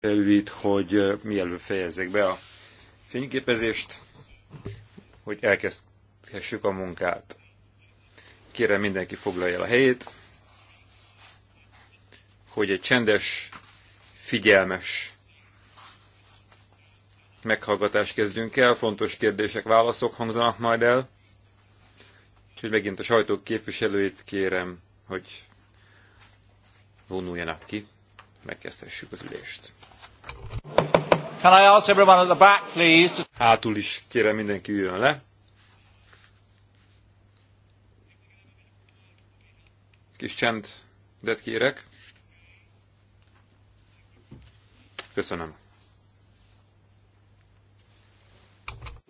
előít, hogy mielőbb fejezzék be a fényképezést, hogy elkezdhessük a munkát. Kérem mindenki foglalja el a helyét, hogy egy csendes, figyelmes meghallgatást kezdjünk el, fontos kérdések, válaszok hangzanak majd el. Úgyhogy megint a sajtók képviselőit kérem, hogy vonuljanak ki, megkezdhessük az ülést. Can I ask everyone at the back, please? Hátul is kérem mindenki üljön le. Kis de kérek. Köszönöm.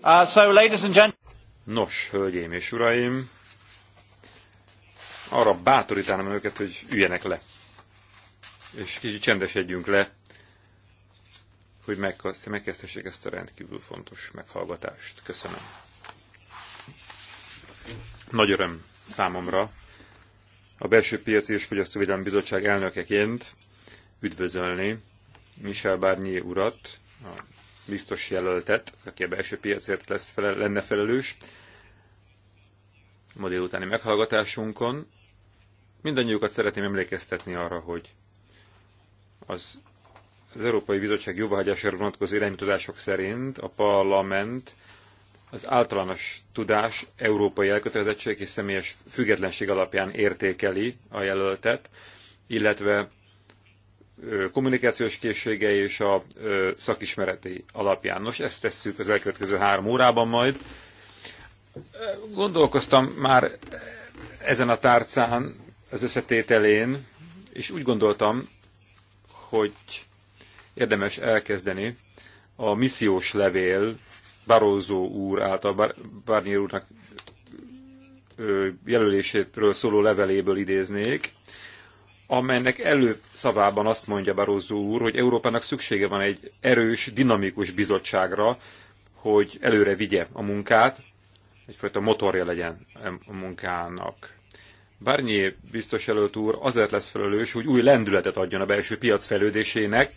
Uh, so, ladies and gentlemen. Nos, hölgyeim és uraim, arra bátorítanám őket, hogy üljenek le. És kicsit csendesedjünk le, hogy megkezdhessék ezt a rendkívül fontos meghallgatást. Köszönöm. Nagy öröm számomra a Belső Piaci és Fogyasztóvédelmi Bizottság elnökeként üdvözölni Michel Barnier urat, a biztos jelöltet, aki a belső piacért lesz fele, lenne felelős. Ma délutáni meghallgatásunkon mindannyiukat szeretném emlékeztetni arra, hogy az az Európai Bizottság jóváhagyására vonatkozó iránymutatások szerint a parlament az általános tudás európai elkötelezettség és személyes függetlenség alapján értékeli a jelöltet, illetve kommunikációs készsége és a szakismereti alapján. Nos, ezt tesszük az elkövetkező három órában majd. Gondolkoztam már ezen a tárcán, az összetételén, és úgy gondoltam, hogy érdemes elkezdeni a missziós levél barózó úr által Barnier úrnak jelöléséről szóló leveléből idéznék, amelynek előszavában azt mondja barózó úr, hogy Európának szüksége van egy erős, dinamikus bizottságra, hogy előre vigye a munkát, egyfajta motorja legyen a munkának. Barnier biztos előtt úr azért lesz felelős, hogy új lendületet adjon a belső piac fejlődésének,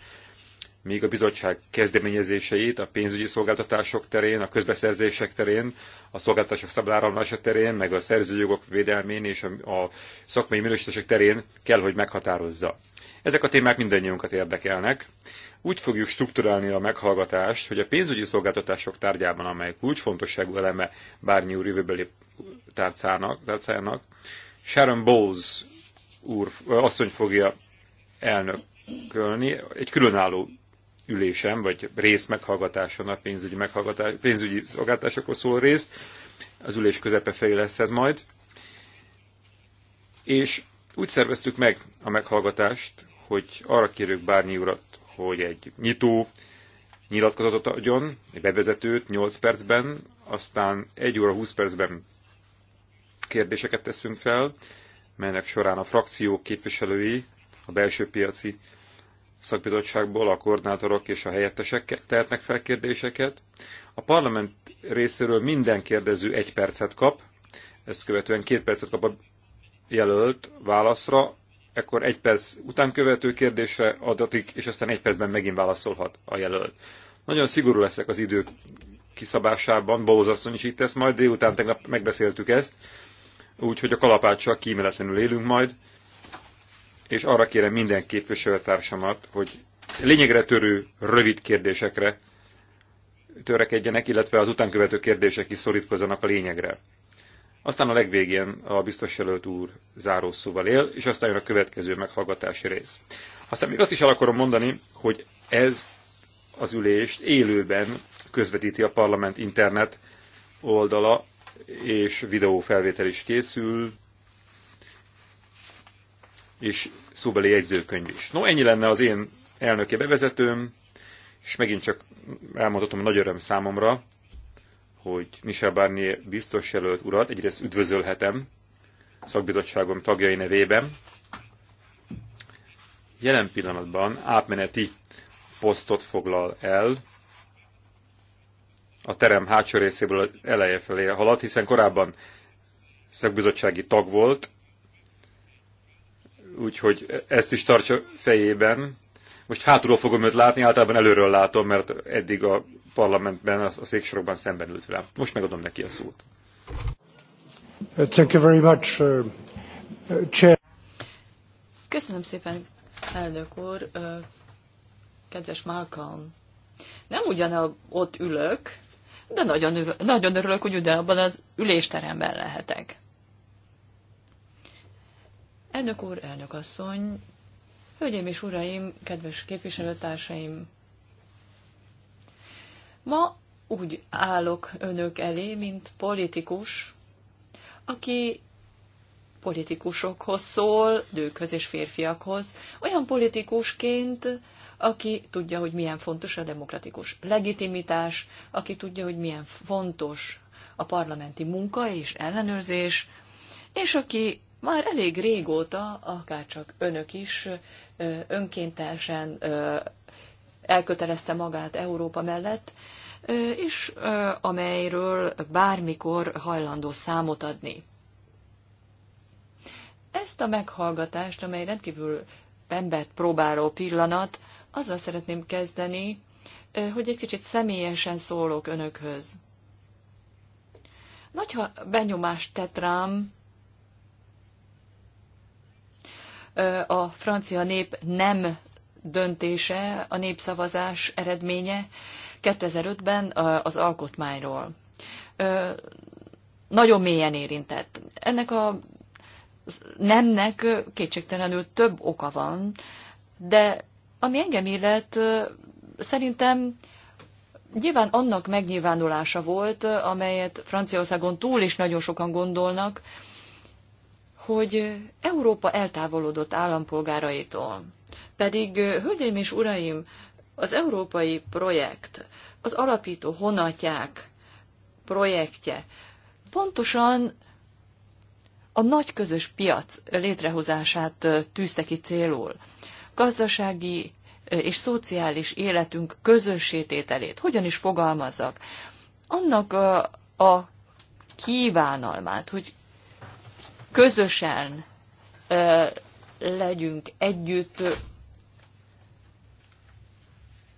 míg a bizottság kezdeményezéseit a pénzügyi szolgáltatások terén, a közbeszerzések terén, a szolgáltatások szabadáramlása terén, meg a szerzőjogok védelmén és a, szakmai minősítések terén kell, hogy meghatározza. Ezek a témák mindannyiunkat érdekelnek. Úgy fogjuk strukturálni a meghallgatást, hogy a pénzügyi szolgáltatások tárgyában, amely kulcsfontosságú eleme bárnyi úr jövőbeli tárcának, tárcának Sharon Bowles úr, asszony fogja elnök kölni, egy különálló ülésem, vagy rész meghallgatáson a pénzügyi, meghallgatás, pénzügyi szolgáltatásokról szól részt, az ülés közepe felé lesz ez majd. És úgy szerveztük meg a meghallgatást, hogy arra kérjük Bárnyi urat, hogy egy nyitó nyilatkozatot adjon, egy bevezetőt 8 percben, aztán 1 óra 20 percben kérdéseket teszünk fel, melynek során a frakció képviselői, a belső piaci szakbizottságból a koordinátorok és a helyettesek tehetnek fel kérdéseket. A parlament részéről minden kérdező egy percet kap, ezt követően két percet kap a jelölt válaszra, ekkor egy perc után követő kérdésre adatik, és aztán egy percben megint válaszolhat a jelölt. Nagyon szigorú leszek az idő kiszabásában, Bóz asszony is itt tesz majd, délután tegnap megbeszéltük ezt, úgyhogy a kalapáccsal kíméletlenül élünk majd és arra kérem minden képviselőtársamat, hogy lényegre törő, rövid kérdésekre törekedjenek, illetve az utánkövető kérdések is szorítkozzanak a lényegre. Aztán a legvégén a biztos jelölt úr zárószóval él, és aztán jön a következő meghallgatási rész. Aztán még azt is el akarom mondani, hogy ez az ülést élőben közvetíti a parlament internet oldala, és videófelvétel is készül, és szóbeli jegyzőkönyv is. No, ennyi lenne az én elnöki bevezetőm, és megint csak elmondhatom nagy öröm számomra, hogy Michel Barnier biztos jelölt urat, egyrészt üdvözölhetem szakbizottságom tagjai nevében. Jelen pillanatban átmeneti posztot foglal el, a terem hátsó részéből eleje felé halad, hiszen korábban szakbizottsági tag volt, úgyhogy ezt is tartsa fejében. Most hátulról fogom őt látni, általában előről látom, mert eddig a parlamentben, a széksorokban szemben ült velem. Most megadom neki a szót. Thank you very much, uh, chair. Köszönöm szépen, elnök úr. Uh, kedves Malcolm, nem ugyanaz ott ülök, de nagyon, nagyon örülök, hogy ugyanabban az ülésteremben lehetek. Elnök úr, elnök asszony, hölgyeim és uraim, kedves képviselőtársaim! Ma úgy állok önök elé, mint politikus, aki politikusokhoz szól, nőkhöz és férfiakhoz, olyan politikusként, aki tudja, hogy milyen fontos a demokratikus legitimitás, aki tudja, hogy milyen fontos a parlamenti munka és ellenőrzés, és aki már elég régóta, akárcsak önök is önkéntesen elkötelezte magát Európa mellett, és amelyről bármikor hajlandó számot adni. Ezt a meghallgatást, amely rendkívül embert próbáló pillanat, azzal szeretném kezdeni, hogy egy kicsit személyesen szólok önökhöz. Nagy benyomást tett rám a francia nép nem döntése, a népszavazás eredménye 2005-ben az alkotmányról. Nagyon mélyen érintett. Ennek a nemnek kétségtelenül több oka van, de ami engem illet, szerintem nyilván annak megnyilvánulása volt, amelyet Franciaországon túl is nagyon sokan gondolnak, hogy Európa eltávolodott állampolgáraitól. Pedig, hölgyeim és uraim, az európai projekt, az alapító honatják projektje pontosan a nagy közös piac létrehozását tűzte ki célul. Gazdasági és szociális életünk közössétételét, hogyan is fogalmazzak, annak a, a kívánalmát, hogy közösen legyünk együtt,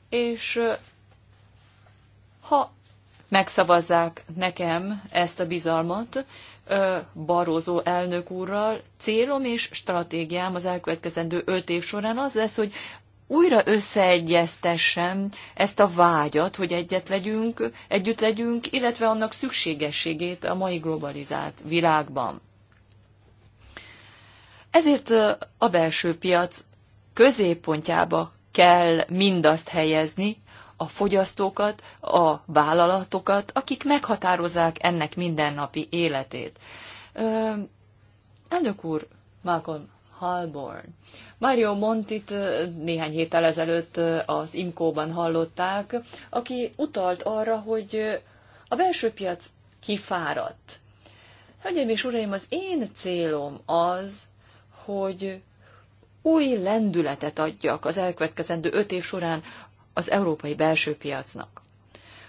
és ha megszavazzák nekem ezt a bizalmat, Barózó elnök úrral, célom és stratégiám az elkövetkezendő öt év során az lesz, hogy újra összeegyeztessem ezt a vágyat, hogy egyet legyünk, együtt legyünk, illetve annak szükségességét a mai globalizált világban. Ezért a belső piac középpontjába kell mindazt helyezni, a fogyasztókat, a vállalatokat, akik meghatározzák ennek mindennapi életét. Ö, elnök úr, Malcolm Halborn. Mario Montit néhány héttel ezelőtt az Imkóban hallották, aki utalt arra, hogy a belső piac kifáradt. Hölgyeim és uraim, az én célom az, hogy új lendületet adjak az elkövetkezendő öt év során az európai belső piacnak.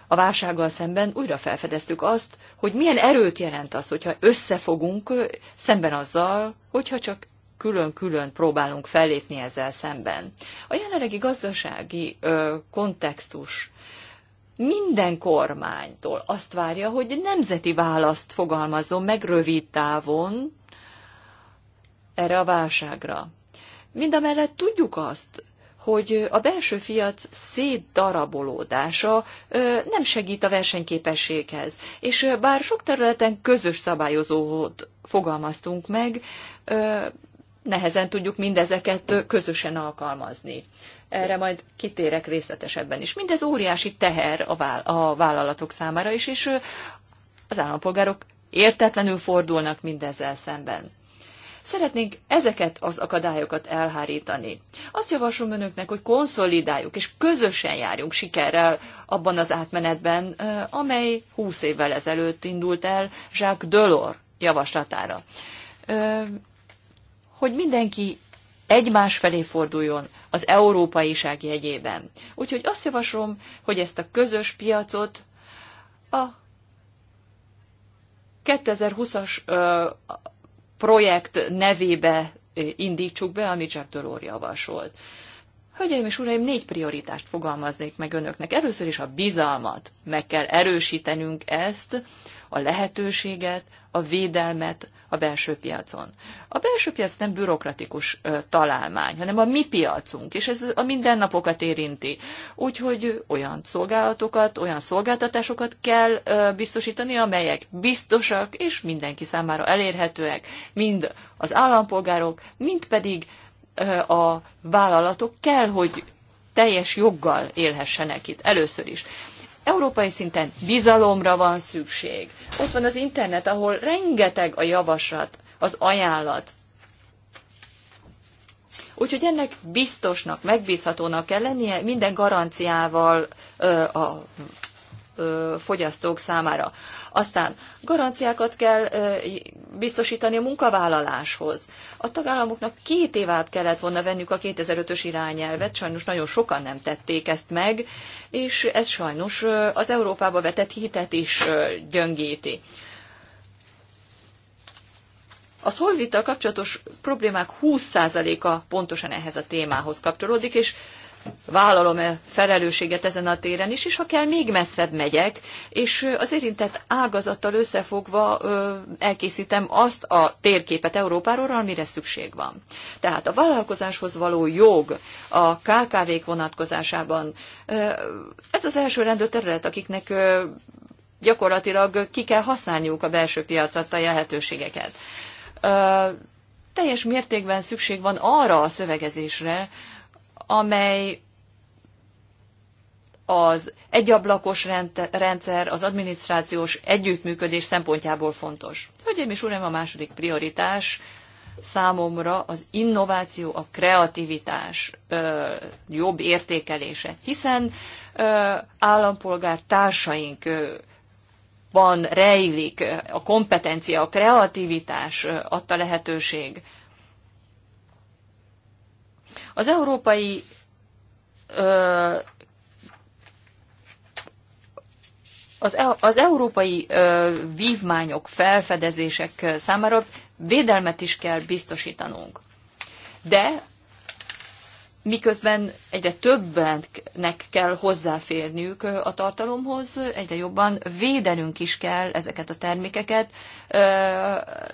A válsággal szemben újra felfedeztük azt, hogy milyen erőt jelent az, hogyha összefogunk szemben azzal, hogyha csak külön-külön próbálunk fellépni ezzel szemben. A jelenlegi gazdasági ö, kontextus minden kormánytól azt várja, hogy nemzeti választ fogalmazzon meg rövid távon erre a válságra. Mind a mellett tudjuk azt, hogy a belső piac szétdarabolódása nem segít a versenyképességhez. És bár sok területen közös szabályozót fogalmaztunk meg, nehezen tudjuk mindezeket közösen alkalmazni. Erre majd kitérek részletesebben is. Mindez óriási teher a vállalatok számára is, és az állampolgárok értetlenül fordulnak mindezzel szemben. Szeretnénk ezeket az akadályokat elhárítani. Azt javaslom önöknek, hogy konszolidáljuk és közösen járjunk sikerrel abban az átmenetben, amely 20 évvel ezelőtt indult el Jacques Delors javaslatára. Hogy mindenki egymás felé forduljon az európaiság jegyében. Úgyhogy azt javaslom, hogy ezt a közös piacot a 2020-as projekt nevébe indítsuk be, amit Jacques Delors javasolt. Hölgyeim és uraim, négy prioritást fogalmaznék meg önöknek. Először is a bizalmat. Meg kell erősítenünk ezt, a lehetőséget, a védelmet a belső piacon. A belső piac nem bürokratikus ö, találmány, hanem a mi piacunk, és ez a mindennapokat érinti. Úgyhogy olyan szolgálatokat, olyan szolgáltatásokat kell ö, biztosítani, amelyek biztosak és mindenki számára elérhetőek, mind az állampolgárok, mind pedig ö, a vállalatok kell, hogy teljes joggal élhessenek itt először is európai szinten bizalomra van szükség. Ott van az internet, ahol rengeteg a javaslat, az ajánlat. Úgyhogy ennek biztosnak, megbízhatónak kell lennie minden garanciával ö, a ö, fogyasztók számára. Aztán garanciákat kell biztosítani a munkavállaláshoz. A tagállamoknak két év át kellett volna vennük a 2005-ös irányelvet, sajnos nagyon sokan nem tették ezt meg, és ez sajnos az Európába vetett hitet is gyöngíti. A szolvita kapcsolatos problémák 20%-a pontosan ehhez a témához kapcsolódik, és vállalom-e felelősséget ezen a téren is, és ha kell, még messzebb megyek, és az érintett ágazattal összefogva elkészítem azt a térképet Európáról, amire szükség van. Tehát a vállalkozáshoz való jog a KKV-k vonatkozásában, ez az első rendő terület, akiknek gyakorlatilag ki kell használniuk a belső piacat, a lehetőségeket. Teljes mértékben szükség van arra a szövegezésre, amely az egyablakos rendszer az adminisztrációs együttműködés szempontjából fontos. Hölgyeim és uraim, a második prioritás számomra az innováció, a kreativitás ö, jobb értékelése, hiszen ö, állampolgár társaink ö, van, rejlik a kompetencia, a kreativitás adta lehetőség az európai az, e, az európai vívmányok, felfedezések számára védelmet is kell biztosítanunk. De miközben egyre többennek kell hozzáférniük a tartalomhoz, egyre jobban védenünk is kell ezeket a termékeket,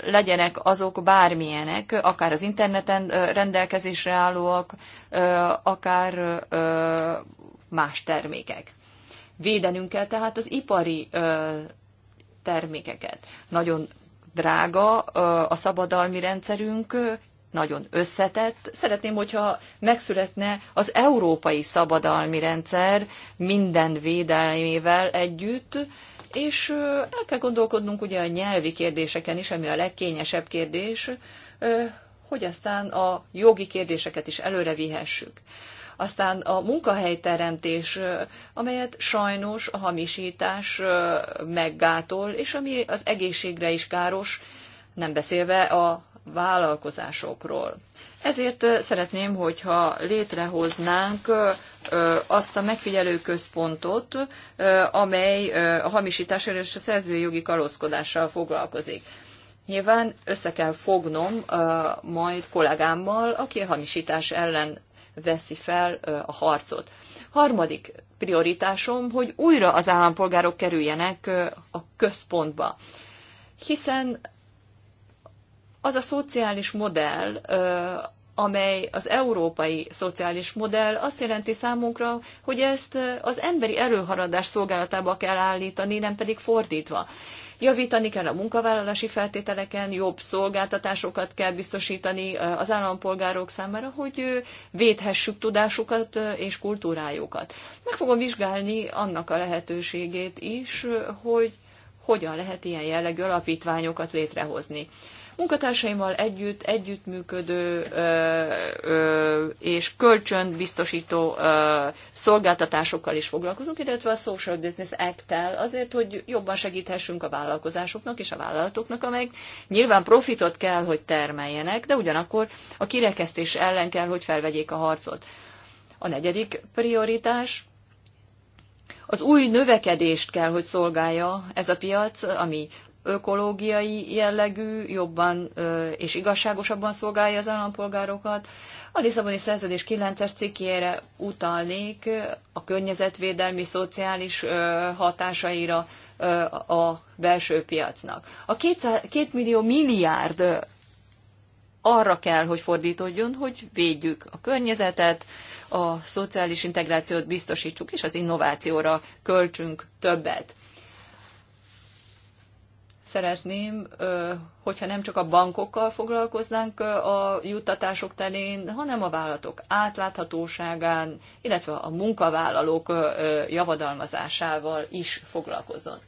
legyenek azok bármilyenek, akár az interneten rendelkezésre állóak, akár más termékek. Védenünk kell tehát az ipari termékeket. Nagyon drága a szabadalmi rendszerünk, nagyon összetett. Szeretném, hogyha megszületne az európai szabadalmi rendszer minden védelmével együtt, és el kell gondolkodnunk ugye a nyelvi kérdéseken is, ami a legkényesebb kérdés, hogy aztán a jogi kérdéseket is előre vihessük. Aztán a munkahelyteremtés, amelyet sajnos a hamisítás meggátol, és ami az egészségre is káros, nem beszélve a vállalkozásokról. Ezért szeretném, hogyha létrehoznánk azt a megfigyelő központot, amely a hamisítás és a szerzői jogi kalózkodással foglalkozik. Nyilván össze kell fognom majd kollégámmal, aki a hamisítás ellen veszi fel a harcot. Harmadik prioritásom, hogy újra az állampolgárok kerüljenek a központba. Hiszen az a szociális modell, amely az európai szociális modell, azt jelenti számunkra, hogy ezt az emberi erőharadás szolgálatába kell állítani, nem pedig fordítva. Javítani kell a munkavállalási feltételeken, jobb szolgáltatásokat kell biztosítani az állampolgárok számára, hogy védhessük tudásukat és kultúrájukat. Meg fogom vizsgálni annak a lehetőségét is, hogy hogyan lehet ilyen jellegű alapítványokat létrehozni. Munkatársaimmal együtt, együttműködő ö, ö, és kölcsön biztosító ö, szolgáltatásokkal is foglalkozunk, illetve a Social Business Act-tel azért, hogy jobban segíthessünk a vállalkozásoknak és a vállalatoknak, amelyek nyilván profitot kell, hogy termeljenek, de ugyanakkor a kirekesztés ellen kell, hogy felvegyék a harcot. A negyedik prioritás az új növekedést kell, hogy szolgálja ez a piac, ami ökológiai jellegű, jobban és igazságosabban szolgálja az állampolgárokat. A Lisszaboni Szerződés 9-es cikkére utalnék a környezetvédelmi, szociális hatásaira a belső piacnak. A két, két millió milliárd arra kell, hogy fordítódjon, hogy védjük a környezetet, a szociális integrációt biztosítsuk, és az innovációra költsünk többet. Szeretném, hogyha nem csak a bankokkal foglalkoznánk a juttatások terén, hanem a vállalatok átláthatóságán, illetve a munkavállalók javadalmazásával is foglalkozzon.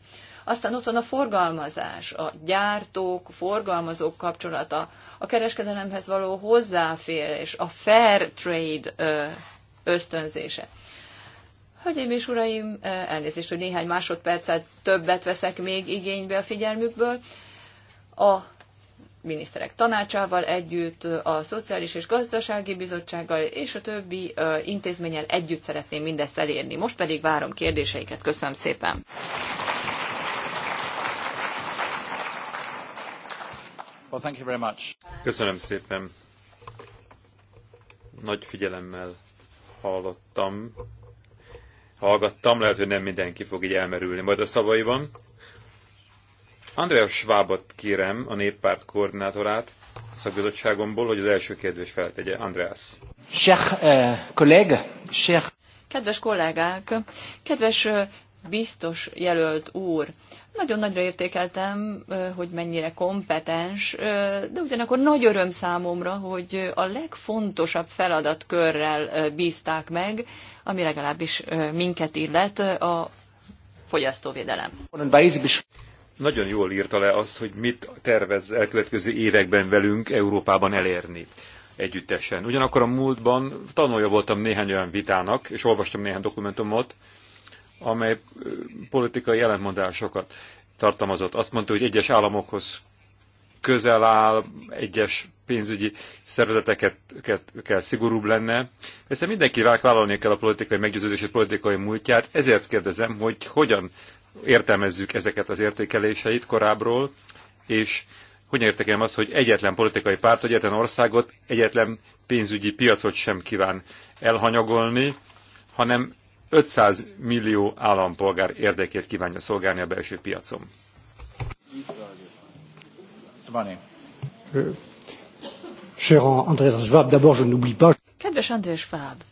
Aztán ott van a forgalmazás, a gyártók, forgalmazók kapcsolata, a kereskedelemhez való hozzáférés, a fair trade ösztönzése. Hölgyeim és uraim, eh, elnézést, hogy néhány másodpercet többet veszek még igénybe a figyelmükből. A miniszterek tanácsával együtt, a Szociális és Gazdasági Bizottsággal és a többi eh, intézménnyel együtt szeretném mindezt elérni. Most pedig várom kérdéseiket. Köszönöm szépen! Well, thank you very much. Köszönöm szépen! Nagy figyelemmel hallottam hallgattam, lehet, hogy nem mindenki fog így elmerülni majd a szavaiban. Andreas Schwabot kérem, a néppárt koordinátorát, szakbizottságomból, hogy az első kérdés feltegye. Andreas. Cher kollega, eh, cher... Kedves kollégák, kedves eh, biztos jelölt úr, nagyon nagyra értékeltem, eh, hogy mennyire kompetens, de ugyanakkor nagy öröm számomra, hogy a legfontosabb feladatkörrel bízták meg, ami legalábbis minket illet a fogyasztóvédelem. Nagyon jól írta le azt, hogy mit tervez elkövetkező években velünk Európában elérni együttesen. Ugyanakkor a múltban tanulja voltam néhány olyan vitának, és olvastam néhány dokumentumot, amely politikai ellentmondásokat tartalmazott. Azt mondta, hogy egyes államokhoz közel áll, egyes pénzügyi szervezeteket kell szigorúbb lenne. Persze mindenki vállalni kell a politikai meggyőződését, politikai múltját, ezért kérdezem, hogy hogyan értelmezzük ezeket az értékeléseit korábbról, és hogyan értékelem azt, hogy egyetlen politikai párt, egyetlen országot, egyetlen pénzügyi piacot sem kíván elhanyagolni, hanem 500 millió állampolgár érdekét kívánja szolgálni a belső piacon. Euh, Kedves András Schwab,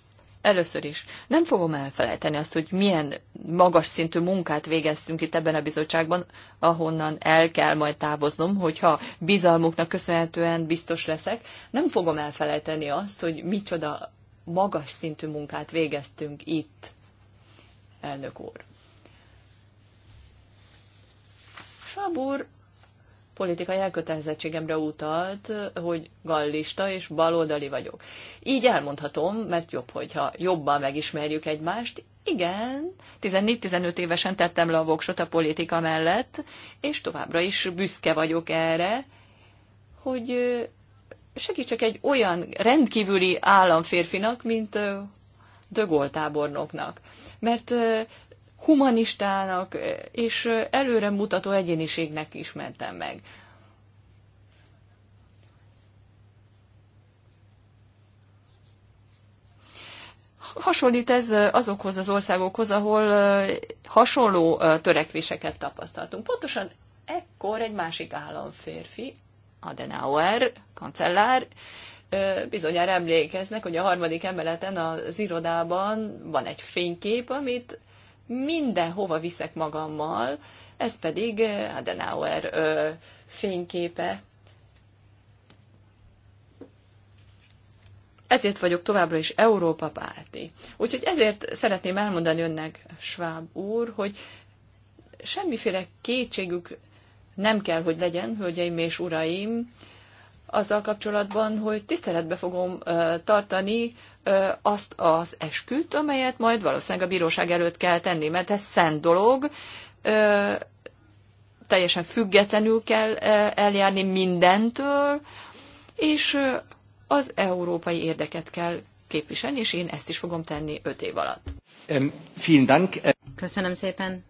először is nem fogom elfelejteni azt, hogy milyen magas szintű munkát végeztünk itt ebben a bizottságban, ahonnan el kell majd távoznom, hogyha bizalmuknak köszönhetően biztos leszek. Nem fogom elfelejteni azt, hogy micsoda magas szintű munkát végeztünk itt, elnök úr. úr politikai elkötelezettségemre utalt, hogy gallista és baloldali vagyok. Így elmondhatom, mert jobb, hogyha jobban megismerjük egymást, igen, 14-15 évesen tettem le a voksot a politika mellett, és továbbra is büszke vagyok erre, hogy segítsek egy olyan rendkívüli államférfinak, mint Dögol tábornoknak. Mert humanistának és előremutató egyéniségnek ismertem meg. Hasonlít ez azokhoz az országokhoz, ahol hasonló törekvéseket tapasztaltunk. Pontosan ekkor egy másik államférfi, Adenauer, kancellár, bizonyára emlékeznek, hogy a harmadik emeleten az irodában van egy fénykép, amit mindenhova viszek magammal, ez pedig Adenauer ö, fényképe. Ezért vagyok továbbra is Európa párti. Úgyhogy ezért szeretném elmondani önnek, Schwab úr, hogy semmiféle kétségük nem kell, hogy legyen, hölgyeim és uraim, azzal kapcsolatban, hogy tiszteletbe fogom tartani azt az esküt, amelyet majd valószínűleg a bíróság előtt kell tenni, mert ez szent dolog, teljesen függetlenül kell eljárni mindentől, és az európai érdeket kell képviselni, és én ezt is fogom tenni öt év alatt. Köszönöm szépen.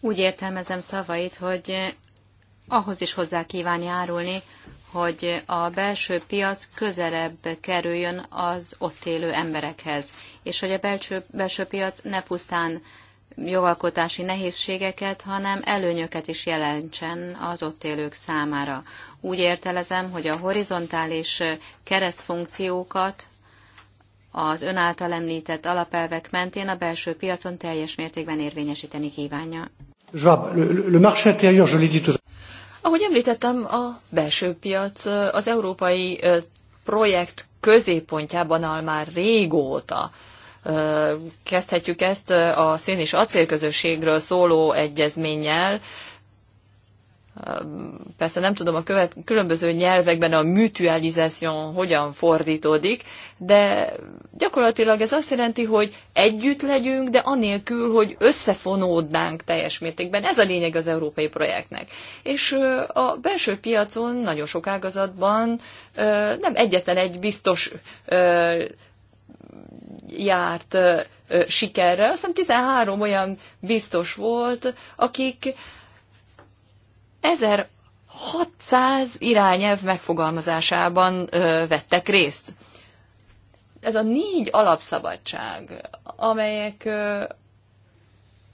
Úgy értelmezem szavait, hogy ahhoz is hozzá kíván járulni, hogy a belső piac közelebb kerüljön az ott élő emberekhez, és hogy a belső, belső piac ne pusztán jogalkotási nehézségeket, hanem előnyöket is jelentsen az ott élők számára. Úgy értelezem, hogy a horizontális keresztfunkciókat az ön által említett alapelvek mentén a belső piacon teljes mértékben érvényesíteni kívánja. Ahogy említettem, a belső piac az európai projekt középpontjában áll már régóta. Kezdhetjük ezt a szén és acélközösségről szóló egyezménnyel, persze nem tudom a követ, különböző nyelvekben a mutualizáció hogyan fordítódik, de gyakorlatilag ez azt jelenti, hogy együtt legyünk, de anélkül, hogy összefonódnánk teljes mértékben. Ez a lényeg az európai projektnek. És a belső piacon nagyon sok ágazatban nem egyetlen egy biztos járt sikerre, azt hiszem 13 olyan biztos volt, akik 1600 irányelv megfogalmazásában ö, vettek részt. Ez a négy alapszabadság, amelyek ö,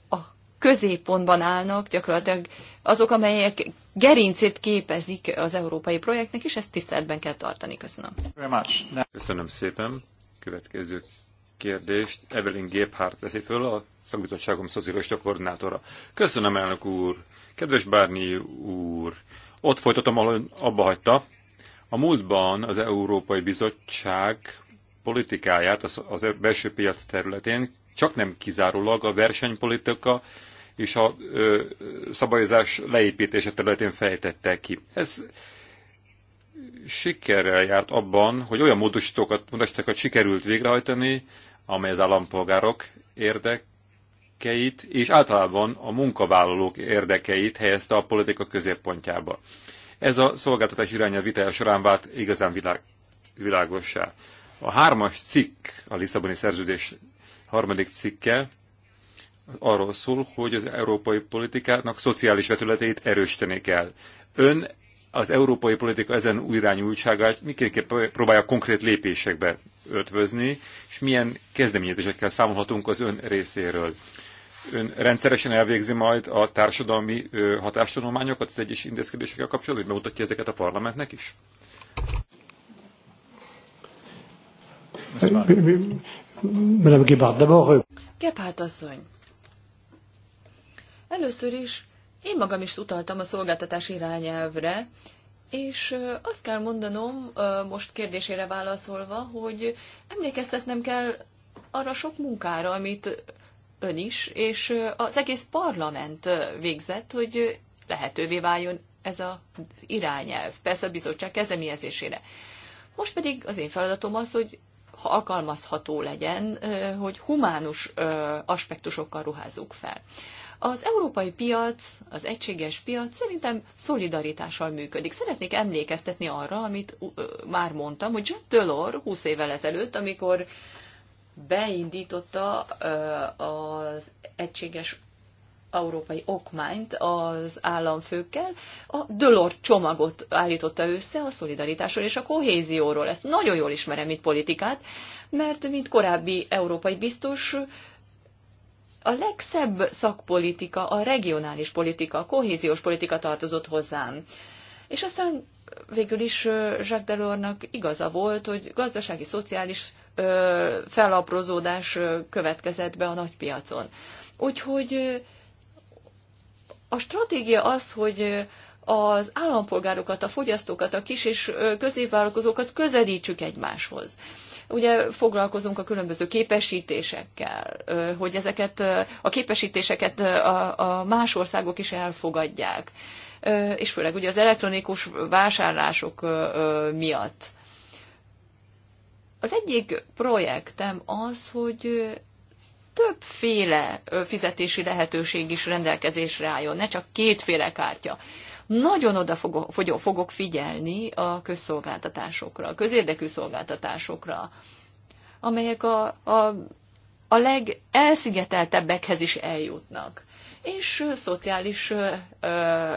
a középpontban állnak, gyakorlatilag azok, amelyek gerincét képezik az európai projektnek, és ezt tiszteletben kell tartani. Köszönöm. Köszönöm szépen. Következő kérdést Evelyn Gébhárt teszi föl, a szakbizottságom szociális koordinátora. Köszönöm, elnök úr! Kedves Bárni úr, ott folytatom, ahol abba hagyta. A múltban az Európai Bizottság politikáját az belső piac területén csak nem kizárólag a versenypolitika és a ö, szabályozás leépítése területén fejtette ki. Ez sikerrel járt abban, hogy olyan módosítókat, módosítókat sikerült végrehajtani, amely az állampolgárok érdek érdekeit és általában a munkavállalók érdekeit helyezte a politika középpontjába. Ez a szolgáltatás irányel vitája során vált igazán világ, világossá. A hármas cikk, a Lisszaboni szerződés harmadik cikke arról szól, hogy az európai politikának szociális vetületeit erősíteni kell. Ön az európai politika ezen újrányújtságát miképpen próbálja konkrét lépésekbe ötvözni, és milyen kezdeményezésekkel számolhatunk az ön részéről ön rendszeresen elvégzi majd a társadalmi hatástanulmányokat az egyes intézkedésekkel kapcsolatban, hogy bemutatja ezeket a parlamentnek is? Madame Gebhardt, d'abord... Euh, Gebhardt asszony, először is én magam is utaltam a szolgáltatás irányelvre, és azt kell mondanom, most kérdésére válaszolva, hogy emlékeztetnem kell arra sok munkára, amit ön is, és az egész parlament végzett, hogy lehetővé váljon ez az irányelv, persze a bizottság kezdeményezésére. Most pedig az én feladatom az, hogy ha alkalmazható legyen, hogy humánus aspektusokkal ruházzuk fel. Az európai piac, az egységes piac szerintem szolidaritással működik. Szeretnék emlékeztetni arra, amit már mondtam, hogy Jean Delors 20 évvel ezelőtt, amikor beindította az egységes európai okmányt az államfőkkel, a Dölor csomagot állította össze a szolidaritásról és a kohézióról. Ezt nagyon jól ismerem, mint politikát, mert mint korábbi európai biztos, a legszebb szakpolitika, a regionális politika, a kohéziós politika tartozott hozzám. És aztán végül is Jacques Delornak igaza volt, hogy gazdasági, szociális felaprozódás következett be a nagypiacon. Úgyhogy a stratégia az, hogy az állampolgárokat, a fogyasztókat, a kis és középvállalkozókat közelítsük egymáshoz. Ugye foglalkozunk a különböző képesítésekkel, hogy ezeket a képesítéseket a, más országok is elfogadják, és főleg ugye az elektronikus vásárlások miatt az egyik projektem az, hogy többféle fizetési lehetőség is rendelkezésre álljon, ne csak kétféle kártya. Nagyon oda fogok, fogok figyelni a közszolgáltatásokra, a közérdekű szolgáltatásokra, amelyek a, a, a legelszigeteltebbekhez is eljutnak. És szociális ö,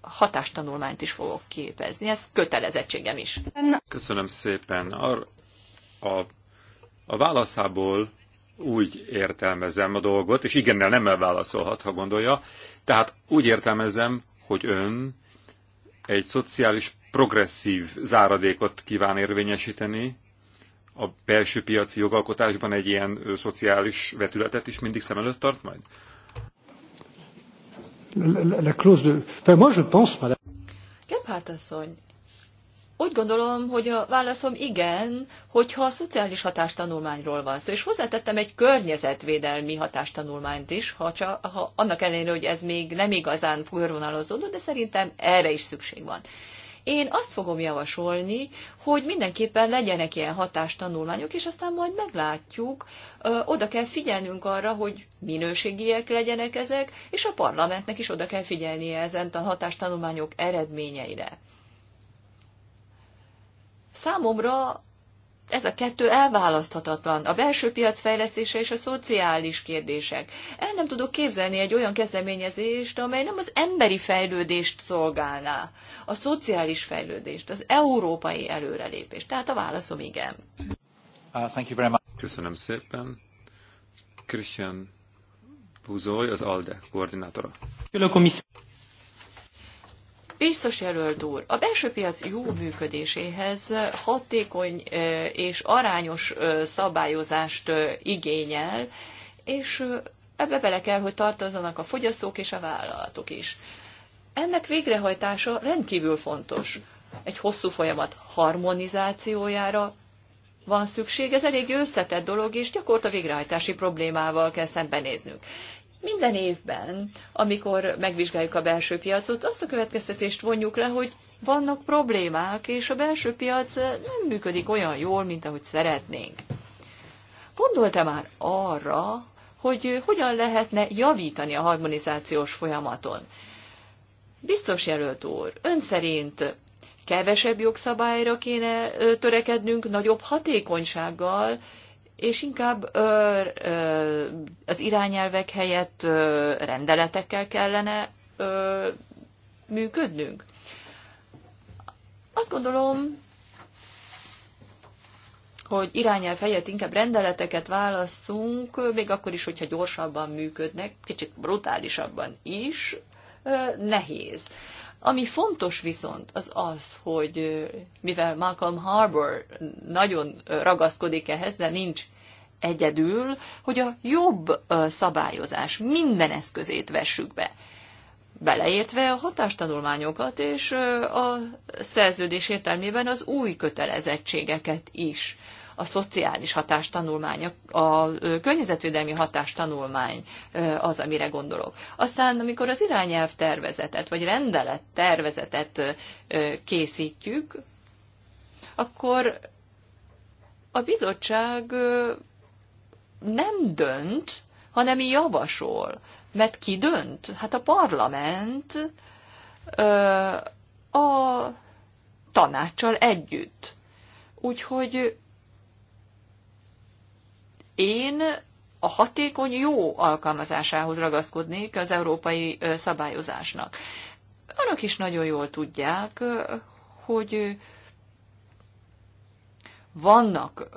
hatástanulmányt is fogok képezni. Ez kötelezettségem is. Köszönöm szépen. Ar- a, a válaszából úgy értelmezem a dolgot, és igennel nem elválaszolhat, ha gondolja, tehát úgy értelmezem, hogy ön egy szociális progresszív záradékot kíván érvényesíteni, a belső piaci jogalkotásban egy ilyen szociális vetületet is mindig szem előtt tart majd? La, la, la clause de... Enfin, moi, je pense, madame... Gebhardt asszony, úgy gondolom, hogy a válaszom igen, hogyha a szociális hatástanulmányról van szó. És hozzátettem egy környezetvédelmi hatástanulmányt is, ha, csak, ha annak ellenére, hogy ez még nem igazán körvonalazódó, de szerintem erre is szükség van. Én azt fogom javasolni, hogy mindenképpen legyenek ilyen hatástanulmányok, és aztán majd meglátjuk. Oda kell figyelnünk arra, hogy minőségiek legyenek ezek, és a parlamentnek is oda kell figyelnie ezen a hatástanulmányok eredményeire. Számomra ez a kettő elválaszthatatlan, a belső piac fejlesztése és a szociális kérdések. El nem tudok képzelni egy olyan kezdeményezést, amely nem az emberi fejlődést szolgálná, a szociális fejlődést, az európai előrelépést. Tehát a válaszom igen. Uh, thank you very much. Köszönöm szépen. Christian Buzoy, az ALDE koordinátora. Biztos jelölt úr, a belső piac jó működéséhez hatékony és arányos szabályozást igényel, és ebbe bele kell, hogy tartozzanak a fogyasztók és a vállalatok is. Ennek végrehajtása rendkívül fontos. Egy hosszú folyamat harmonizációjára van szükség, ez elég összetett dolog, és gyakorta végrehajtási problémával kell szembenéznünk minden évben, amikor megvizsgáljuk a belső piacot, azt a következtetést vonjuk le, hogy vannak problémák, és a belső piac nem működik olyan jól, mint ahogy szeretnénk. Gondolta már arra, hogy hogyan lehetne javítani a harmonizációs folyamaton? Biztos jelölt úr, ön szerint kevesebb jogszabályra kéne törekednünk, nagyobb hatékonysággal, és inkább ö, ö, az irányelvek helyett ö, rendeletekkel kellene ö, működnünk. Azt gondolom, hogy irányelv helyett inkább rendeleteket válaszunk, még akkor is, hogyha gyorsabban működnek, kicsit brutálisabban is, nehéz. Ami fontos viszont az az, hogy mivel Malcolm Harbour nagyon ragaszkodik ehhez, de nincs egyedül, hogy a jobb szabályozás minden eszközét vessük be, beleértve a hatástanulmányokat és a szerződés értelmében az új kötelezettségeket is. A szociális hatástanulmány, a környezetvédelmi hatástanulmány az, amire gondolok. Aztán, amikor az irányelv tervezetet, vagy rendelet tervezetet készítjük, akkor a bizottság nem dönt, hanem javasol. Mert ki dönt? Hát a parlament ö, a tanácssal együtt. Úgyhogy én a hatékony jó alkalmazásához ragaszkodnék az európai szabályozásnak. Önök is nagyon jól tudják, hogy vannak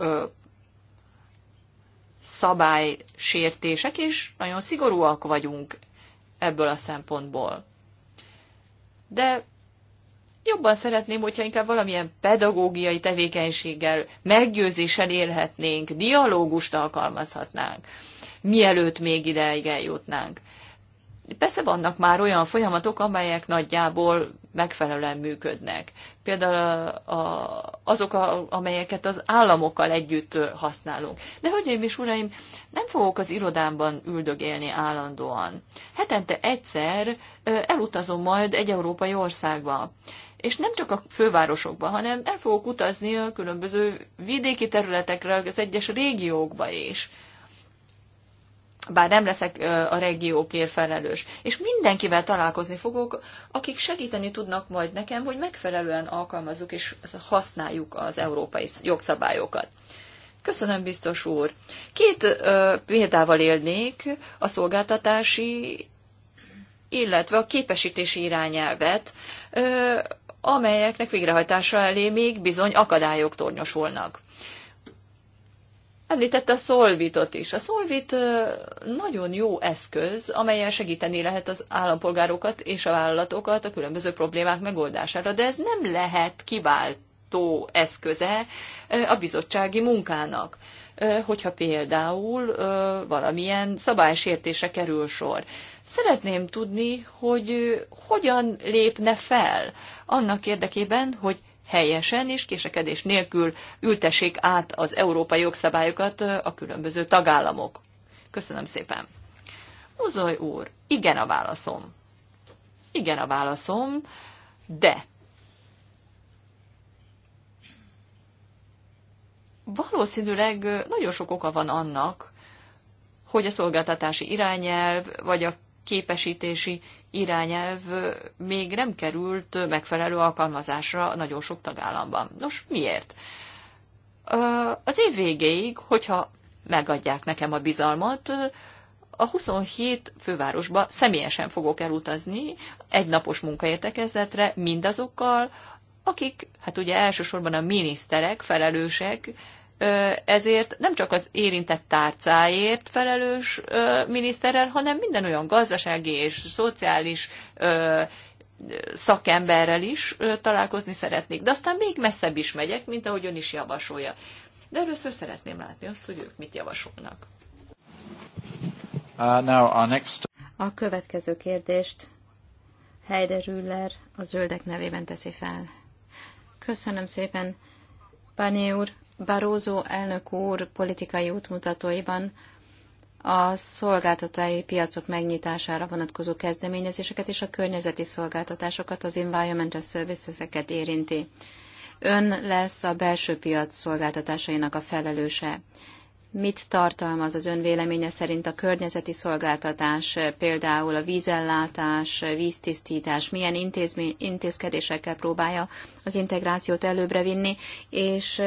szabálysértések, és nagyon szigorúak vagyunk ebből a szempontból. De jobban szeretném, hogyha inkább valamilyen pedagógiai tevékenységgel, meggyőzéssel élhetnénk, dialógust alkalmazhatnánk, mielőtt még ideig eljutnánk. Persze vannak már olyan folyamatok, amelyek nagyjából megfelelően működnek például a, azok, a, amelyeket az államokkal együtt használunk. De hölgyeim és uraim, nem fogok az irodámban üldögélni állandóan. Hetente egyszer elutazom majd egy európai országba. És nem csak a fővárosokba, hanem el fogok utazni a különböző vidéki területekre, az egyes régiókba is bár nem leszek a régiókért felelős. És mindenkivel találkozni fogok, akik segíteni tudnak majd nekem, hogy megfelelően alkalmazzuk és használjuk az európai jogszabályokat. Köszönöm, biztos úr. Két ö, példával élnék a szolgáltatási, illetve a képesítési irányelvet, ö, amelyeknek végrehajtása elé még bizony akadályok tornyosulnak. Említette a szolvitot is. A szolvit nagyon jó eszköz, amelyen segíteni lehet az állampolgárokat és a vállalatokat a különböző problémák megoldására, de ez nem lehet kiváltó eszköze a bizottsági munkának hogyha például valamilyen szabálysértése kerül sor. Szeretném tudni, hogy hogyan lépne fel annak érdekében, hogy helyesen és késekedés nélkül ültessék át az európai jogszabályokat a különböző tagállamok. Köszönöm szépen. Uzoly úr, igen a válaszom. Igen a válaszom, de valószínűleg nagyon sok oka van annak, hogy a szolgáltatási irányelv vagy a képesítési irányelv még nem került megfelelő alkalmazásra nagyon sok tagállamban. Nos, miért? Az év végéig, hogyha megadják nekem a bizalmat, a 27 fővárosba személyesen fogok elutazni egy napos munkaértekezletre mindazokkal, akik, hát ugye elsősorban a miniszterek felelősek ezért nem csak az érintett tárcáért felelős miniszterrel, hanem minden olyan gazdasági és szociális szakemberrel is találkozni szeretnék. De aztán még messzebb is megyek, mint ahogy ön is javasolja. De először szeretném látni azt, hogy ők mit javasolnak. Uh, next... A következő kérdést Heide Rüller a zöldek nevében teszi fel. Köszönöm szépen, Pani úr, Barózó elnök úr politikai útmutatóiban a szolgáltatói piacok megnyitására vonatkozó kezdeményezéseket és a környezeti szolgáltatásokat, az environmental services-eket érinti. Ön lesz a belső piac szolgáltatásainak a felelőse. Mit tartalmaz az ön véleménye szerint a környezeti szolgáltatás, például a vízellátás, víztisztítás, milyen intézmény, intézkedésekkel próbálja az integrációt előbbre vinni, és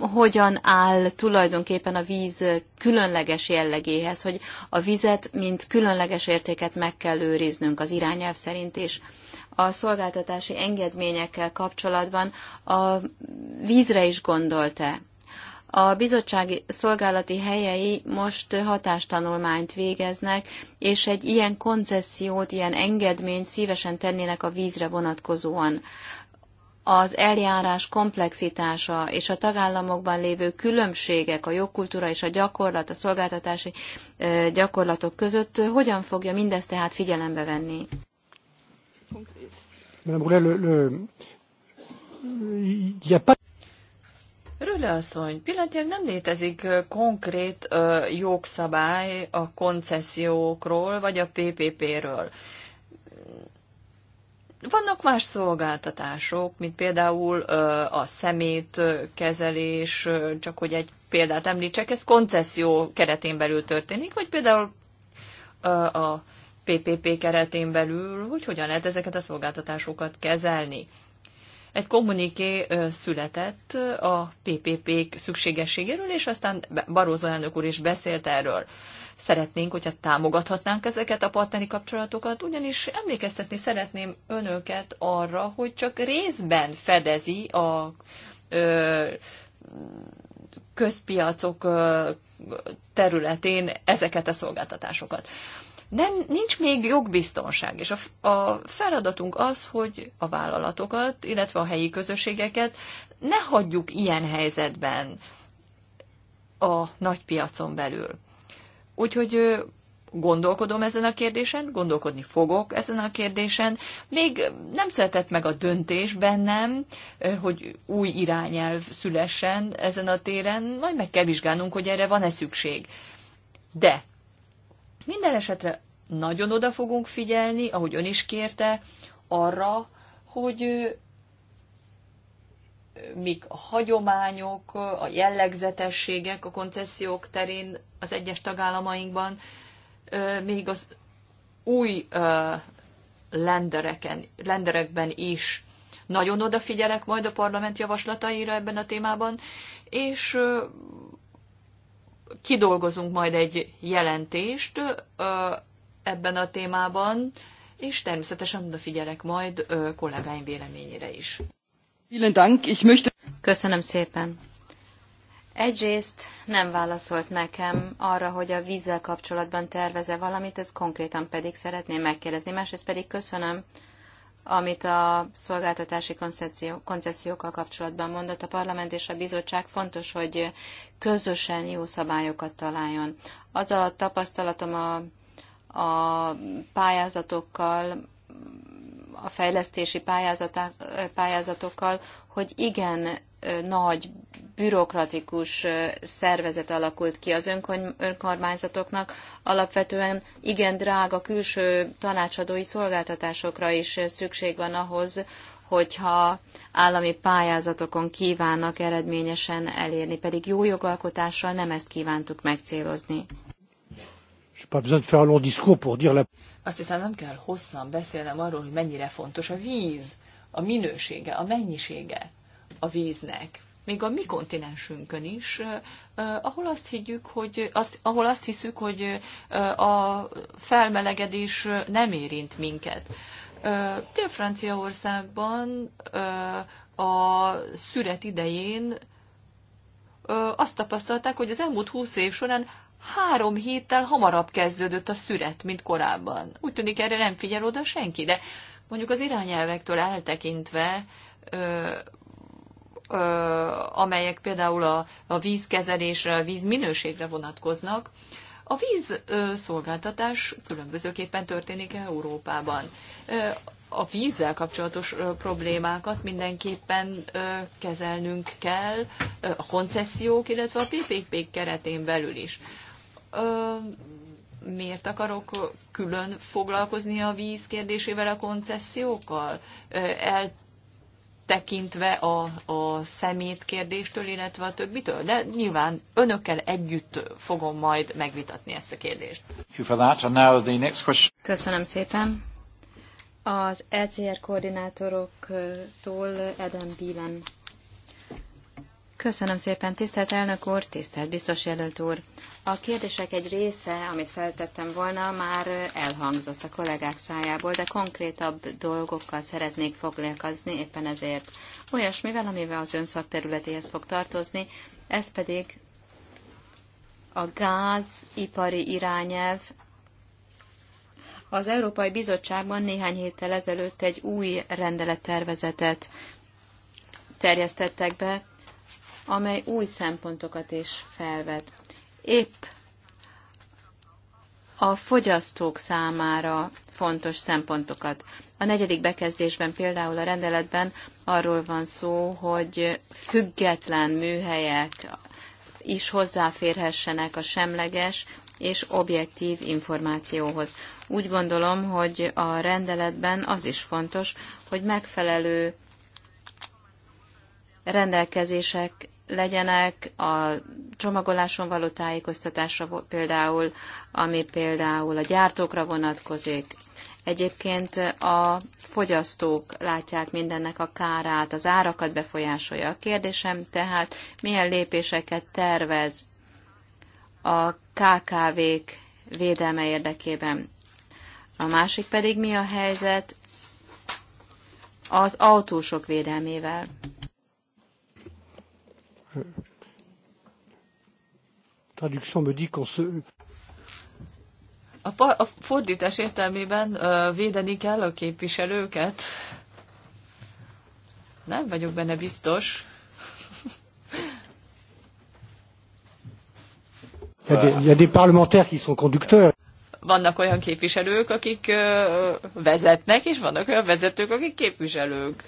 hogyan áll tulajdonképpen a víz különleges jellegéhez, hogy a vizet, mint különleges értéket meg kell őriznünk az irányelv szerint is. A szolgáltatási engedményekkel kapcsolatban a vízre is gondolta. A bizottság szolgálati helyei most hatástanulmányt végeznek, és egy ilyen koncesziót, ilyen engedményt szívesen tennének a vízre vonatkozóan az eljárás komplexitása és a tagállamokban lévő különbségek a jogkultúra és a gyakorlat, a szolgáltatási gyakorlatok között hogyan fogja mindezt tehát figyelembe venni? Rőle asszony, pillanatilag nem létezik konkrét jogszabály a koncesziókról vagy a PPP-ről. Vannak más szolgáltatások, mint például a szemétkezelés, csak hogy egy példát említsek, ez koncesszió keretén belül történik, vagy például a PPP keretén belül, hogy hogyan lehet ezeket a szolgáltatásokat kezelni egy kommuniké született a PPP-k szükségességéről, és aztán Barózó elnök úr is beszélt erről. Szeretnénk, hogyha támogathatnánk ezeket a partneri kapcsolatokat, ugyanis emlékeztetni szeretném önöket arra, hogy csak részben fedezi a ö, közpiacok területén ezeket a szolgáltatásokat nem, nincs még jogbiztonság, és a, a feladatunk az, hogy a vállalatokat, illetve a helyi közösségeket ne hagyjuk ilyen helyzetben a nagy piacon belül. Úgyhogy gondolkodom ezen a kérdésen, gondolkodni fogok ezen a kérdésen. Még nem született meg a döntés bennem, hogy új irányelv szülessen ezen a téren, majd meg kell vizsgálnunk, hogy erre van-e szükség. De minden esetre nagyon oda fogunk figyelni, ahogy ön is kérte, arra, hogy mik a hagyományok, a jellegzetességek a koncesziók terén az egyes tagállamainkban, még az új lendereken, lenderekben is nagyon odafigyelek majd a parlament javaslataira ebben a témában, és kidolgozunk majd egy jelentést ebben a témában, és természetesen odafigyelek majd ö, kollégáim véleményére is. Köszönöm szépen. Egyrészt nem válaszolt nekem arra, hogy a vízzel kapcsolatban terveze valamit, ez konkrétan pedig szeretném megkérdezni. Másrészt pedig köszönöm, amit a szolgáltatási koncesszió, kapcsolatban mondott. A parlament és a bizottság fontos, hogy közösen jó szabályokat találjon. Az a tapasztalatom a a pályázatokkal, a fejlesztési pályázatokkal, hogy igen nagy bürokratikus szervezet alakult ki az önkormányzatoknak, alapvetően igen drága külső tanácsadói szolgáltatásokra is szükség van ahhoz, hogyha állami pályázatokon kívánnak eredményesen elérni, pedig jó jogalkotással nem ezt kívántuk megcélozni pas besoin de faire un long discours pour dire la... Azt hiszem nem kell hosszan beszélnem arról, hogy mennyire fontos a víz, a minősége, a mennyisége a víznek. Még a mi kontinensünkön is, ahol azt higgyük, hogy, az, ahol azt hiszük, hogy a felmelegedés nem érint minket. Dél-Franciaországban a szüret idején azt tapasztalták, hogy az elmúlt húsz év során három héttel hamarabb kezdődött a szüret, mint korábban. Úgy tűnik, erre nem figyel oda senki, de mondjuk az irányelvektől eltekintve, ö, ö, amelyek például a, a vízkezelésre, a vízminőségre vonatkoznak, a vízszolgáltatás különbözőképpen történik Európában a vízzel kapcsolatos problémákat mindenképpen kezelnünk kell a koncesziók, illetve a PPP keretén belül is. Miért akarok külön foglalkozni a víz kérdésével, a koncesziókkal? El tekintve a, a szemét kérdéstől, illetve a többitől. De nyilván önökkel együtt fogom majd megvitatni ezt a kérdést. Köszönöm szépen az ECR koordinátoroktól Eden Bílen. Köszönöm szépen, tisztelt elnök úr, tisztelt biztos jelölt úr. A kérdések egy része, amit feltettem volna, már elhangzott a kollégák szájából, de konkrétabb dolgokkal szeretnék foglalkozni éppen ezért. Olyasmivel, amivel az ön szakterületéhez fog tartozni, ez pedig a gázipari irányelv az Európai Bizottságban néhány héttel ezelőtt egy új rendelettervezetet terjesztettek be, amely új szempontokat is felvet. Épp a fogyasztók számára fontos szempontokat. A negyedik bekezdésben például a rendeletben arról van szó, hogy független műhelyek is hozzáférhessenek a semleges és objektív információhoz. Úgy gondolom, hogy a rendeletben az is fontos, hogy megfelelő rendelkezések legyenek a csomagoláson való tájékoztatásra például, ami például a gyártókra vonatkozik. Egyébként a fogyasztók látják mindennek a kárát, az árakat befolyásolja. A kérdésem tehát, milyen lépéseket tervez a KKV-k védelme érdekében. A másik pedig mi a helyzet az autósok védelmével. A, se. a fordítás értelmében védeni kell a képviselőket? Nem vagyok benne biztos. Vannak olyan képviselők, akik vezetnek, és vannak olyan vezetők, akik képviselők.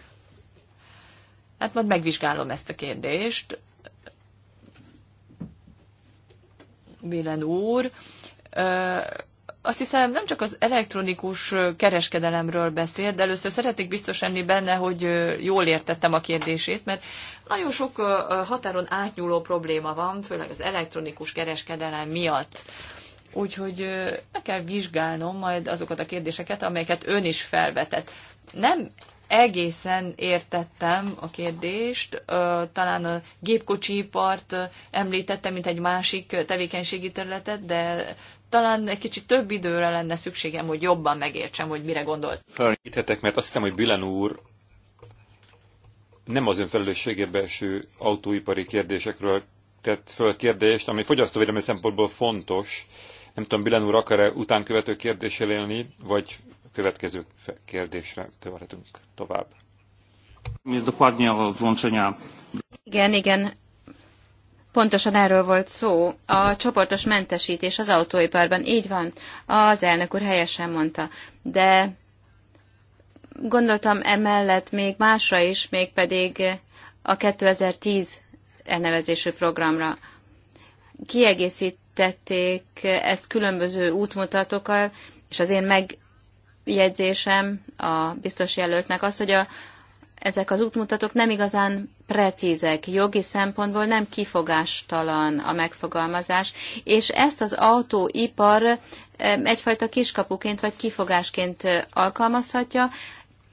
Hát majd megvizsgálom ezt a kérdést. milyen úr, azt hiszem nem csak az elektronikus kereskedelemről beszél, de először szeretnék biztos lenni benne, hogy jól értettem a kérdését, mert nagyon sok határon átnyúló probléma van, főleg az elektronikus kereskedelem miatt. Úgyhogy meg kell vizsgálnom majd azokat a kérdéseket, amelyeket ön is felvetett. Nem egészen értettem a kérdést, talán a gépkocsipart említettem, mint egy másik tevékenységi területet, de talán egy kicsit több időre lenne szükségem, hogy jobban megértsem, hogy mire gondolt. Felnyíthetek, mert azt hiszem, hogy Bilen úr nem az önfelelősségébe eső autóipari kérdésekről tett föl kérdést, ami fogyasztóvédelmi szempontból fontos. Nem tudom, Bilen úr akar-e utánkövető kérdéssel élni, vagy következő kérdésre tovább. tovább. Dokładnie o włączenia. Igen, igen, Pontosan erről volt szó, a csoportos mentesítés az autóiparban. Így van, az elnök úr helyesen mondta. De gondoltam emellett még másra is, mégpedig a 2010 elnevezésű programra. Kiegészítették ezt különböző útmutatókkal, és az én megjegyzésem a biztos jelöltnek az, hogy a, ezek az útmutatók nem igazán precízek, jogi szempontból nem kifogástalan a megfogalmazás, és ezt az autóipar egyfajta kiskapuként vagy kifogásként alkalmazhatja,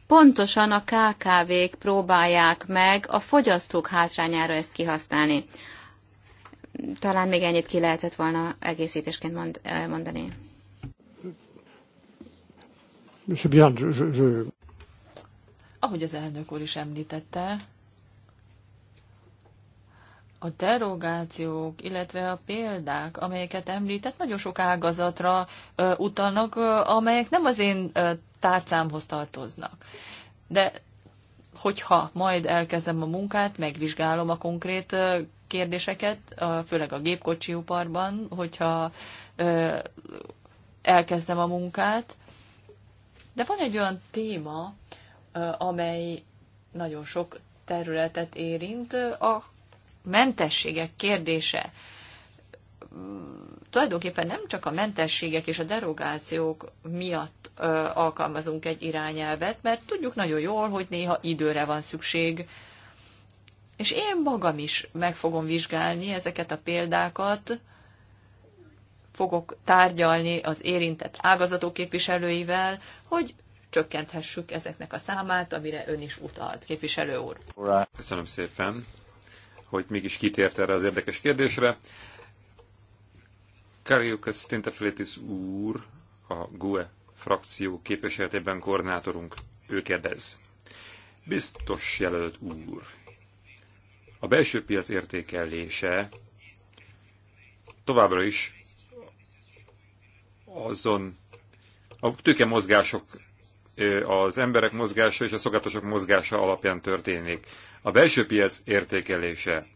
pontosan a KKV-k próbálják meg a fogyasztók hátrányára ezt kihasználni. Talán még ennyit ki lehetett volna egészítésként mond, mondani. Bien, je, je... Ahogy az elnök úr is említette, a derogációk, illetve a példák, amelyeket említett, nagyon sok ágazatra ö, utalnak, ö, amelyek nem az én ö, tárcámhoz tartoznak. De hogyha majd elkezdem a munkát, megvizsgálom a konkrét ö, kérdéseket, ö, főleg a gépkocsiuparban, hogyha ö, elkezdem a munkát. De van egy olyan téma, ö, amely nagyon sok területet érint, a mentességek kérdése tulajdonképpen nem csak a mentességek és a derogációk miatt ö, alkalmazunk egy irányelvet, mert tudjuk nagyon jól, hogy néha időre van szükség. És én magam is meg fogom vizsgálni ezeket a példákat, fogok tárgyalni az érintett ágazatok képviselőivel, hogy csökkenthessük ezeknek a számát, amire ön is utalt, képviselő úr. Köszönöm szépen hogy mégis kitért erre az érdekes kérdésre. Kariukas Tintefilitis úr, a GUE frakció képviseletében koordinátorunk, ő kérdez. Biztos jelölt úr, a belső piac értékelése továbbra is azon a tőke mozgások az emberek mozgása és a szolgáltatások mozgása alapján történik. A belső piac értékelése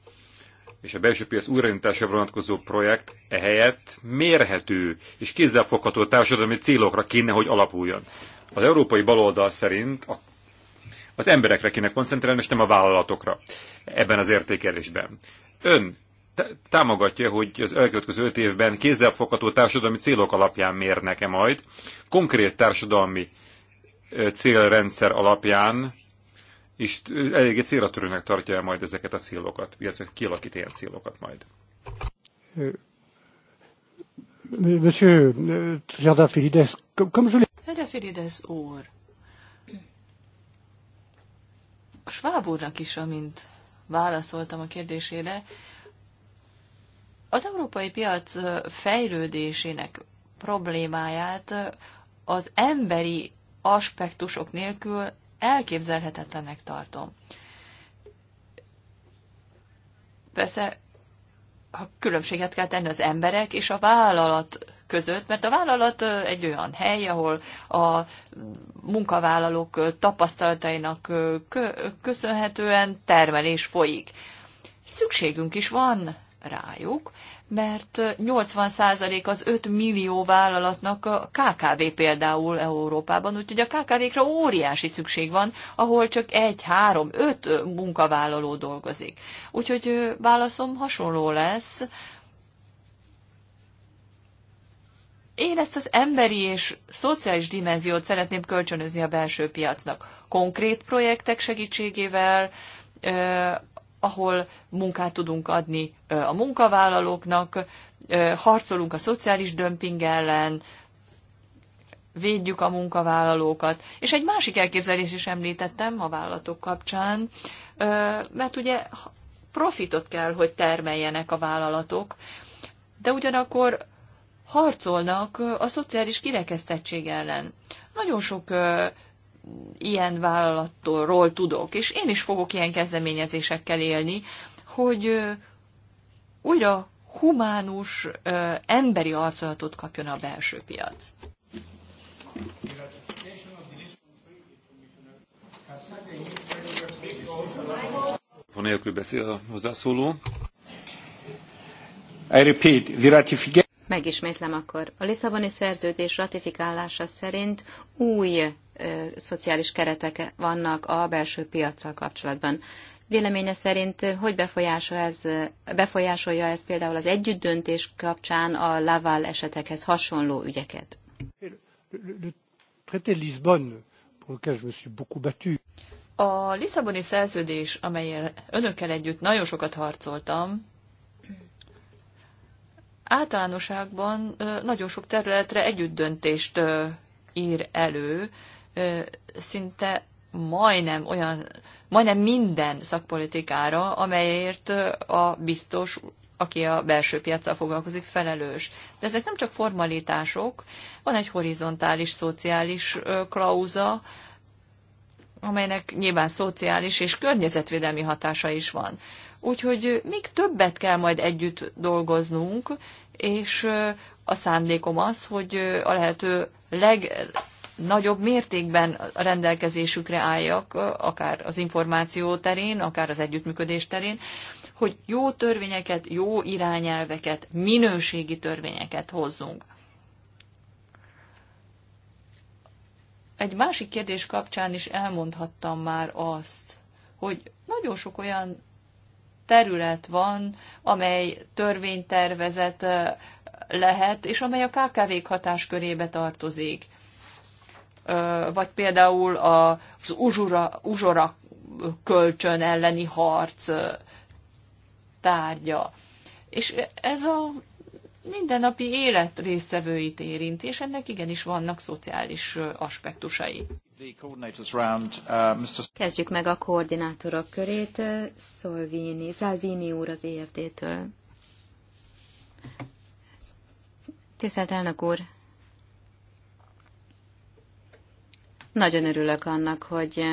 és a belső piac újraindítása vonatkozó projekt ehelyett mérhető és kézzelfogható társadalmi célokra kéne, hogy alapuljon. Az európai baloldal szerint a az emberekre kéne koncentrálni, és nem a vállalatokra ebben az értékelésben. Ön támogatja, hogy az elkövetkező öt évben kézzelfogható társadalmi célok alapján mérnek-e majd konkrét társadalmi célrendszer alapján és eléggé célra törőnek tartja el majd ezeket a célokat, illetve kialakít ilyen célokat majd. Monsieur Triadafilides, comme je úr, a Schwab úrnak is, amint válaszoltam a kérdésére, az európai piac fejlődésének problémáját az emberi aspektusok nélkül elképzelhetetlennek tartom. Persze ha különbséget kell tenni az emberek és a vállalat között, mert a vállalat egy olyan hely, ahol a munkavállalók tapasztalatainak köszönhetően termelés folyik. Szükségünk is van rájuk, mert 80% az 5 millió vállalatnak a KKV például Európában, úgyhogy a KKV-kra óriási szükség van, ahol csak egy, három, öt munkavállaló dolgozik. Úgyhogy válaszom hasonló lesz. Én ezt az emberi és szociális dimenziót szeretném kölcsönözni a belső piacnak. Konkrét projektek segítségével, ahol munkát tudunk adni a munkavállalóknak, harcolunk a szociális dömping ellen, védjük a munkavállalókat. És egy másik elképzelés is említettem a vállalatok kapcsán, mert ugye profitot kell, hogy termeljenek a vállalatok, de ugyanakkor harcolnak a szociális kirekesztettség ellen. Nagyon sok ilyen vállalattól tudok, és én is fogok ilyen kezdeményezésekkel élni, hogy újra humánus, emberi arcolatot kapjon a belső piac. Van nélkül beszél a hozzászóló. I repeat, the ratification... Megismétlem akkor. A Lisszaboni szerződés ratifikálása szerint új szociális keretek vannak a belső piacsal kapcsolatban. Véleménye szerint hogy befolyásolja ez, befolyásolja ez például az együttdöntés kapcsán a Laval esetekhez hasonló ügyeket? A Lisszaboni szerződés, amelyen önökkel együtt nagyon sokat harcoltam, általánosságban nagyon sok területre együttdöntést ír elő, szinte majdnem olyan, majdnem minden szakpolitikára, amelyért a biztos, aki a belső piacsal foglalkozik, felelős. De ezek nem csak formalitások, van egy horizontális, szociális klauza, amelynek nyilván szociális és környezetvédelmi hatása is van. Úgyhogy még többet kell majd együtt dolgoznunk, és a szándékom az, hogy a lehető leg nagyobb mértékben rendelkezésükre álljak, akár az információ terén, akár az együttműködés terén, hogy jó törvényeket, jó irányelveket, minőségi törvényeket hozzunk. Egy másik kérdés kapcsán is elmondhattam már azt, hogy nagyon sok olyan terület van, amely törvénytervezet eh, lehet, és amely a KKV-k hatáskörébe tartozik vagy például az uzsora, uzsora kölcsön elleni harc tárgya. És ez a mindennapi élet részvevőit érint, és ennek igenis vannak szociális aspektusai. Uh, Kezdjük meg a koordinátorok körét. Szolvini, Zalvini úr az EFD-től. Tisztelt elnök úr, Nagyon örülök annak, hogy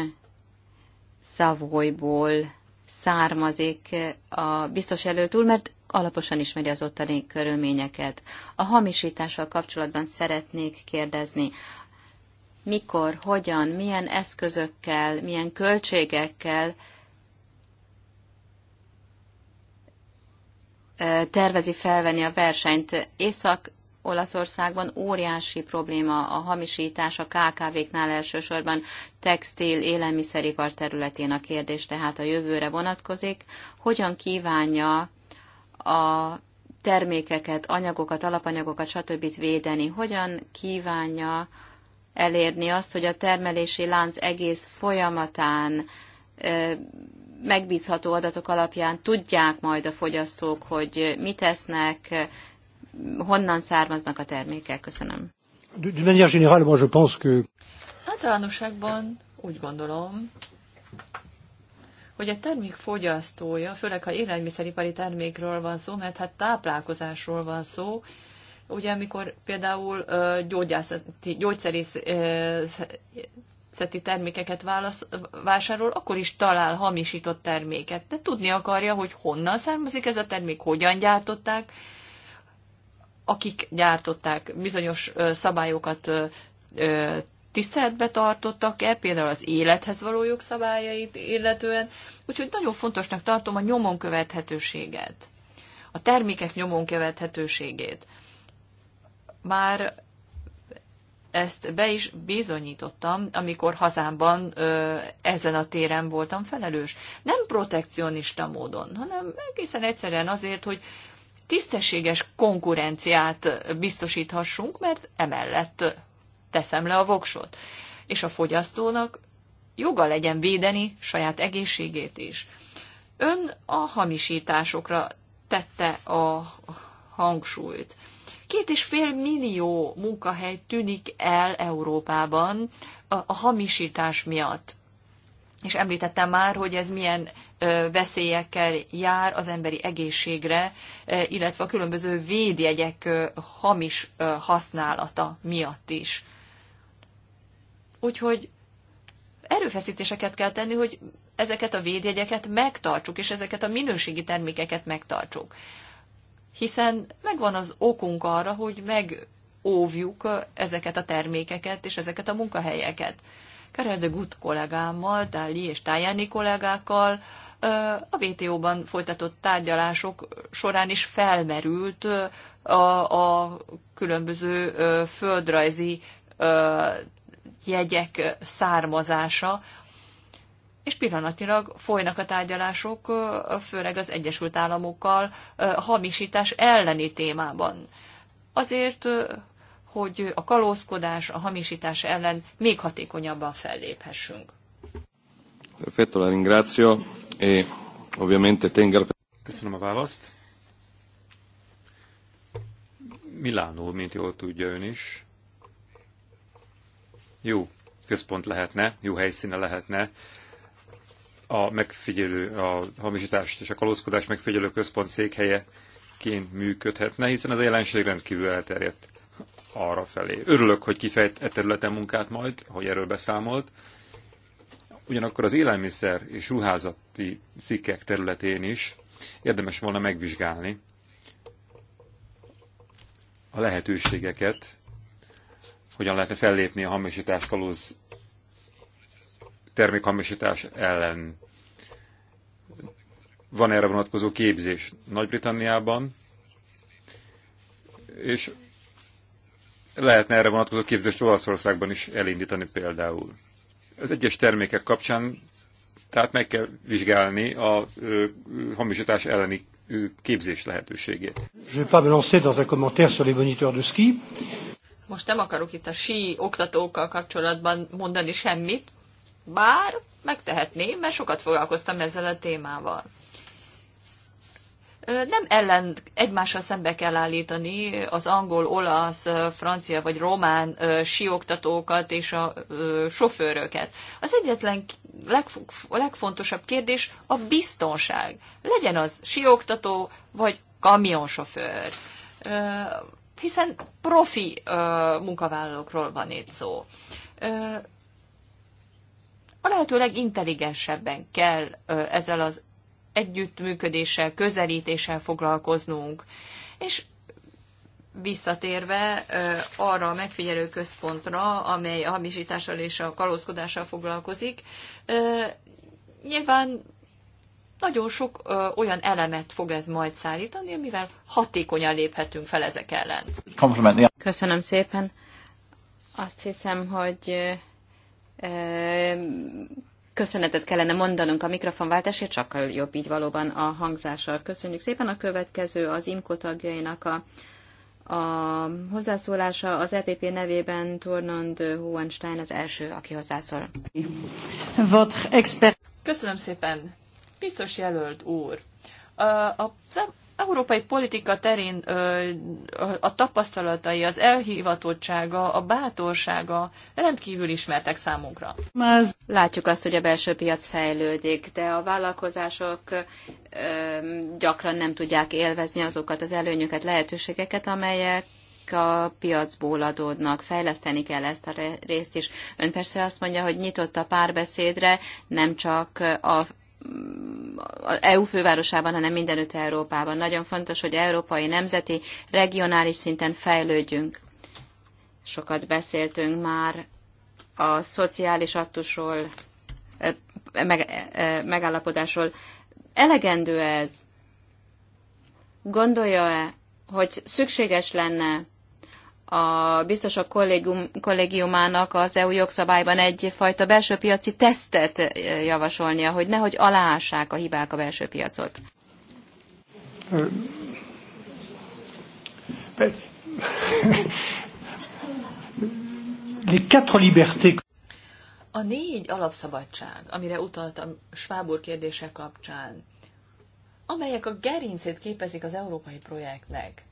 Szavolyból származik a biztos előtúl, mert alaposan ismeri az ottani körülményeket. A hamisítással kapcsolatban szeretnék kérdezni, mikor, hogyan, milyen eszközökkel, milyen költségekkel eh, tervezi felvenni a versenyt. Észak Olaszországban óriási probléma a hamisítás a KKV-knál elsősorban textil, élelmiszeripar területén a kérdés, tehát a jövőre vonatkozik. Hogyan kívánja a termékeket, anyagokat, alapanyagokat, stb. védeni? Hogyan kívánja elérni azt, hogy a termelési lánc egész folyamatán megbízható adatok alapján tudják majd a fogyasztók, hogy mit esznek, honnan származnak a termékek. Köszönöm. De manière générale, moi je pense que... Általánosságban úgy gondolom, hogy a termék fogyasztója, főleg ha élelmiszeripari termékről van szó, mert hát táplálkozásról van szó, ugye amikor például gyógyszerészeti termékeket válasz, vásárol, akkor is talál hamisított terméket. De tudni akarja, hogy honnan származik ez a termék, hogyan gyártották, akik gyártották bizonyos szabályokat tiszteletbe tartottak-e, például az élethez való jogszabályait illetően. Úgyhogy nagyon fontosnak tartom a nyomon követhetőséget, a termékek nyomon követhetőségét. Már ezt be is bizonyítottam, amikor hazámban ö, ezen a téren voltam felelős. Nem protekcionista módon, hanem egészen egyszerűen azért, hogy tisztességes konkurenciát biztosíthassunk, mert emellett teszem le a voksot. És a fogyasztónak joga legyen védeni saját egészségét is. Ön a hamisításokra tette a hangsúlyt. Két és fél millió munkahely tűnik el Európában a hamisítás miatt és említettem már, hogy ez milyen veszélyekkel jár az emberi egészségre, illetve a különböző védjegyek hamis használata miatt is. Úgyhogy erőfeszítéseket kell tenni, hogy ezeket a védjegyeket megtartsuk, és ezeket a minőségi termékeket megtartsuk. Hiszen megvan az okunk arra, hogy megóvjuk ezeket a termékeket és ezeket a munkahelyeket. Karel de Gut kollégámmal, Dali és Tájáni kollégákkal a vto ban folytatott tárgyalások során is felmerült a, a különböző földrajzi jegyek származása, és pillanatilag folynak a tárgyalások, főleg az Egyesült Államokkal hamisítás elleni témában. Azért hogy a kalózkodás, a hamisítás ellen még hatékonyabban felléphessünk. Perfetto, e Köszönöm a választ. Milánó, mint jól tudja ön is. Jó központ lehetne, jó helyszíne lehetne a megfigyelő, a hamisítást és a kalózkodás megfigyelő központ székhelyeként működhetne, hiszen az jelenség rendkívül elterjedt arra felé. Örülök, hogy kifejt e területen munkát majd, hogy erről beszámolt. Ugyanakkor az élelmiszer és ruházati cikkek területén is érdemes volna megvizsgálni a lehetőségeket, hogyan lehetne fellépni a hamisítás kalóz termékhamisítás ellen. Van erre vonatkozó képzés Nagy-Britanniában, és lehetne erre vonatkozó képzést Olaszországban is elindítani például. Az egyes termékek kapcsán tehát meg kell vizsgálni a hamisítás elleni ö, képzés lehetőségét. pas me dans un commentaire sur les de ski. Most nem akarok itt a sí oktatókkal kapcsolatban mondani semmit, bár megtehetném, mert sokat foglalkoztam ezzel a témával nem ellen egymással szembe kell állítani az angol, olasz, francia vagy román sioktatókat és a sofőröket. Az egyetlen legfontosabb kérdés a biztonság. Legyen az sioktató vagy kamionsofőr. Hiszen profi munkavállalókról van itt szó. A lehető legintelligensebben kell ezzel az együttműködéssel, közelítéssel foglalkoznunk. És visszatérve arra a megfigyelő központra, amely a hamisítással és a kalózkodással foglalkozik, nyilván nagyon sok ö, olyan elemet fog ez majd szállítani, amivel hatékonyan léphetünk fel ezek ellen. Köszönöm szépen. Azt hiszem, hogy ö, köszönetet kellene mondanunk a mikrofonváltásért, csak jobb így valóban a hangzással. Köszönjük szépen. A következő az IMKO tagjainak a, a hozzászólása az EPP nevében Tornond Hohenstein az első, aki hozzászól. expert. Köszönöm szépen. Biztos jelölt úr. a Az európai politika terén ö, a tapasztalatai, az elhivatottsága, a bátorsága rendkívül ismertek számunkra. Látjuk azt, hogy a belső piac fejlődik, de a vállalkozások ö, gyakran nem tudják élvezni azokat az előnyöket, lehetőségeket, amelyek a piacból adódnak, fejleszteni kell ezt a részt is. Ön persze azt mondja, hogy nyitott a párbeszédre, nem csak a az EU fővárosában, hanem mindenütt Európában. Nagyon fontos, hogy európai, nemzeti, regionális szinten fejlődjünk. Sokat beszéltünk már a szociális aktusról, meg, megállapodásról. Elegendő ez? Gondolja-e, hogy szükséges lenne a biztosok kollégium, kollégiumának az EU jogszabályban egyfajta belső piaci tesztet eh, javasolnia, hogy nehogy aláássák a hibák a belső piacot? A négy alapszabadság, amire utaltam Schwabur kérdése kapcsán, amelyek a gerincét képezik az európai projektnek,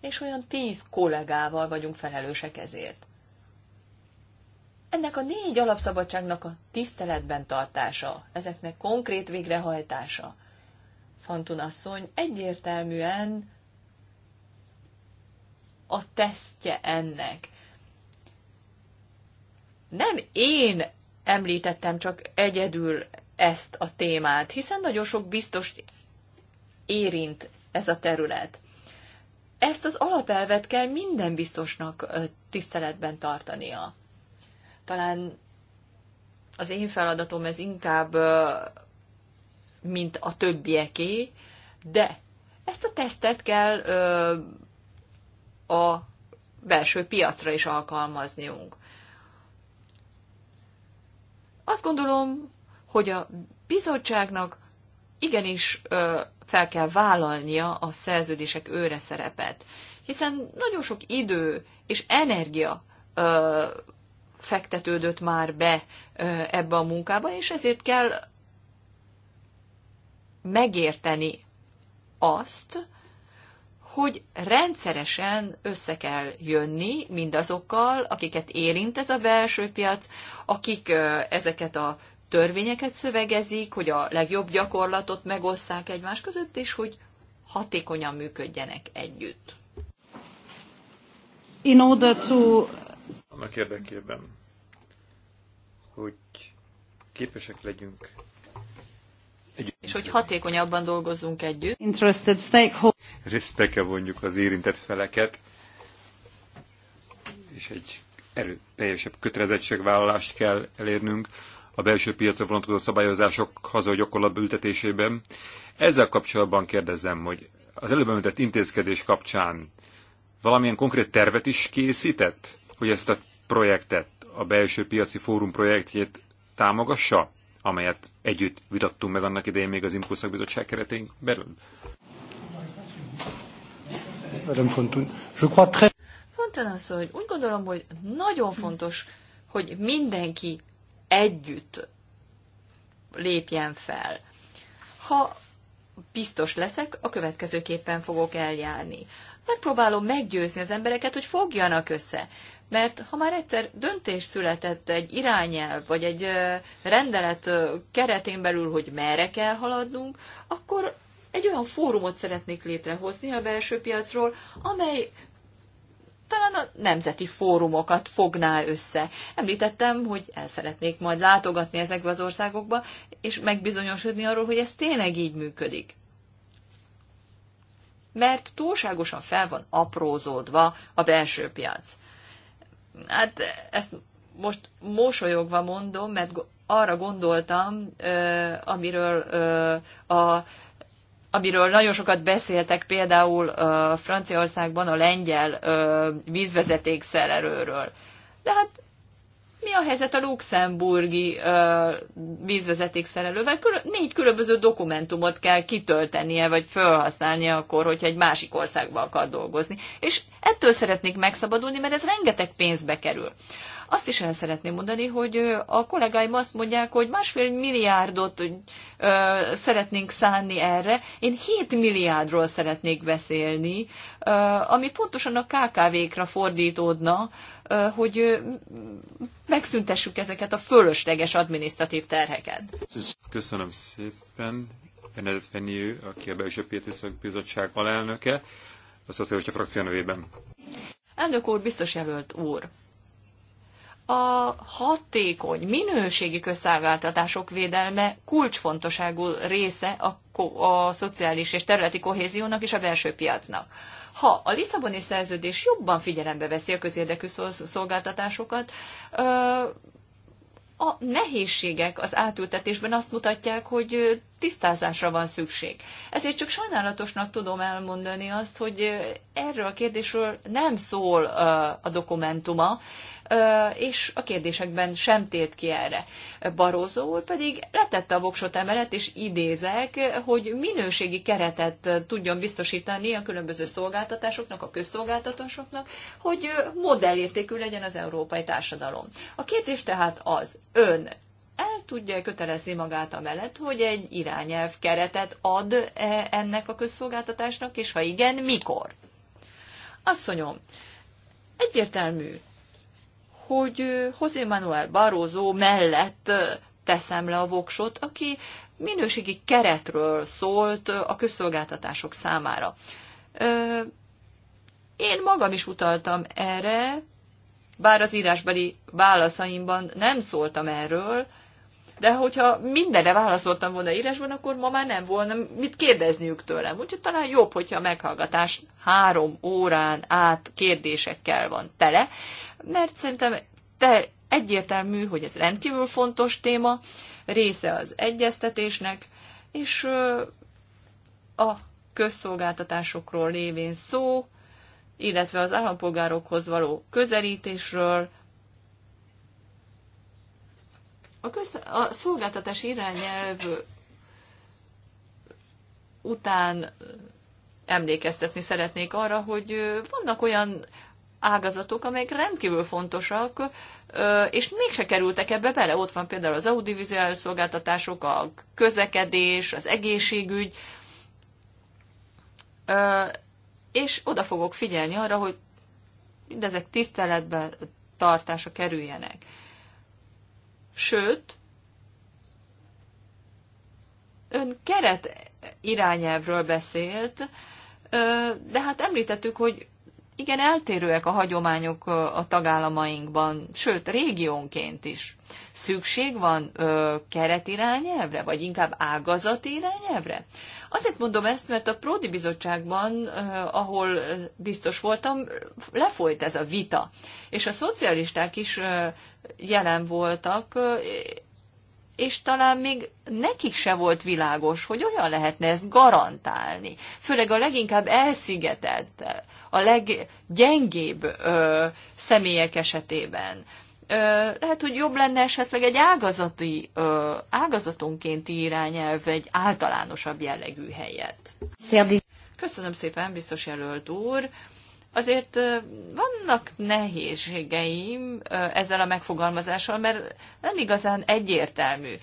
és olyan tíz kollégával vagyunk felelősek ezért. Ennek a négy alapszabadságnak a tiszteletben tartása, ezeknek konkrét végrehajtása. Fantun asszony egyértelműen a tesztje ennek. Nem én említettem csak egyedül ezt a témát, hiszen nagyon sok biztos érint ez a terület ezt az alapelvet kell minden biztosnak tiszteletben tartania. Talán az én feladatom ez inkább, mint a többieké, de ezt a tesztet kell a belső piacra is alkalmazniunk. Azt gondolom, hogy a bizottságnak igenis fel kell vállalnia a szerződések őre szerepet, hiszen nagyon sok idő és energia fektetődött már be ebbe a munkába, és ezért kell megérteni azt, hogy rendszeresen össze kell jönni mindazokkal, akiket érint ez a belső piac, akik ezeket a törvényeket szövegezik, hogy a legjobb gyakorlatot megosszák egymás között, és hogy hatékonyan működjenek együtt. In order to... Annak érdekében, hogy képesek legyünk együtt. És hogy hatékonyabban dolgozzunk együtt. Interested stakeholders. Respektbe vonjuk az érintett feleket, és egy erőteljesebb kötelezettségvállalást kell elérnünk a belső piacra vonatkozó szabályozások hazai gyakorlatba ültetésében. Ezzel kapcsolatban kérdezem, hogy az előbb említett intézkedés kapcsán valamilyen konkrét tervet is készített, hogy ezt a projektet, a belső piaci fórum projektjét támogassa, amelyet együtt vitattunk meg annak idején még az IMCO szakbizottság keretén belül? Fontos Fontun, je crois très... az, hogy úgy gondolom, hogy nagyon fontos, hogy mindenki együtt lépjen fel. Ha biztos leszek, a következőképpen fogok eljárni. Megpróbálom meggyőzni az embereket, hogy fogjanak össze. Mert ha már egyszer döntés született egy irányelv, vagy egy rendelet keretén belül, hogy merre kell haladnunk, akkor egy olyan fórumot szeretnék létrehozni a belső piacról, amely talán a nemzeti fórumokat fogná össze. Említettem, hogy el szeretnék majd látogatni ezekbe az országokba, és megbizonyosodni arról, hogy ez tényleg így működik. Mert túlságosan fel van aprózódva a belső piac. Hát ezt most mosolyogva mondom, mert arra gondoltam, amiről a amiről nagyon sokat beszéltek például uh, Franciaországban a lengyel uh, vízvezeték szerelőről. De hát mi a helyzet a luxemburgi uh, vízvezeték szerelővel? Kül- négy különböző dokumentumot kell kitöltenie, vagy felhasználnia akkor, hogyha egy másik országba akar dolgozni. És ettől szeretnék megszabadulni, mert ez rengeteg pénzbe kerül. Uh, azt is el szeretném mondani, hogy a kollégáim azt mondják, hogy másfél milliárdot szeretnénk szánni erre. Én 7 milliárdról szeretnék beszélni, ami pontosan a KKV-kra fordítódna, hogy megszüntessük ezeket a fölösleges adminisztratív terheket. Köszönöm szépen. Benedett Fenyő, aki a Belső Pétiszak Bizottság alelnöke, a Frakció nevében. Elnök úr, biztos jelölt úr! a hatékony, minőségi közszállgáltatások védelme kulcsfontosságú része a, a szociális és területi kohéziónak és a belső piacnak. Ha a Lisszaboni szerződés jobban figyelembe veszi a közérdekű szolgáltatásokat, a nehézségek az átültetésben azt mutatják, hogy tisztázásra van szükség. Ezért csak sajnálatosnak tudom elmondani azt, hogy erről a kérdésről nem szól a dokumentuma, és a kérdésekben sem tért ki erre. Barózó úr pedig letette a voksot emelet, és idézek, hogy minőségi keretet tudjon biztosítani a különböző szolgáltatásoknak, a közszolgáltatásoknak, hogy modellértékű legyen az európai társadalom. A kérdés tehát az, ön el tudja -e kötelezni magát a mellett, hogy egy irányelv keretet ad -e ennek a közszolgáltatásnak, és ha igen, mikor? Asszonyom, egyértelmű, hogy José Manuel Barroso mellett teszem le a voksot, aki minőségi keretről szólt a közszolgáltatások számára. Én magam is utaltam erre, bár az írásbeli válaszaimban nem szóltam erről, de hogyha mindenre válaszoltam volna írásban, akkor ma már nem volna mit kérdezniük tőlem. Úgyhogy talán jobb, hogyha a meghallgatás három órán át kérdésekkel van tele, mert szerintem te egyértelmű, hogy ez rendkívül fontos téma, része az egyeztetésnek, és a közszolgáltatásokról lévén szó, illetve az állampolgárokhoz való közelítésről, A, köz, a szolgáltatás irányelv után emlékeztetni szeretnék arra, hogy vannak olyan ágazatok, amelyek rendkívül fontosak, és mégse kerültek ebbe bele. Ott van például az audiovizuális szolgáltatások, a közlekedés, az egészségügy, és oda fogok figyelni arra, hogy mindezek tiszteletbe tartása kerüljenek. Sőt, ön keret irányelvről beszélt, de hát említettük, hogy igen, eltérőek a hagyományok a tagállamainkban, sőt, régiónként is. Szükség van ö, keretirányelvre, vagy inkább ágazati irányelvre? Azért mondom ezt, mert a Pródi Bizottságban, ahol biztos voltam, lefolyt ez a vita. És a szocialisták is jelen voltak, és talán még nekik se volt világos, hogy olyan lehetne ezt garantálni. Főleg a leginkább elszigetelt, a leggyengébb ö, személyek esetében lehet, hogy jobb lenne esetleg egy ágazati, ágazatonkénti irányelv egy általánosabb jellegű helyet. Köszönöm szépen, biztos jelölt úr. Azért vannak nehézségeim ezzel a megfogalmazással, mert nem igazán egyértelmű.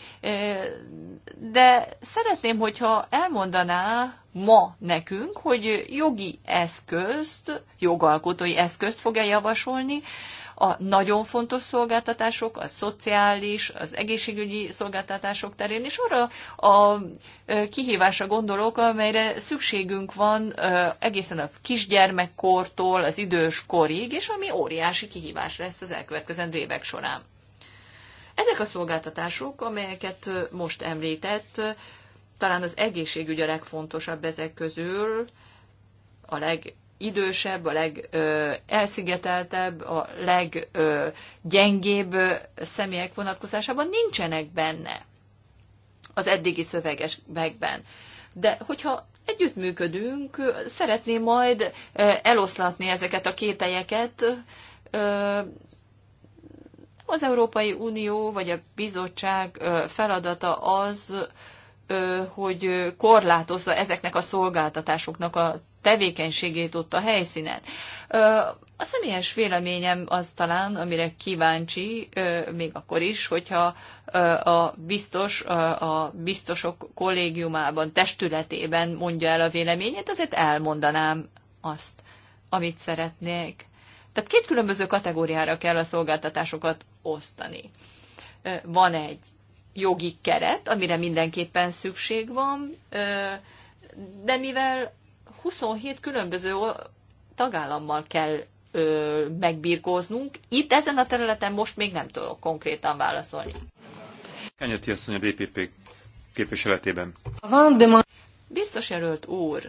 De szeretném, hogyha elmondaná ma nekünk, hogy jogi eszközt, jogalkotói eszközt fog-e javasolni, a nagyon fontos szolgáltatások, a szociális, az egészségügyi szolgáltatások terén, és arra a kihívásra gondolok, amelyre szükségünk van egészen a kisgyermekkortól az idős korig, és ami óriási kihívás lesz az elkövetkezendő évek során. Ezek a szolgáltatások, amelyeket most említett, talán az egészségügy a legfontosabb ezek közül, a leg legidősebb, a legelszigeteltebb, a leggyengébb személyek vonatkozásában nincsenek benne az eddigi szövegesekben. De hogyha együttműködünk, szeretném majd eloszlatni ezeket a kételyeket az Európai Unió vagy a bizottság feladata az, hogy korlátozza ezeknek a szolgáltatásoknak a tevékenységét ott a helyszínen. A személyes véleményem az talán, amire kíváncsi, még akkor is, hogyha a biztos, a biztosok kollégiumában, testületében mondja el a véleményét, azért elmondanám azt, amit szeretnék. Tehát két különböző kategóriára kell a szolgáltatásokat osztani. Van egy jogi keret, amire mindenképpen szükség van, de mivel 27 különböző tagállammal kell ö, megbírkóznunk. Itt ezen a területen most még nem tudok konkrétan válaszolni. Kenyeti asszony a DPP képviseletében. Biztos jelölt úr,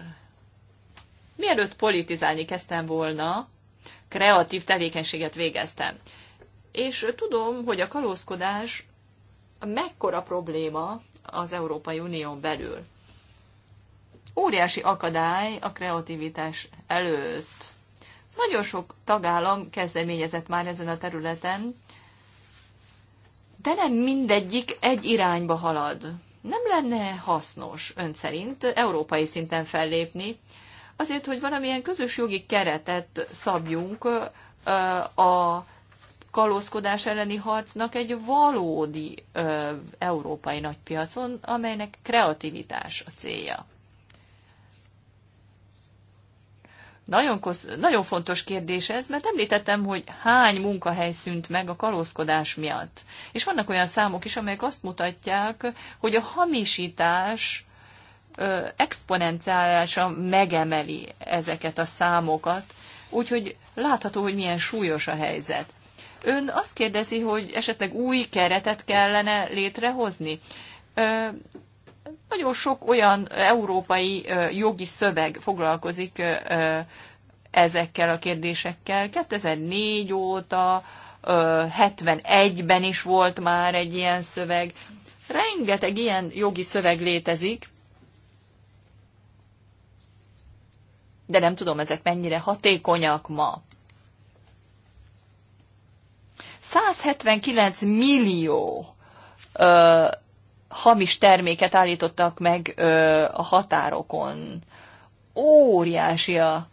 mielőtt politizálni kezdtem volna, kreatív tevékenységet végeztem. És tudom, hogy a kalózkodás mekkora probléma az Európai Unión belül óriási akadály a kreativitás előtt. Nagyon sok tagállam kezdeményezett már ezen a területen, de nem mindegyik egy irányba halad. Nem lenne hasznos ön szerint európai szinten fellépni, azért, hogy valamilyen közös jogi keretet szabjunk a kalózkodás elleni harcnak egy valódi európai nagypiacon, amelynek kreativitás a célja. Nagyon, kosz, nagyon fontos kérdés ez, mert említettem, hogy hány munkahely szűnt meg a kalózkodás miatt. És vannak olyan számok is, amelyek azt mutatják, hogy a hamisítás exponenciálisan megemeli ezeket a számokat, úgyhogy látható, hogy milyen súlyos a helyzet. Ön azt kérdezi, hogy esetleg új keretet kellene létrehozni nagyon sok olyan európai jogi szöveg foglalkozik ezekkel a kérdésekkel. 2004 óta, 71-ben is volt már egy ilyen szöveg. Rengeteg ilyen jogi szöveg létezik, de nem tudom, ezek mennyire hatékonyak ma. 179 millió hamis terméket állítottak meg ö, a határokon. Óriási a,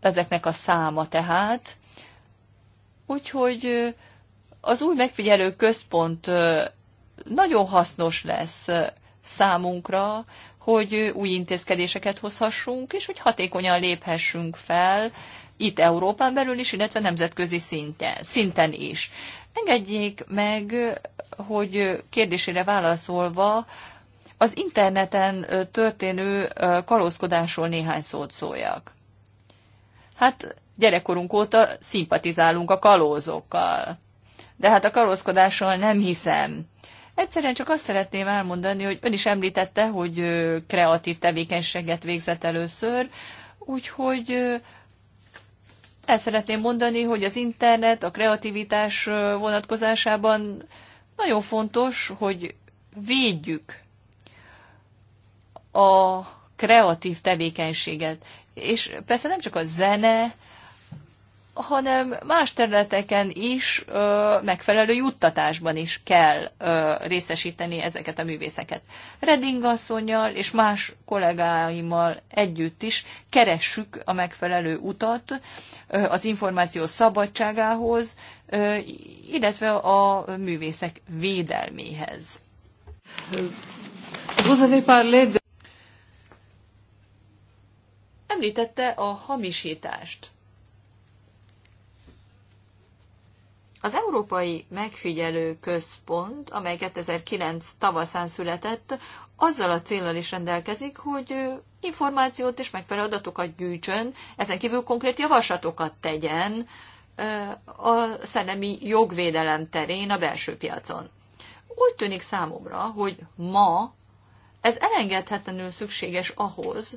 ezeknek a száma tehát. Úgyhogy az új megfigyelő központ nagyon hasznos lesz számunkra, hogy új intézkedéseket hozhassunk, és hogy hatékonyan léphessünk fel itt Európán belül is, illetve nemzetközi szinten, szinten is. Engedjék meg, hogy kérdésére válaszolva az interneten történő kalózkodásról néhány szót szóljak. Hát gyerekkorunk óta szimpatizálunk a kalózokkal. De hát a kalózkodással nem hiszem. Egyszerűen csak azt szeretném elmondani, hogy ön is említette, hogy kreatív tevékenységet végzett először, úgyhogy el szeretném mondani, hogy az internet a kreativitás vonatkozásában nagyon fontos, hogy védjük a kreatív tevékenységet. És persze nem csak a zene, hanem más területeken is, ö, megfelelő juttatásban is kell ö, részesíteni ezeket a művészeket. Redding asszonyjal és más kollégáimmal együtt is keressük a megfelelő utat ö, az információ szabadságához, ö, illetve a művészek védelméhez. Említette a hamisítást Az Európai Megfigyelő Központ, amely 2009 tavaszán született, azzal a célral is rendelkezik, hogy információt és megfelelő adatokat gyűjtsön, ezen kívül konkrét javaslatokat tegyen a szellemi jogvédelem terén a belső piacon. Úgy tűnik számomra, hogy ma ez elengedhetetlenül szükséges ahhoz,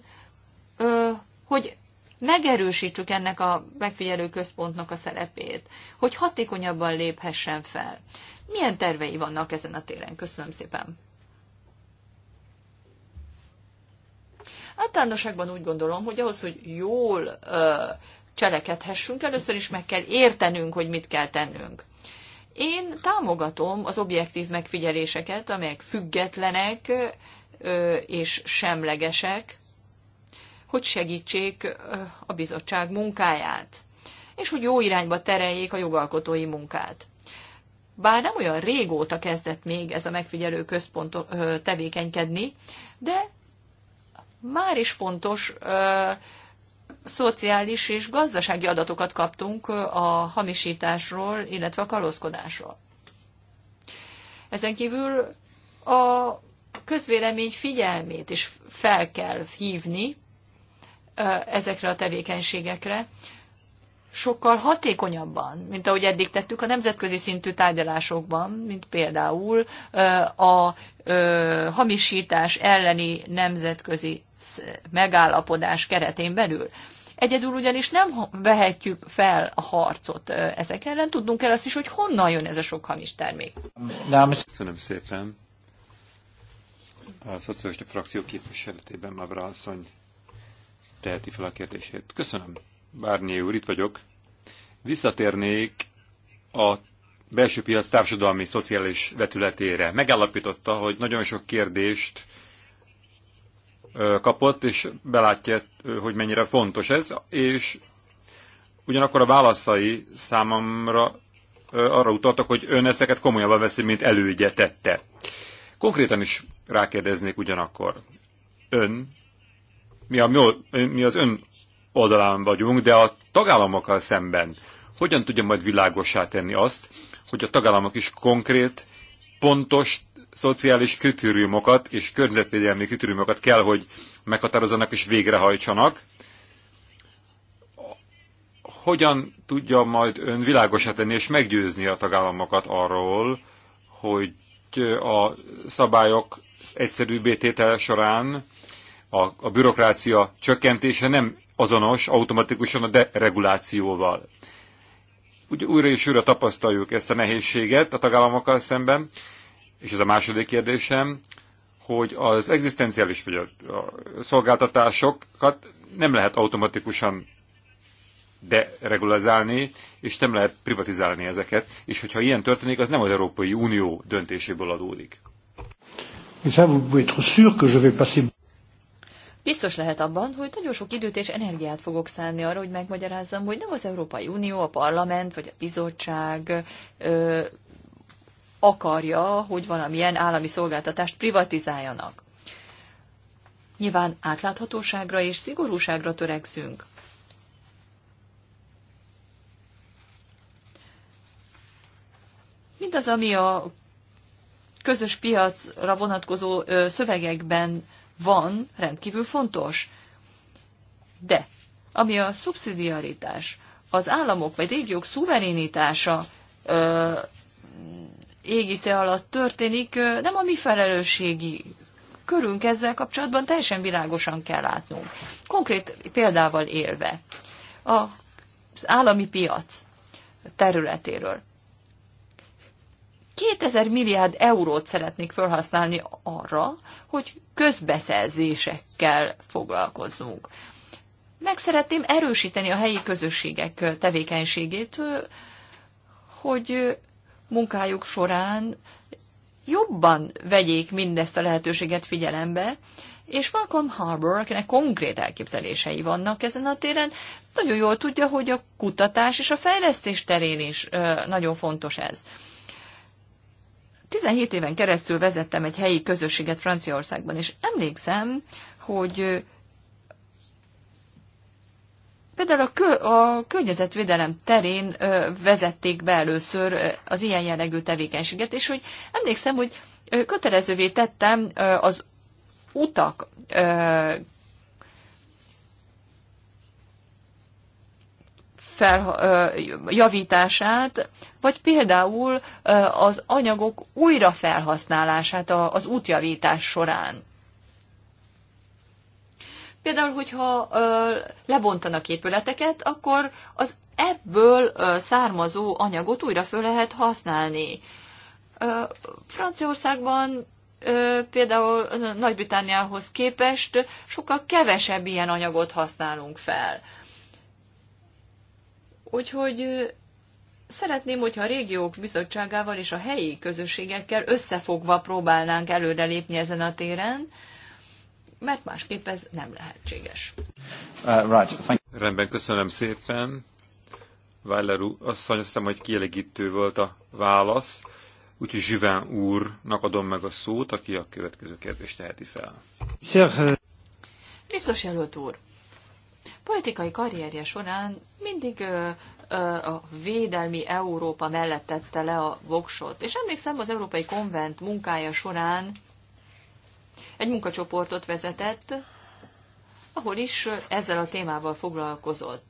hogy megerősítsük ennek a megfigyelő központnak a szerepét, hogy hatékonyabban léphessen fel. Milyen tervei vannak ezen a téren? Köszönöm szépen. Általánosságban úgy gondolom, hogy ahhoz, hogy jól ö, cselekedhessünk, először is meg kell értenünk, hogy mit kell tennünk. Én támogatom az objektív megfigyeléseket, amelyek függetlenek ö, és semlegesek, hogy segítsék a bizottság munkáját, és hogy jó irányba tereljék a jogalkotói munkát. Bár nem olyan régóta kezdett még ez a megfigyelő központ tevékenykedni, de már is fontos ö, szociális és gazdasági adatokat kaptunk a hamisításról, illetve a kalózkodásról. Ezen kívül a közvélemény figyelmét is fel kell hívni ezekre a tevékenységekre, sokkal hatékonyabban, mint ahogy eddig tettük a nemzetközi szintű tárgyalásokban, mint például a hamisítás elleni nemzetközi megállapodás keretén belül. Egyedül ugyanis nem vehetjük fel a harcot ezek ellen, tudnunk kell azt is, hogy honnan jön ez a sok hamis termék. Köszönöm szépen. A szociális frakció képviseletében Mavra asszony teheti fel a kérdését. Köszönöm. Bárnyi úr, itt vagyok. Visszatérnék a belső piac társadalmi, szociális vetületére. Megállapította, hogy nagyon sok kérdést kapott, és belátja, hogy mennyire fontos ez, és ugyanakkor a válaszai számomra arra utaltak, hogy ön ezeket komolyabban veszi, mint elődje tette. Konkrétan is rákérdeznék ugyanakkor. Ön mi, a, mi az ön oldalán vagyunk, de a tagállamokkal szemben hogyan tudja majd világosá tenni azt, hogy a tagállamok is konkrét, pontos szociális kritériumokat és környezetvédelmi kritériumokat kell, hogy meghatározzanak és végrehajtsanak. Hogyan tudja majd ön világosá tenni és meggyőzni a tagállamokat arról, hogy a szabályok egyszerűbb tétele során a, a bürokrácia csökkentése nem azonos automatikusan a deregulációval. Úgy, újra és újra tapasztaljuk ezt a nehézséget a tagállamokkal szemben, és ez a második kérdésem, hogy az egzisztenciális vagy a, a szolgáltatásokat nem lehet automatikusan deregulizálni, és nem lehet privatizálni ezeket, és hogyha ilyen történik, az nem az Európai Unió döntéséből adódik. Et ça, vous pouvez être sûr que je vais passer Biztos lehet abban, hogy nagyon sok időt és energiát fogok szánni arra, hogy megmagyarázzam, hogy nem az Európai Unió, a parlament vagy a bizottság ö, akarja, hogy valamilyen állami szolgáltatást privatizáljanak. Nyilván átláthatóságra és szigorúságra törekszünk. Mindaz, ami a közös piacra vonatkozó szövegekben van, rendkívül fontos. De, ami a szubszidiaritás, az államok vagy régiók szuverénitása ö, égisze alatt történik, ö, nem a mi felelősségi körünk ezzel kapcsolatban teljesen világosan kell látnunk. Konkrét példával élve. A, az állami piac területéről. 2000 milliárd eurót szeretnék felhasználni arra, hogy közbeszerzésekkel foglalkozzunk. Meg szeretném erősíteni a helyi közösségek tevékenységét, hogy munkájuk során jobban vegyék mindezt a lehetőséget figyelembe, és Malcolm Harbour, akinek konkrét elképzelései vannak ezen a téren, nagyon jól tudja, hogy a kutatás és a fejlesztés terén is nagyon fontos ez. 17 éven keresztül vezettem egy helyi közösséget Franciaországban, és emlékszem, hogy például a, kö, a környezetvédelem terén vezették be először az ilyen jellegű tevékenységet, és hogy emlékszem, hogy kötelezővé tettem az utak fel, javítását, vagy például az anyagok újrafelhasználását az útjavítás során. Például, hogyha lebontanak épületeket, akkor az ebből származó anyagot újra föl lehet használni. Franciaországban például Nagy-Britániához képest sokkal kevesebb ilyen anyagot használunk fel. Úgyhogy szeretném, hogyha a régiók bizottságával és a helyi közösségekkel összefogva próbálnánk előrelépni ezen a téren, mert másképp ez nem lehetséges. Uh, right. Thank Rendben, köszönöm szépen. Weiler úr, azt hiszem, hogy kielégítő volt a válasz. Úgyhogy Zsiván úrnak adom meg a szót, aki a következő kérdést teheti fel. Uh, Biztos jelölt úr, politikai karrierje során mindig a védelmi Európa mellett tette le a voksot. És emlékszem, az Európai Konvent munkája során egy munkacsoportot vezetett, ahol is ezzel a témával foglalkozott.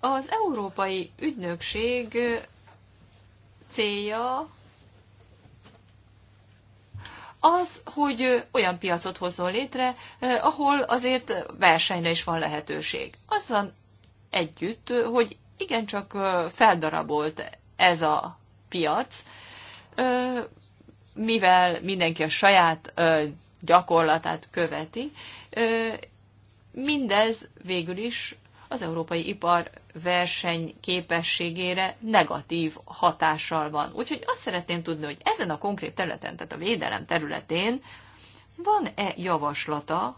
Az Európai Ügynökség célja az, hogy olyan piacot hozzon létre, ahol azért versenyre is van lehetőség. Azzal együtt, hogy igencsak feldarabolt ez a piac, mivel mindenki a saját gyakorlatát követi, mindez végül is az európai ipar verseny képességére negatív hatással van. Úgyhogy azt szeretném tudni, hogy ezen a konkrét területen, tehát a védelem területén van-e javaslata,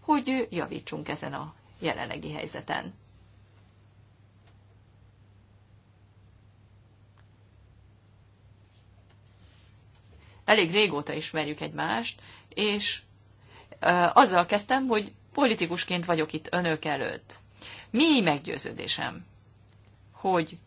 hogy javítsunk ezen a jelenlegi helyzeten. Elég régóta ismerjük egymást, és azzal kezdtem, hogy politikusként vagyok itt önök előtt. Mély meggyőződésem, hogy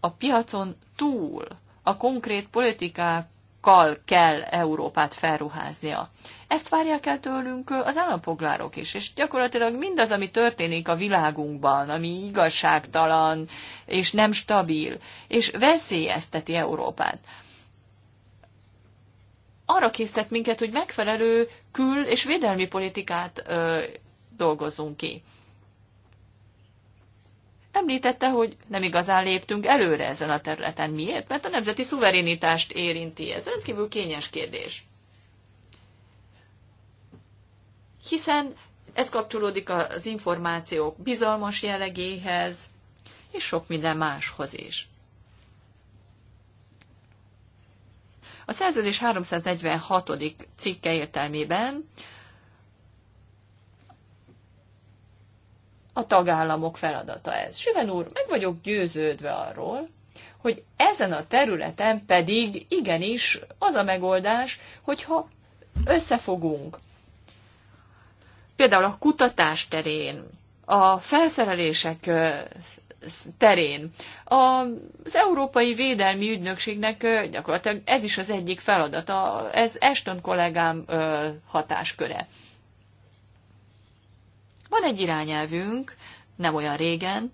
a piacon túl a konkrét politikákkal kell Európát felruháznia. Ezt várják el tőlünk az állampolgárok is, és gyakorlatilag mindaz, ami történik a világunkban, ami igazságtalan és nem stabil, és veszélyezteti Európát, arra késztet minket, hogy megfelelő kül- és védelmi politikát ö, dolgozzunk ki említette, hogy nem igazán léptünk előre ezen a területen. Miért? Mert a nemzeti szuverenitást érinti. Ez rendkívül kényes kérdés. Hiszen ez kapcsolódik az információk bizalmas jellegéhez, és sok minden máshoz is. A szerződés 346. cikke értelmében a tagállamok feladata ez. Süven úr, meg vagyok győződve arról, hogy ezen a területen pedig igenis az a megoldás, hogyha összefogunk. Például a kutatás terén, a felszerelések terén. Az Európai Védelmi Ügynökségnek gyakorlatilag ez is az egyik feladata, ez Eston kollégám hatásköre. Van egy irányelvünk, nem olyan régen,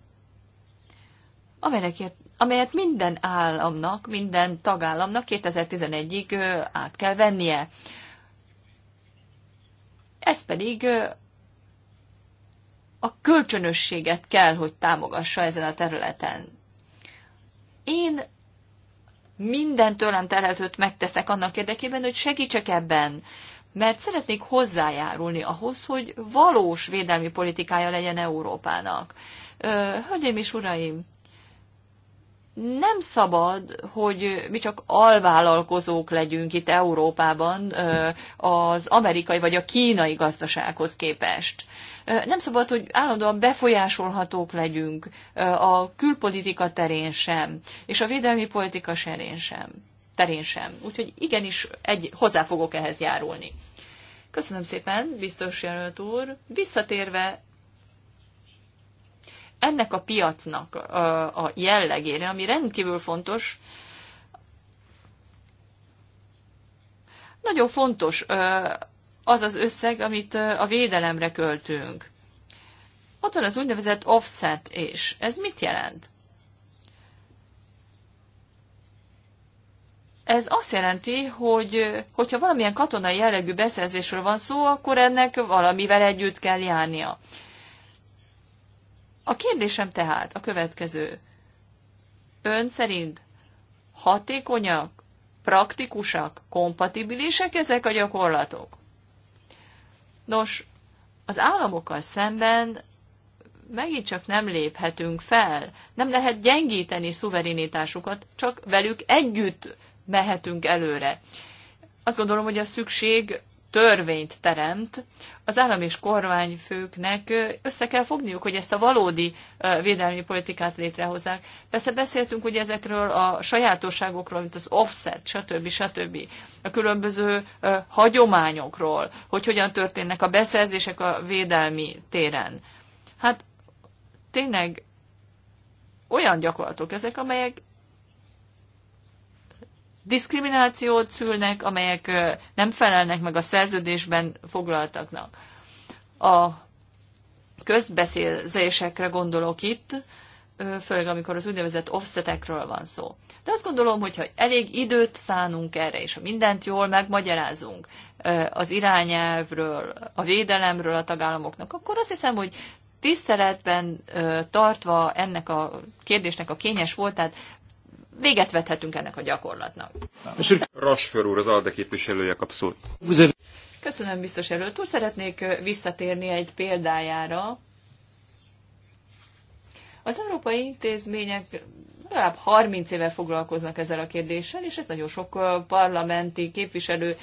amelynek, amelyet minden államnak, minden tagállamnak 2011-ig át kell vennie. Ez pedig a kölcsönösséget kell, hogy támogassa ezen a területen. Én minden tőlem telhetőt megteszek annak érdekében, hogy segítsek ebben mert szeretnék hozzájárulni ahhoz, hogy valós védelmi politikája legyen Európának. Hölgyeim és uraim, nem szabad, hogy mi csak alvállalkozók legyünk itt Európában az amerikai vagy a kínai gazdasághoz képest. Nem szabad, hogy állandóan befolyásolhatók legyünk a külpolitika terén sem, és a védelmi politika terén sem. Úgyhogy igenis egy, hozzá fogok ehhez járulni. Köszönöm szépen, biztos jelölt úr. Visszatérve ennek a piacnak a jellegére, ami rendkívül fontos, nagyon fontos az az összeg, amit a védelemre költünk. Ott van az úgynevezett offset és Ez mit jelent? Ez azt jelenti, hogy hogyha valamilyen katonai jellegű beszerzésről van szó, akkor ennek valamivel együtt kell járnia. A kérdésem tehát a következő. Ön szerint hatékonyak, praktikusak, kompatibilisek ezek a gyakorlatok? Nos, az államokkal szemben megint csak nem léphetünk fel. Nem lehet gyengíteni szuverenitásukat, csak velük együtt mehetünk előre. Azt gondolom, hogy a szükség törvényt teremt, az állam és kormányfőknek össze kell fogniuk, hogy ezt a valódi védelmi politikát létrehozzák. Persze beszéltünk ugye ezekről a sajátosságokról, mint az offset, stb. stb. A különböző hagyományokról, hogy hogyan történnek a beszerzések a védelmi téren. Hát tényleg olyan gyakorlatok ezek, amelyek diszkriminációt szülnek, amelyek nem felelnek meg a szerződésben foglaltaknak. A közbeszélzésekre gondolok itt, főleg amikor az úgynevezett offsetekről van szó. De azt gondolom, hogy ha elég időt szánunk erre, és ha mindent jól megmagyarázunk az irányelvről, a védelemről a tagállamoknak, akkor azt hiszem, hogy tiszteletben tartva ennek a kérdésnek a kényes voltát, véget vethetünk ennek a gyakorlatnak. Rasfőr úr, az ALDE képviselője kap szót. Köszönöm, biztos előtt úr. Szeretnék visszatérni egy példájára. Az európai intézmények legalább 30 éve foglalkoznak ezzel a kérdéssel, és ez nagyon sok parlamenti képviselő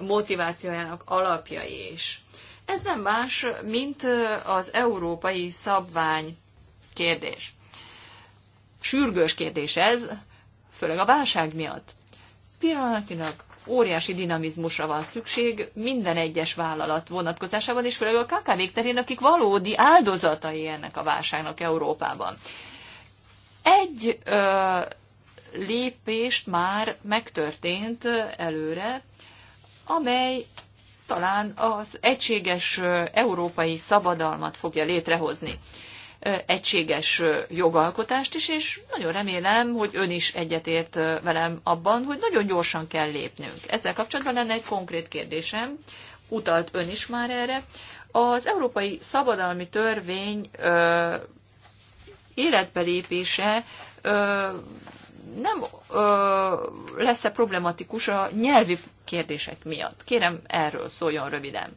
motivációjának alapja is. Ez nem más, mint az európai szabvány kérdés. Sürgős kérdés ez, főleg a válság miatt. Pillanatilag óriási dinamizmusra van szükség minden egyes vállalat vonatkozásában, és főleg a kkv terén, akik valódi áldozatai ennek a válságnak Európában. Egy ö, lépést már megtörtént előre, amely talán az egységes európai szabadalmat fogja létrehozni egységes jogalkotást is, és nagyon remélem, hogy ön is egyetért velem abban, hogy nagyon gyorsan kell lépnünk. Ezzel kapcsolatban lenne egy konkrét kérdésem, utalt ön is már erre. Az Európai Szabadalmi Törvény ö, életbelépése ö, nem lesz-e problematikus a nyelvi kérdések miatt? Kérem, erről szóljon röviden.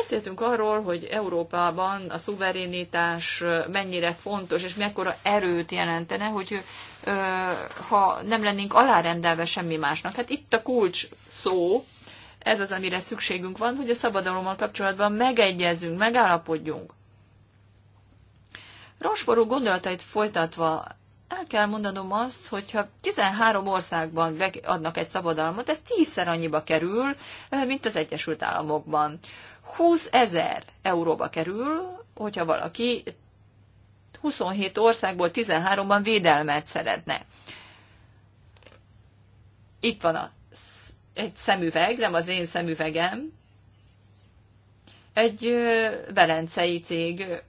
Beszéltünk arról, hogy Európában a szuverénitás mennyire fontos, és mekkora erőt jelentene, hogy ha nem lennénk alárendelve semmi másnak. Hát itt a kulcs szó, ez az, amire szükségünk van, hogy a szabadalommal kapcsolatban megegyezünk, megállapodjunk. Rosforú gondolatait folytatva el kell mondanom azt, hogyha 13 országban adnak egy szabadalmat, ez tízszer annyiba kerül, mint az Egyesült Államokban. 20 ezer euróba kerül, hogyha valaki 27 országból 13-ban védelmet szeretne. Itt van a, egy szemüveg, nem az én szemüvegem, egy velencei cég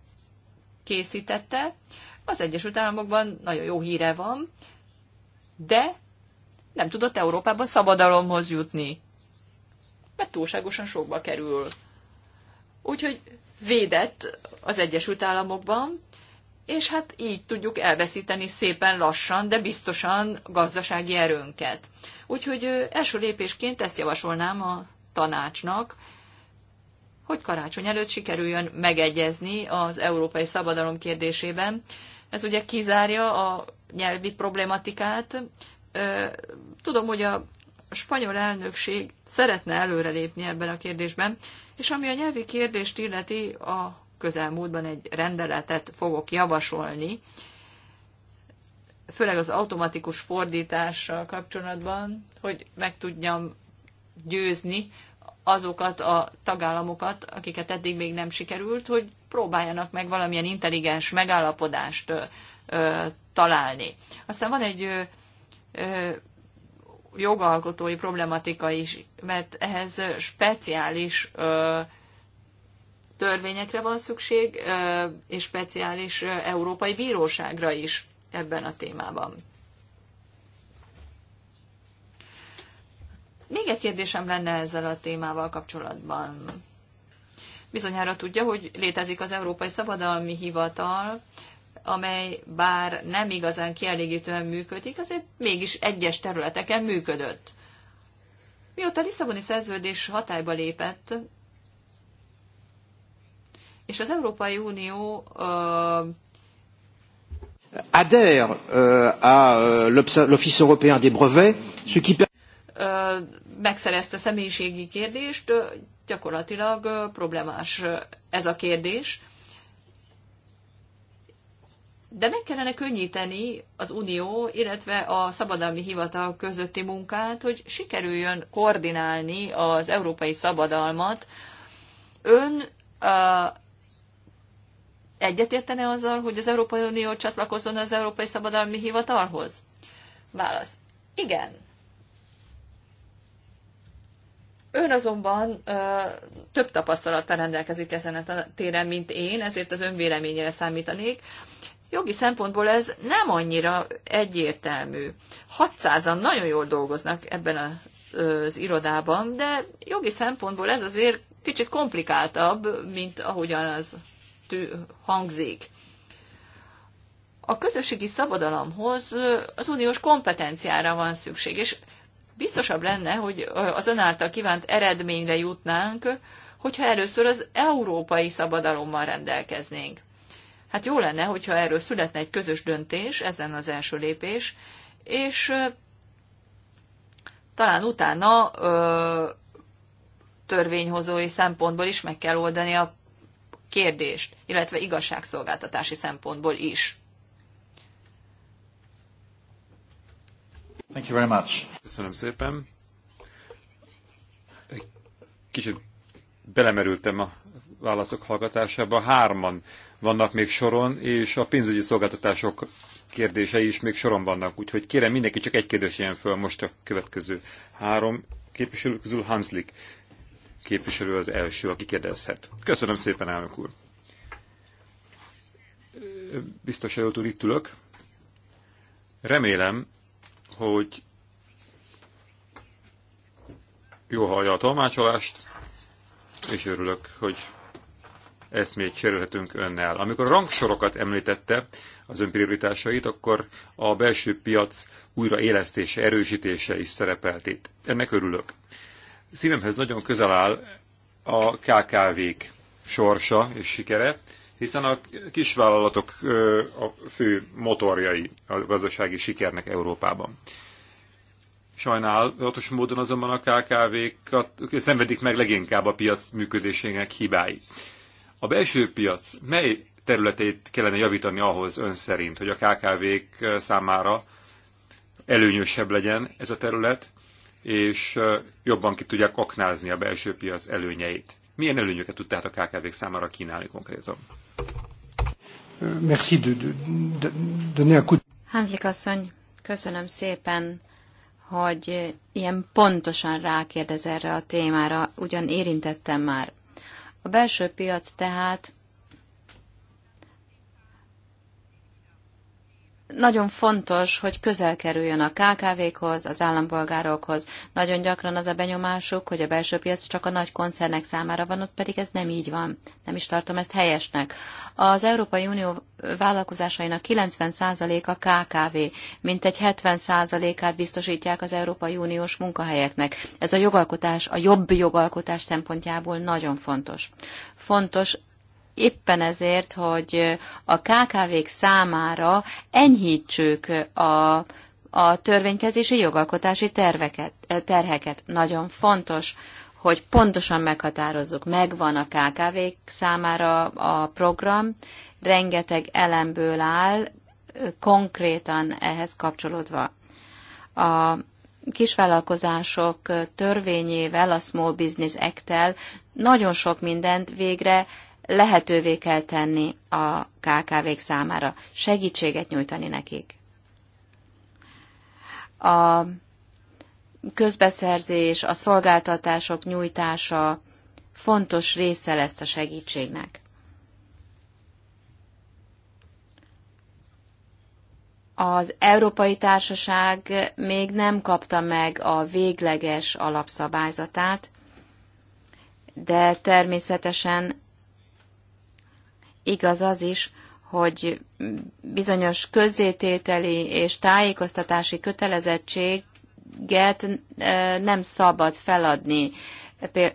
készítette. Az Egyesült Államokban nagyon jó híre van, de nem tudott Európában szabadalomhoz jutni, mert túlságosan sokba kerül. Úgyhogy védett az Egyesült Államokban, és hát így tudjuk elveszíteni szépen lassan, de biztosan gazdasági erőnket. Úgyhogy első lépésként ezt javasolnám a tanácsnak, hogy karácsony előtt sikerüljön megegyezni az európai szabadalom kérdésében. Ez ugye kizárja a nyelvi problématikát. Tudom, hogy a spanyol elnökség szeretne előrelépni ebben a kérdésben, és ami a nyelvi kérdést illeti, a közelmúltban egy rendeletet fogok javasolni, főleg az automatikus fordítással kapcsolatban, hogy meg tudjam győzni azokat a tagállamokat, akiket eddig még nem sikerült, hogy próbáljanak meg valamilyen intelligens megállapodást ö, találni. Aztán van egy ö, jogalkotói problematika is, mert ehhez speciális ö, törvényekre van szükség, ö, és speciális ö, európai bíróságra is ebben a témában. Még egy kérdésem lenne ezzel a témával kapcsolatban. Bizonyára tudja, hogy létezik az Európai Szabadalmi Hivatal, amely bár nem igazán kielégítően működik, azért mégis egyes területeken működött. Mióta a Lisszaboni szerződés hatályba lépett, és az Európai Unió ö, adhère euh, à euh, l'Office européen des brevets, ce qui megszerezte személyiségi kérdést, gyakorlatilag problémás ez a kérdés de meg kellene könnyíteni az Unió, illetve a Szabadalmi Hivatal közötti munkát, hogy sikerüljön koordinálni az európai szabadalmat. Ön uh, egyetértene azzal, hogy az Európai Unió csatlakozzon az Európai Szabadalmi Hivatalhoz? Válasz. Igen. Ön azonban ö, több tapasztalattal rendelkezik ezen a téren, mint én, ezért az ön véleményére számítanék. Ö, jogi szempontból ez nem annyira egyértelmű. 600-an nagyon jól dolgoznak ebben az irodában, de jogi szempontból ez azért kicsit komplikáltabb, mint ahogyan az hangzik. A közösségi szabadalomhoz az uniós kompetenciára van szükség, és biztosabb lenne, hogy az ön által kívánt eredményre jutnánk, hogyha először az európai szabadalommal rendelkeznénk. Hát jó lenne, hogyha erről születne egy közös döntés, ezen az első lépés, és talán utána ö, törvényhozói szempontból is meg kell oldani a kérdést, illetve igazságszolgáltatási szempontból is. Thank you very much. Köszönöm szépen. Egy kicsit belemerültem a válaszok hallgatásába. Hárman vannak még soron, és a pénzügyi szolgáltatások kérdései is még soron vannak. Úgyhogy kérem mindenki csak egy kérdés ilyen föl most a következő három képviselő közül Hanslik képviselő az első, aki kérdezhet. Köszönöm szépen, elnök úr. Biztos előtt úr, itt ülök. Remélem, hogy jó hallja a tolmácsolást, és örülök, hogy ezt még sérülhetünk önnel. Amikor a rangsorokat említette az ön akkor a belső piac újraélesztése, erősítése is szerepelt itt. Ennek örülök. Szívemhez nagyon közel áll a KKV-k sorsa és sikere, hiszen a kisvállalatok a fő motorjai a gazdasági sikernek Európában. Sajnálatos módon azonban a KKV-kat szenvedik meg leginkább a piac működésének hibáit. A belső piac mely területeit kellene javítani ahhoz ön szerint, hogy a KKV-k számára előnyösebb legyen ez a terület, és jobban ki tudják aknázni a belső piac előnyeit. Milyen előnyöket tud tehát a KKV-k számára kínálni konkrétan? Merci de, de, de, de Hanslik asszony, köszönöm szépen, hogy ilyen pontosan rákérdez erre a témára, ugyan érintettem már. A belső piac tehát nagyon fontos, hogy közel kerüljön a KKV-khoz, az állampolgárokhoz. Nagyon gyakran az a benyomásuk, hogy a belső piac csak a nagy koncernek számára van, ott pedig ez nem így van. Nem is tartom ezt helyesnek. Az Európai Unió vállalkozásainak 90%-a KKV, mintegy 70%-át biztosítják az Európai Uniós munkahelyeknek. Ez a jogalkotás, a jobb jogalkotás szempontjából nagyon fontos. Fontos éppen ezért, hogy a KKV-k számára enyhítsük a, a törvénykezési jogalkotási terveket, terheket. Nagyon fontos, hogy pontosan meghatározzuk, megvan a kkv számára a program, rengeteg elemből áll, konkrétan ehhez kapcsolódva. A kisvállalkozások törvényével, a Small Business Act-tel nagyon sok mindent végre lehetővé kell tenni a KKV-k számára, segítséget nyújtani nekik. A közbeszerzés, a szolgáltatások nyújtása fontos része lesz a segítségnek. Az Európai Társaság még nem kapta meg a végleges alapszabályzatát, de természetesen Igaz az is, hogy bizonyos közzétételi és tájékoztatási kötelezettséget nem szabad feladni,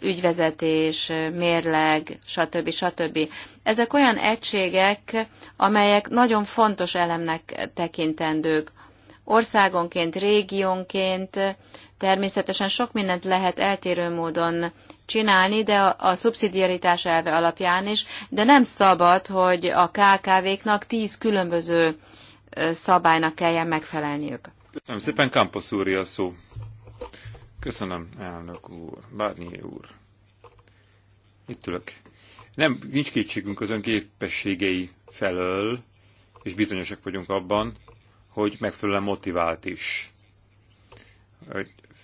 ügyvezetés, mérleg, stb. stb. Ezek olyan egységek, amelyek nagyon fontos elemnek tekintendők. Országonként, régiónként Természetesen sok mindent lehet eltérő módon csinálni, de a, a szubszidiaritás elve alapján is, de nem szabad, hogy a KKV-knak tíz különböző szabálynak kelljen megfelelniük. Köszönöm szépen, Kampos úr, a szó. Köszönöm, elnök úr, bárnyi úr. Itt ülök. Nem, nincs kétségünk az önképességei felől, és bizonyosak vagyunk abban, hogy megfelelően motivált is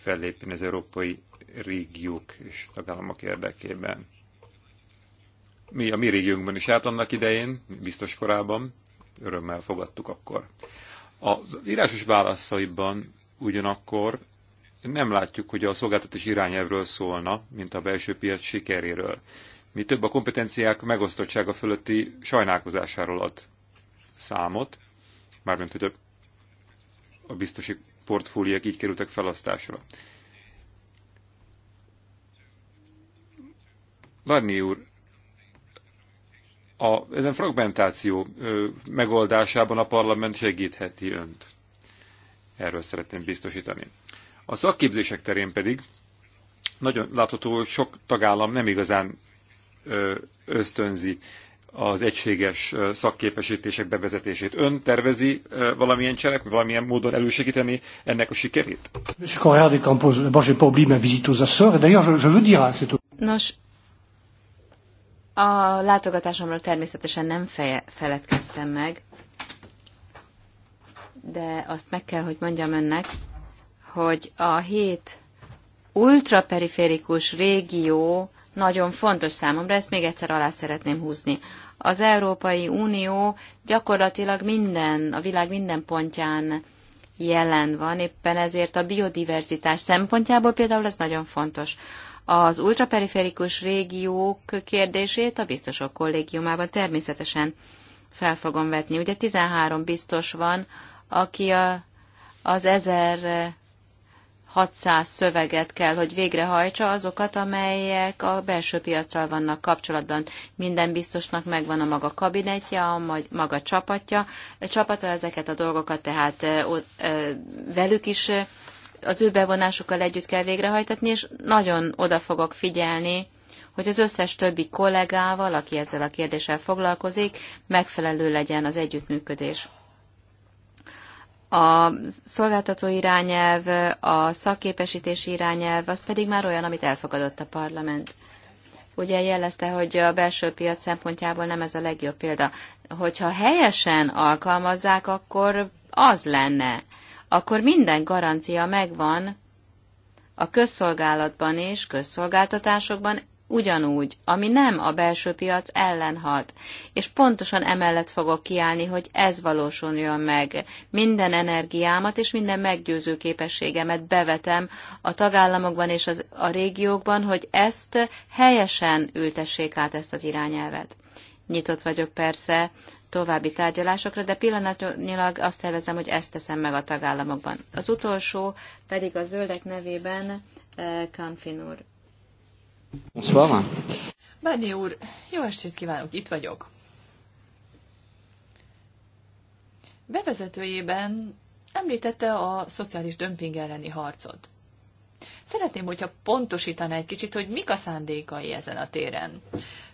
fellépni az európai régiók és tagállamok érdekében. Mi a mi régiónkban is állt annak idején, biztos korában, örömmel fogadtuk akkor. A írásos válaszaiban ugyanakkor nem látjuk, hogy a szolgáltatás irányelvről szólna, mint a belső piac sikeréről. Mi több a kompetenciák megosztottsága fölötti sajnálkozásáról ad számot, mármint hogy a, a biztosi portfóliák így kerültek felasztásra. Várni úr, a, ezen fragmentáció ö, megoldásában a parlament segítheti önt. Erről szeretném biztosítani. A szakképzések terén pedig nagyon látható, hogy sok tagállam nem igazán ö, ösztönzi az egységes szakképesítések bevezetését. Ön tervezi valamilyen cselek, valamilyen módon elősegíteni ennek a sikerét? Nos, a látogatásomról természetesen nem feje, feledkeztem meg, de azt meg kell, hogy mondjam önnek, hogy a hét ultraperiférikus régió nagyon fontos számomra, ezt még egyszer alá szeretném húzni. Az Európai Unió gyakorlatilag minden, a világ minden pontján jelen van, éppen ezért a biodiverzitás szempontjából például ez nagyon fontos. Az ultraperiferikus régiók kérdését a biztosok kollégiumában természetesen fel fogom vetni. Ugye 13 biztos van, aki a, az ezer 600 szöveget kell, hogy végrehajtsa azokat, amelyek a belső piacsal vannak kapcsolatban. Minden biztosnak megvan a maga kabinetje, a maga csapatja, csapata ezeket a dolgokat, tehát velük is az ő bevonásukkal együtt kell végrehajtatni, és nagyon oda fogok figyelni, hogy az összes többi kollégával, aki ezzel a kérdéssel foglalkozik, megfelelő legyen az együttműködés. A szolgáltató irányelv, a szakképesítési irányelv, az pedig már olyan, amit elfogadott a parlament. Ugye jelezte, hogy a belső piac szempontjából nem ez a legjobb példa. Hogyha helyesen alkalmazzák, akkor az lenne. Akkor minden garancia megvan a közszolgálatban és közszolgáltatásokban ugyanúgy, ami nem a belső piac ellen hat. És pontosan emellett fogok kiállni, hogy ez valósuljon meg. Minden energiámat és minden meggyőző képességemet bevetem a tagállamokban és az, a régiókban, hogy ezt helyesen ültessék át ezt az irányelvet. Nyitott vagyok persze további tárgyalásokra, de pillanatnyilag azt tervezem, hogy ezt teszem meg a tagállamokban. Az utolsó pedig a zöldek nevében Kanfin eh, úr van? Bádi úr, jó estét kívánok, itt vagyok. Bevezetőjében említette a szociális dömping elleni harcot. Szeretném, hogyha pontosítaná egy kicsit, hogy mik a szándékai ezen a téren.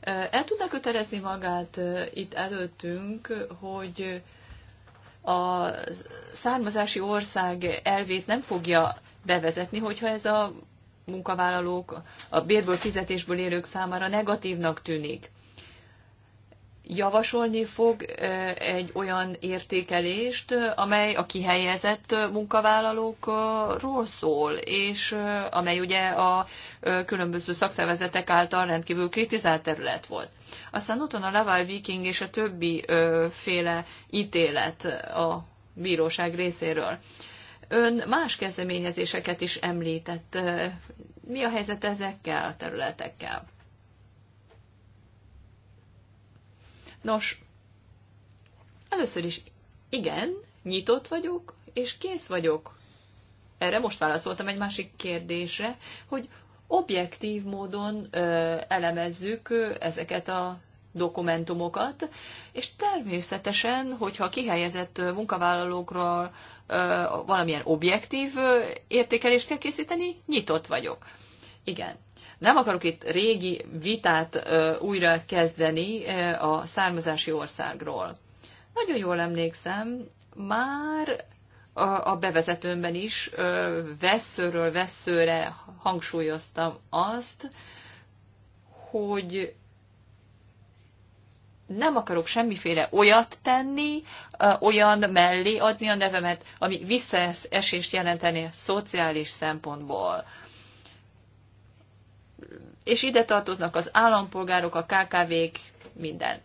El tudna kötelezni magát itt előttünk, hogy a származási ország elvét nem fogja bevezetni, hogyha ez a munkavállalók, a bérből fizetésből élők számára negatívnak tűnik. Javasolni fog egy olyan értékelést, amely a kihelyezett munkavállalókról szól, és amely ugye a különböző szakszervezetek által rendkívül kritizált terület volt. Aztán ott van a Laval Viking és a többi féle ítélet a bíróság részéről. Ön más kezdeményezéseket is említett. Mi a helyzet ezekkel a területekkel? Nos, először is igen, nyitott vagyok, és kész vagyok. Erre most válaszoltam egy másik kérdésre, hogy objektív módon ö, elemezzük ezeket a dokumentumokat, és természetesen, hogyha kihelyezett munkavállalókról valamilyen objektív értékelést kell készíteni, nyitott vagyok. Igen. Nem akarok itt régi vitát újra kezdeni a származási országról. Nagyon jól emlékszem, már a bevezetőmben is veszőről veszőre hangsúlyoztam azt, hogy nem akarok semmiféle olyat tenni, olyan mellé adni a nevemet, ami visszaesést jelenteni a szociális szempontból. És ide tartoznak az állampolgárok, a KKV-k, minden.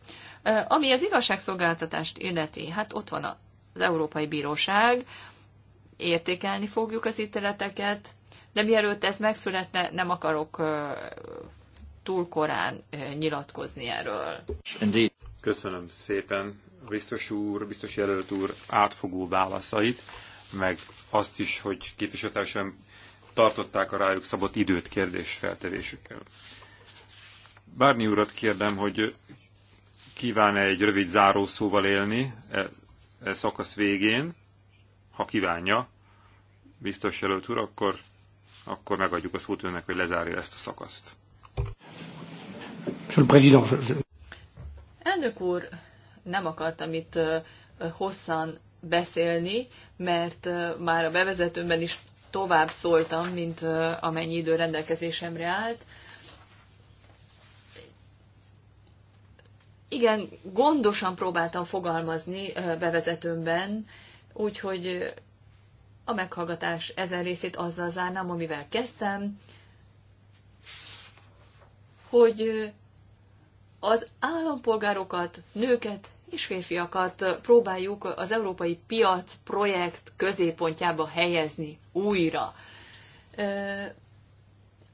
Ami az igazságszolgáltatást illeti, hát ott van az Európai Bíróság, értékelni fogjuk az ítéleteket, de mielőtt ez megszületne, nem akarok túl korán nyilatkozni erről. Köszönöm szépen biztos úr, biztos jelölt úr átfogó válaszait, meg azt is, hogy képviselőtársam tartották a rájuk szabott időt kérdés feltevésükkel. Bárni urat kérdem, hogy kíván -e egy rövid zárószóval élni e, e szakasz végén, ha kívánja, biztos jelölt úr, akkor, akkor megadjuk a szót önnek, hogy lezárja ezt a szakaszt. Elnök úr, nem akartam itt hosszan beszélni, mert már a bevezetőmben is tovább szóltam, mint amennyi idő rendelkezésemre állt. Igen, gondosan próbáltam fogalmazni bevezetőmben, úgyhogy a meghallgatás ezen részét azzal zárnám, amivel kezdtem, hogy az állampolgárokat, nőket és férfiakat próbáljuk az európai piac projekt középpontjába helyezni újra.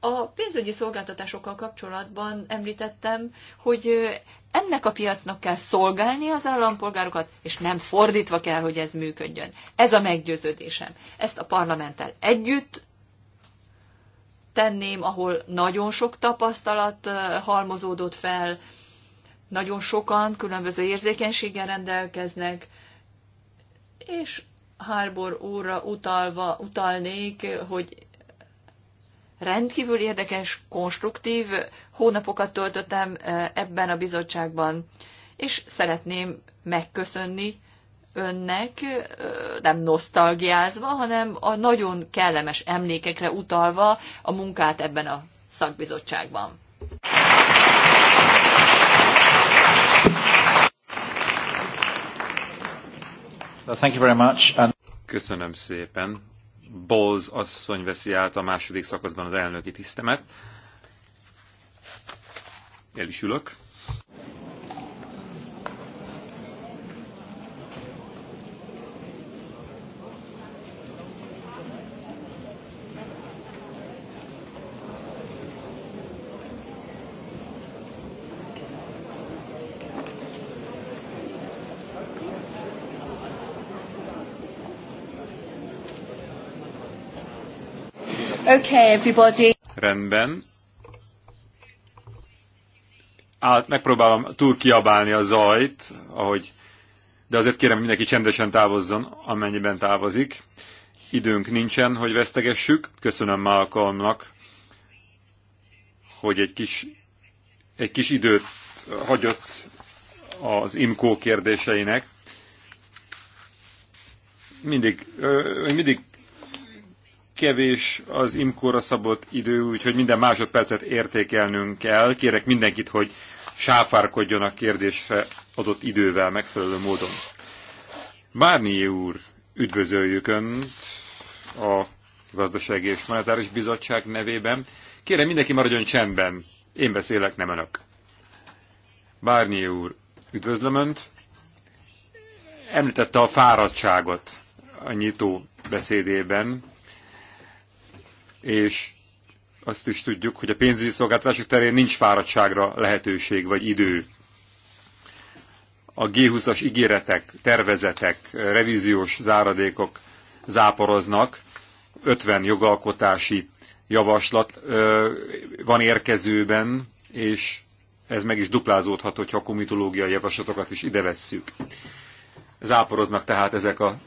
A pénzügyi szolgáltatásokkal kapcsolatban említettem, hogy ennek a piacnak kell szolgálni az állampolgárokat, és nem fordítva kell, hogy ez működjön. Ez a meggyőződésem. Ezt a parlamenttel együtt tenném, ahol nagyon sok tapasztalat halmozódott fel, nagyon sokan különböző érzékenységgel rendelkeznek, és Harbor úrra utalva, utalnék, hogy rendkívül érdekes, konstruktív hónapokat töltöttem e, ebben a bizottságban, és szeretném megköszönni önnek, e, nem nosztalgiázva, hanem a nagyon kellemes emlékekre utalva a munkát ebben a szakbizottságban. Köszönöm szépen. Bolz asszony veszi át a második szakaszban az elnöki tisztemet. El is ülök. Okay, everybody. Rendben. Át, megpróbálom túl kiabálni a zajt, ahogy, de azért kérem, hogy mindenki csendesen távozzon, amennyiben távozik. Időnk nincsen, hogy vesztegessük. Köszönöm Malcolmnak, hogy egy kis, egy kis időt hagyott az IMCO kérdéseinek mindig, mindig kevés az imkóra szabott idő, úgyhogy minden másodpercet értékelnünk kell. Kérek mindenkit, hogy sáfárkodjon a kérdésre adott idővel megfelelő módon. Bárni úr, üdvözöljük Önt a Gazdasági és Monetáris Bizottság nevében. Kérem, mindenki maradjon csendben. Én beszélek, nem Önök. Bárnyi úr, üdvözlöm Önt. Említette a fáradtságot a nyitó beszédében, és azt is tudjuk, hogy a pénzügyi szolgáltatások terén nincs fáradtságra lehetőség vagy idő. A G20-as ígéretek, tervezetek, revíziós záradékok záporoznak, 50 jogalkotási javaslat van érkezőben, és ez meg is duplázódhat, hogyha a komitológiai javaslatokat is ide vesszük. Záporoznak tehát ezek a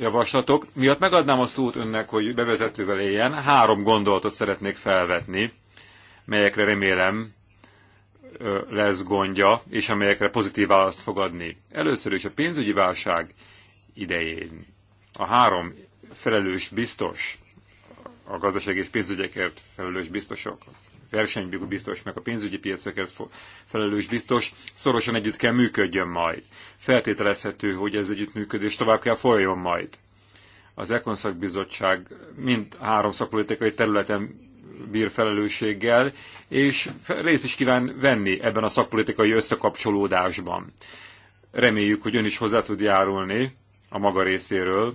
javaslatok miatt megadnám a szót önnek, hogy bevezetővel éljen. Három gondolatot szeretnék felvetni, melyekre remélem lesz gondja, és amelyekre pozitív választ fog adni. Először is a pénzügyi válság idején a három felelős biztos, a gazdaság és pénzügyekért felelős biztosok, versenybíró biztos, meg a pénzügyi piacokért felelős biztos szorosan együtt kell működjön majd. Feltételezhető, hogy ez együttműködés tovább kell folyjon majd. Az Ekon szakbizottság mind három szakpolitikai területen bír felelősséggel, és részt is kíván venni ebben a szakpolitikai összekapcsolódásban. Reméljük, hogy ön is hozzá tud járulni a maga részéről,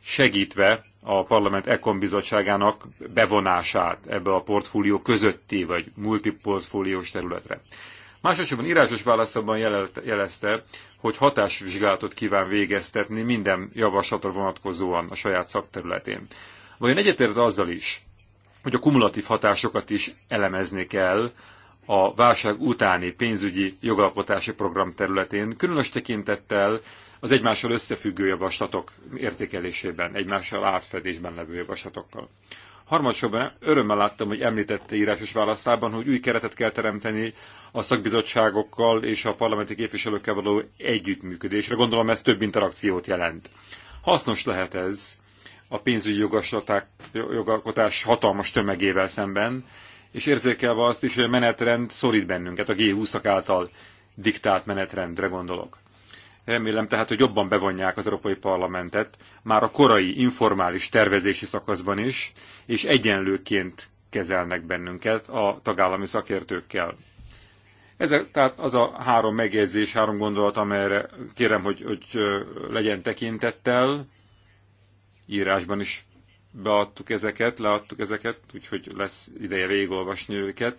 segítve a parlament Ekon bizottságának bevonását ebbe a portfólió közötti vagy multiportfóliós területre. Másodszorban írásos válaszában jelezte, hogy hatásvizsgálatot kíván végeztetni minden javaslatra vonatkozóan a saját szakterületén. Vajon egyetért azzal is, hogy a kumulatív hatásokat is elemezni kell a válság utáni pénzügyi jogalkotási program területén, különös tekintettel az egymással összefüggő javaslatok értékelésében, egymással átfedésben levő javaslatokkal. Harmadsorban örömmel láttam, hogy említette írásos válaszában, hogy új keretet kell teremteni a szakbizottságokkal és a parlamenti képviselőkkel való együttműködésre. Gondolom ez több interakciót jelent. Hasznos lehet ez a pénzügyi jogalkotás hatalmas tömegével szemben, és érzékelve azt is, hogy a menetrend szorít bennünket, a G20-ak által diktált menetrendre gondolok. Remélem tehát, hogy jobban bevonják az Európai Parlamentet, már a korai informális tervezési szakaszban is, és egyenlőként kezelnek bennünket a tagállami szakértőkkel. Ez tehát az a három megjegyzés, három gondolat, amelyre kérem, hogy, hogy legyen tekintettel. Írásban is beadtuk ezeket, leadtuk ezeket, úgyhogy lesz ideje végigolvasni őket.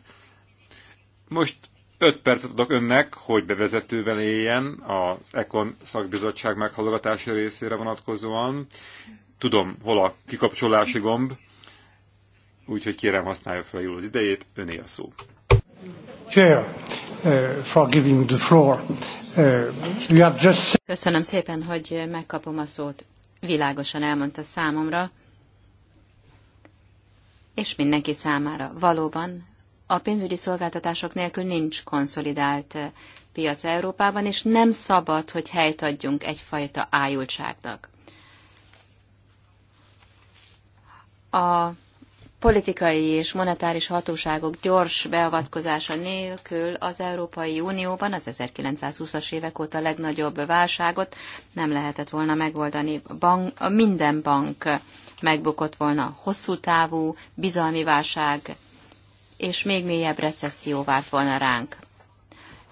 Most Öt percet adok önnek, hogy bevezetővel éljen az Ekon szakbizottság meghallgatási részére vonatkozóan. Tudom, hol a kikapcsolási gomb, úgyhogy kérem használja fel jól az idejét, öné a szó. Chair, uh, for giving the floor. Uh, you have just... Köszönöm szépen, hogy megkapom a szót. Világosan elmondta számomra, és mindenki számára. Valóban a pénzügyi szolgáltatások nélkül nincs konszolidált eh, piac Európában, és nem szabad, hogy helyt adjunk egyfajta ájultságnak. A politikai és monetáris hatóságok gyors beavatkozása nélkül az Európai Unióban az 1920-as évek óta legnagyobb válságot nem lehetett volna megoldani. Bank, minden bank megbukott volna. Hosszú távú bizalmi válság és még mélyebb recesszió várt volna ránk.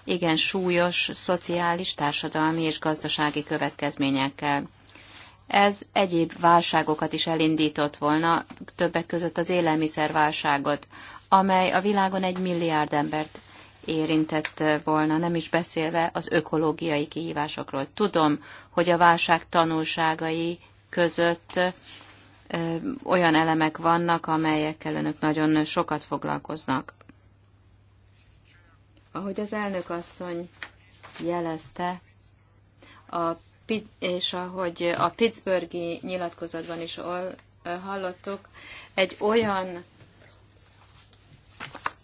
Igen, súlyos, szociális, társadalmi és gazdasági következményekkel. Ez egyéb válságokat is elindított volna, többek között az élelmiszerválságot, amely a világon egy milliárd embert érintett volna, nem is beszélve az ökológiai kihívásokról. Tudom, hogy a válság tanulságai között olyan elemek vannak, amelyekkel önök nagyon sokat foglalkoznak. Ahogy az elnök asszony jelezte, a, és ahogy a Pittsburghi nyilatkozatban is hallottuk, egy olyan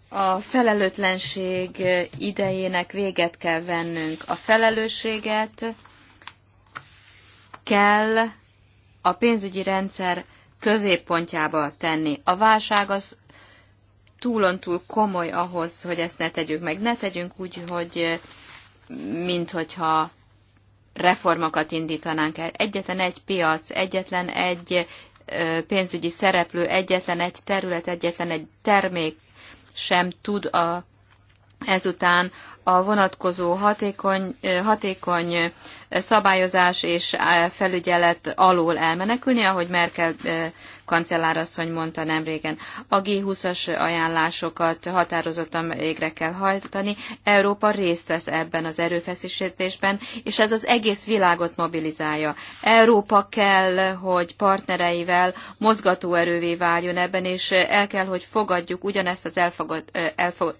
a felelőtlenség idejének véget kell vennünk. A felelősséget kell a pénzügyi rendszer középpontjába tenni. A válság az túlon túl komoly ahhoz, hogy ezt ne tegyük meg. Ne tegyünk úgy, hogy mint hogyha reformokat indítanánk el. Egyetlen egy piac, egyetlen egy pénzügyi szereplő, egyetlen egy terület, egyetlen egy termék sem tud a Ezután a vonatkozó hatékony, hatékony szabályozás és felügyelet alól elmenekülni, ahogy Merkel kancellárasszony mondta nem régen. A G20-as ajánlásokat határozottan végre kell hajtani. Európa részt vesz ebben az erőfeszítésben, és ez az egész világot mobilizálja. Európa kell, hogy partnereivel mozgatóerővé váljon ebben, és el kell, hogy fogadjuk ugyanezt az elfogad, elfog,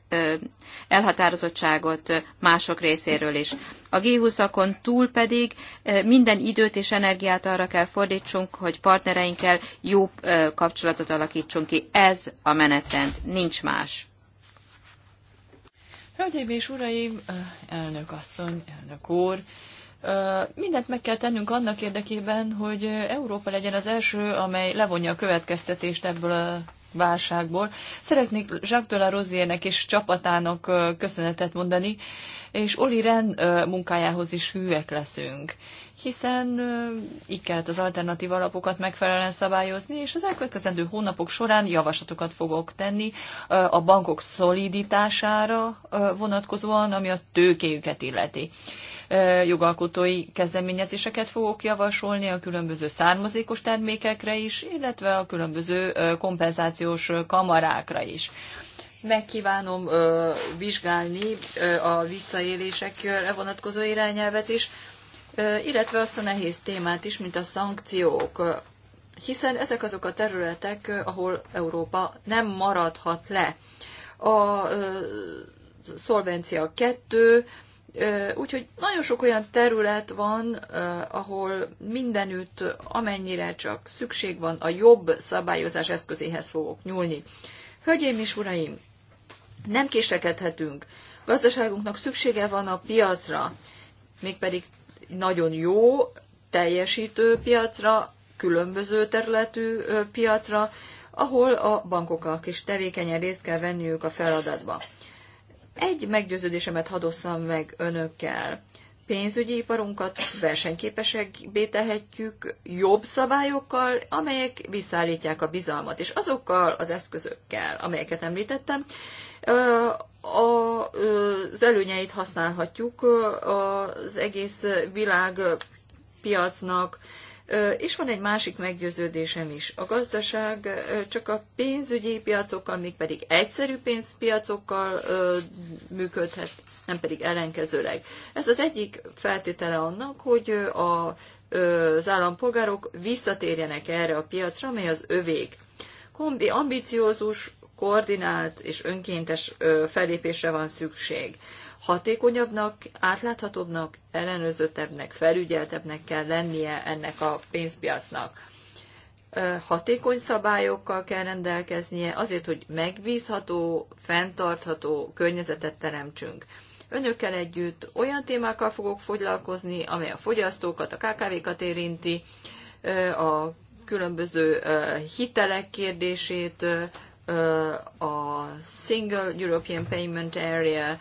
elhatározottságot mások részéről is. A G20-akon túl pedig minden időt és energiát arra kell fordítsunk, hogy partnereinkkel jó kapcsolatot alakítson ki. Ez a menetrend, nincs más. Hölgyeim és uraim, elnök asszony, elnök úr, mindent meg kell tennünk annak érdekében, hogy Európa legyen az első, amely levonja a következtetést ebből a válságból. Szeretnék Jacques de la Rosiernek és csapatának köszönetet mondani, és Oli Ren munkájához is hűek leszünk hiszen így kellett az alternatív alapokat megfelelően szabályozni, és az elkövetkezendő hónapok során javaslatokat fogok tenni a bankok szoliditására vonatkozóan, ami a tőkéjüket illeti. Jogalkotói kezdeményezéseket fogok javasolni a különböző származékos termékekre is, illetve a különböző kompenzációs kamarákra is megkívánom ö, vizsgálni ö, a visszaélésekre vonatkozó irányelvet is, illetve azt a nehéz témát is, mint a szankciók, hiszen ezek azok a területek, ahol Európa nem maradhat le. A szolvencia kettő, úgyhogy nagyon sok olyan terület van, ahol mindenütt, amennyire csak szükség van, a jobb szabályozás eszközéhez fogok nyúlni. Hölgyeim és uraim, nem késlekedhetünk. Gazdaságunknak szüksége van a piacra, mégpedig nagyon jó teljesítő piacra, különböző területű piacra, ahol a bankoknak is tevékenyen részt kell venniük a feladatba. Egy meggyőződésemet hadosszam meg önökkel. Pénzügyi iparunkat versenyképesebbé tehetjük jobb szabályokkal, amelyek visszaállítják a bizalmat, és azokkal az eszközökkel, amelyeket említettem, az előnyeit használhatjuk az egész világ piacnak, és van egy másik meggyőződésem is. A gazdaság csak a pénzügyi piacokkal, még pedig egyszerű pénzpiacokkal működhet, nem pedig ellenkezőleg. Ez az egyik feltétele annak, hogy a, az állampolgárok visszatérjenek erre a piacra, mely az övék. Kombi ambiciózus, koordinált és önkéntes fellépésre van szükség. Hatékonyabbnak, átláthatóbbnak, ellenőrzöttebbnek, felügyeltebbnek kell lennie ennek a pénzpiacnak. Hatékony szabályokkal kell rendelkeznie azért, hogy megbízható, fenntartható környezetet teremtsünk. Önökkel együtt olyan témákkal fogok foglalkozni, amely a fogyasztókat, a KKV-kat érinti, a különböző hitelek kérdését, a Single European Payment Area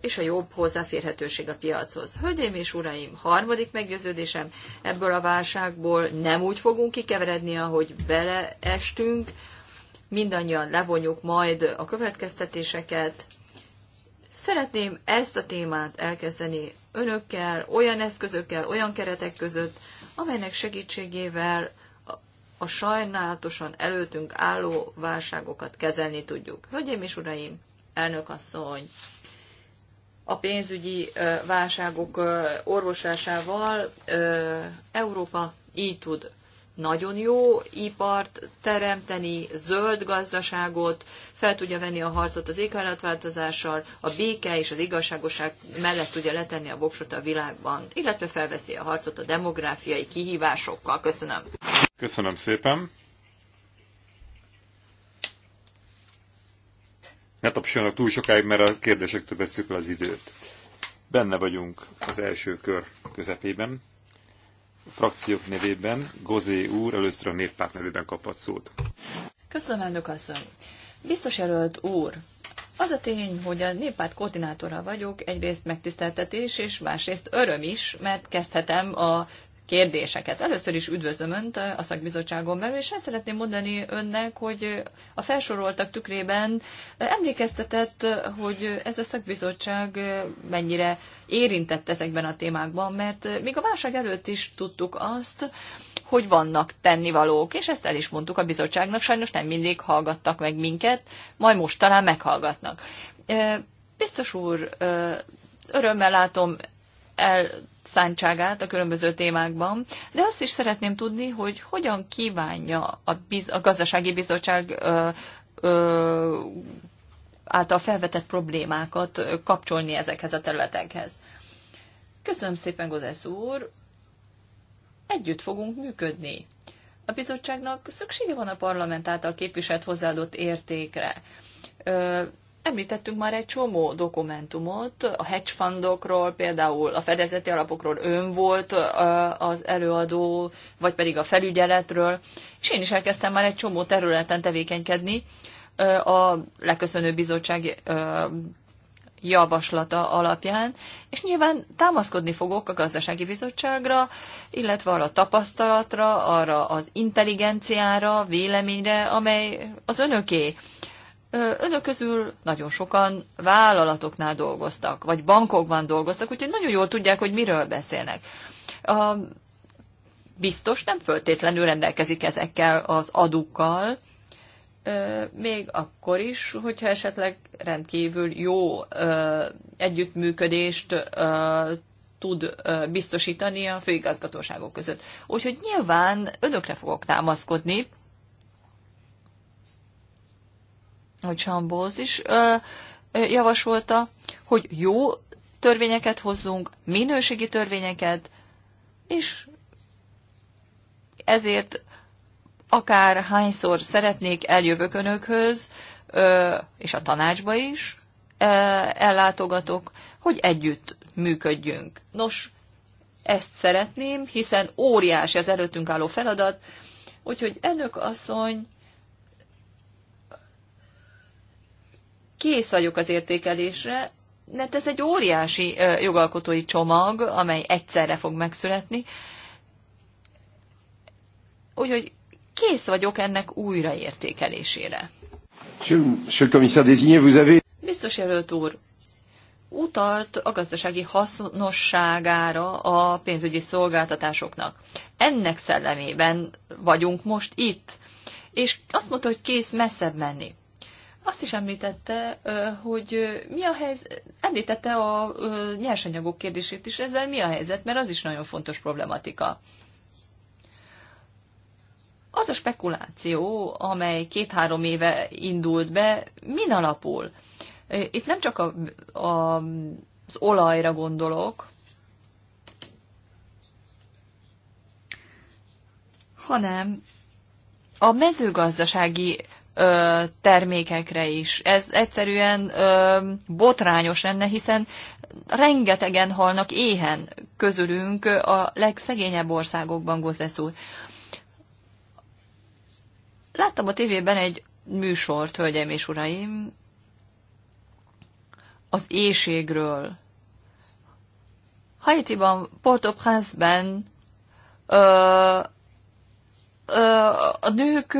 és a jobb hozzáférhetőség a piachoz. Hölgyeim és uraim, harmadik meggyőződésem, ebből a válságból nem úgy fogunk kikeveredni, ahogy beleestünk, mindannyian levonjuk majd a következtetéseket. Szeretném ezt a témát elkezdeni önökkel, olyan eszközökkel, olyan keretek között, amelynek segítségével a sajnálatosan előttünk álló válságokat kezelni tudjuk. Hölgyeim és uraim, elnök asszony, a pénzügyi válságok orvoslásával Európa így tud nagyon jó ipart teremteni, zöld gazdaságot, fel tudja venni a harcot az éghajlatváltozással, a béke és az igazságoság mellett tudja letenni a voksot a világban, illetve felveszi a harcot a demográfiai kihívásokkal. Köszönöm. Köszönöm szépen. Ne tapsoljanak túl sokáig, mert a kérdésektől veszük le az időt. Benne vagyunk az első kör közepében frakciók nevében Gozé úr először a néppárt nevében kapott szót. Köszönöm, elnök asszony. Biztos jelölt úr, az a tény, hogy a néppárt koordinátora vagyok, egyrészt megtiszteltetés, és másrészt öröm is, mert kezdhetem a kérdéseket. Először is üdvözlöm Önt a szakbizottságon belül, és el szeretném mondani Önnek, hogy a felsoroltak tükrében emlékeztetett, hogy ez a szakbizottság mennyire érintett ezekben a témákban, mert még a válság előtt is tudtuk azt, hogy vannak tennivalók, és ezt el is mondtuk a bizottságnak, sajnos nem mindig hallgattak meg minket, majd most talán meghallgatnak. Biztos úr, örömmel látom elszántságát a különböző témákban, de azt is szeretném tudni, hogy hogyan kívánja a, biz- a gazdasági bizottság ö, ö, által felvetett problémákat kapcsolni ezekhez a területekhez. Köszönöm szépen, Gozesz úr! Együtt fogunk működni. A bizottságnak szüksége van a parlament által képviselt hozzáadott értékre. Ö, Említettünk már egy csomó dokumentumot, a hedge fundokról, például a fedezeti alapokról ön volt az előadó, vagy pedig a felügyeletről, és én is elkezdtem már egy csomó területen tevékenykedni. A leköszönő bizottság javaslata alapján, és nyilván támaszkodni fogok a gazdasági bizottságra, illetve arra a tapasztalatra, arra az intelligenciára, véleményre, amely az önöké önök közül nagyon sokan vállalatoknál dolgoztak, vagy bankokban dolgoztak, úgyhogy nagyon jól tudják, hogy miről beszélnek. A biztos nem föltétlenül rendelkezik ezekkel az adukkal, még akkor is, hogyha esetleg rendkívül jó együttműködést tud biztosítani a főigazgatóságok között. Úgyhogy nyilván önökre fogok támaszkodni, hogy Sambóz is ö, ö, javasolta, hogy jó törvényeket hozzunk, minőségi törvényeket, és ezért akár hányszor szeretnék, eljövök önökhöz, ö, és a tanácsba is ö, ellátogatok, hogy együtt működjünk. Nos, ezt szeretném, hiszen óriási az előttünk álló feladat, úgyhogy elnök asszony, kész vagyok az értékelésre, mert ez egy óriási jogalkotói csomag, amely egyszerre fog megszületni. Úgyhogy kész vagyok ennek újraértékelésére. Monsieur le commissaire désigné, vous avez... Biztos jelölt úr, utalt a gazdasági hasznosságára a pénzügyi szolgáltatásoknak. Ennek szellemében vagyunk most itt, és azt mondta, hogy kész messzebb menni. Azt is említette, hogy mi a helyzet, említette a nyersanyagok kérdését is, ezzel mi a helyzet, mert az is nagyon fontos problematika. Az a spekuláció, amely két-három éve indult be, min alapul? Itt nem csak a, a, az olajra gondolok, hanem a mezőgazdasági ö, termékekre is. Ez egyszerűen ö, botrányos lenne, hiszen rengetegen halnak éhen közülünk a legszegényebb országokban, Gozesz úr. Láttam a tévében egy műsort, hölgyeim és uraim, az éjségről. Haitiban, Port-au-Prince-ben a nők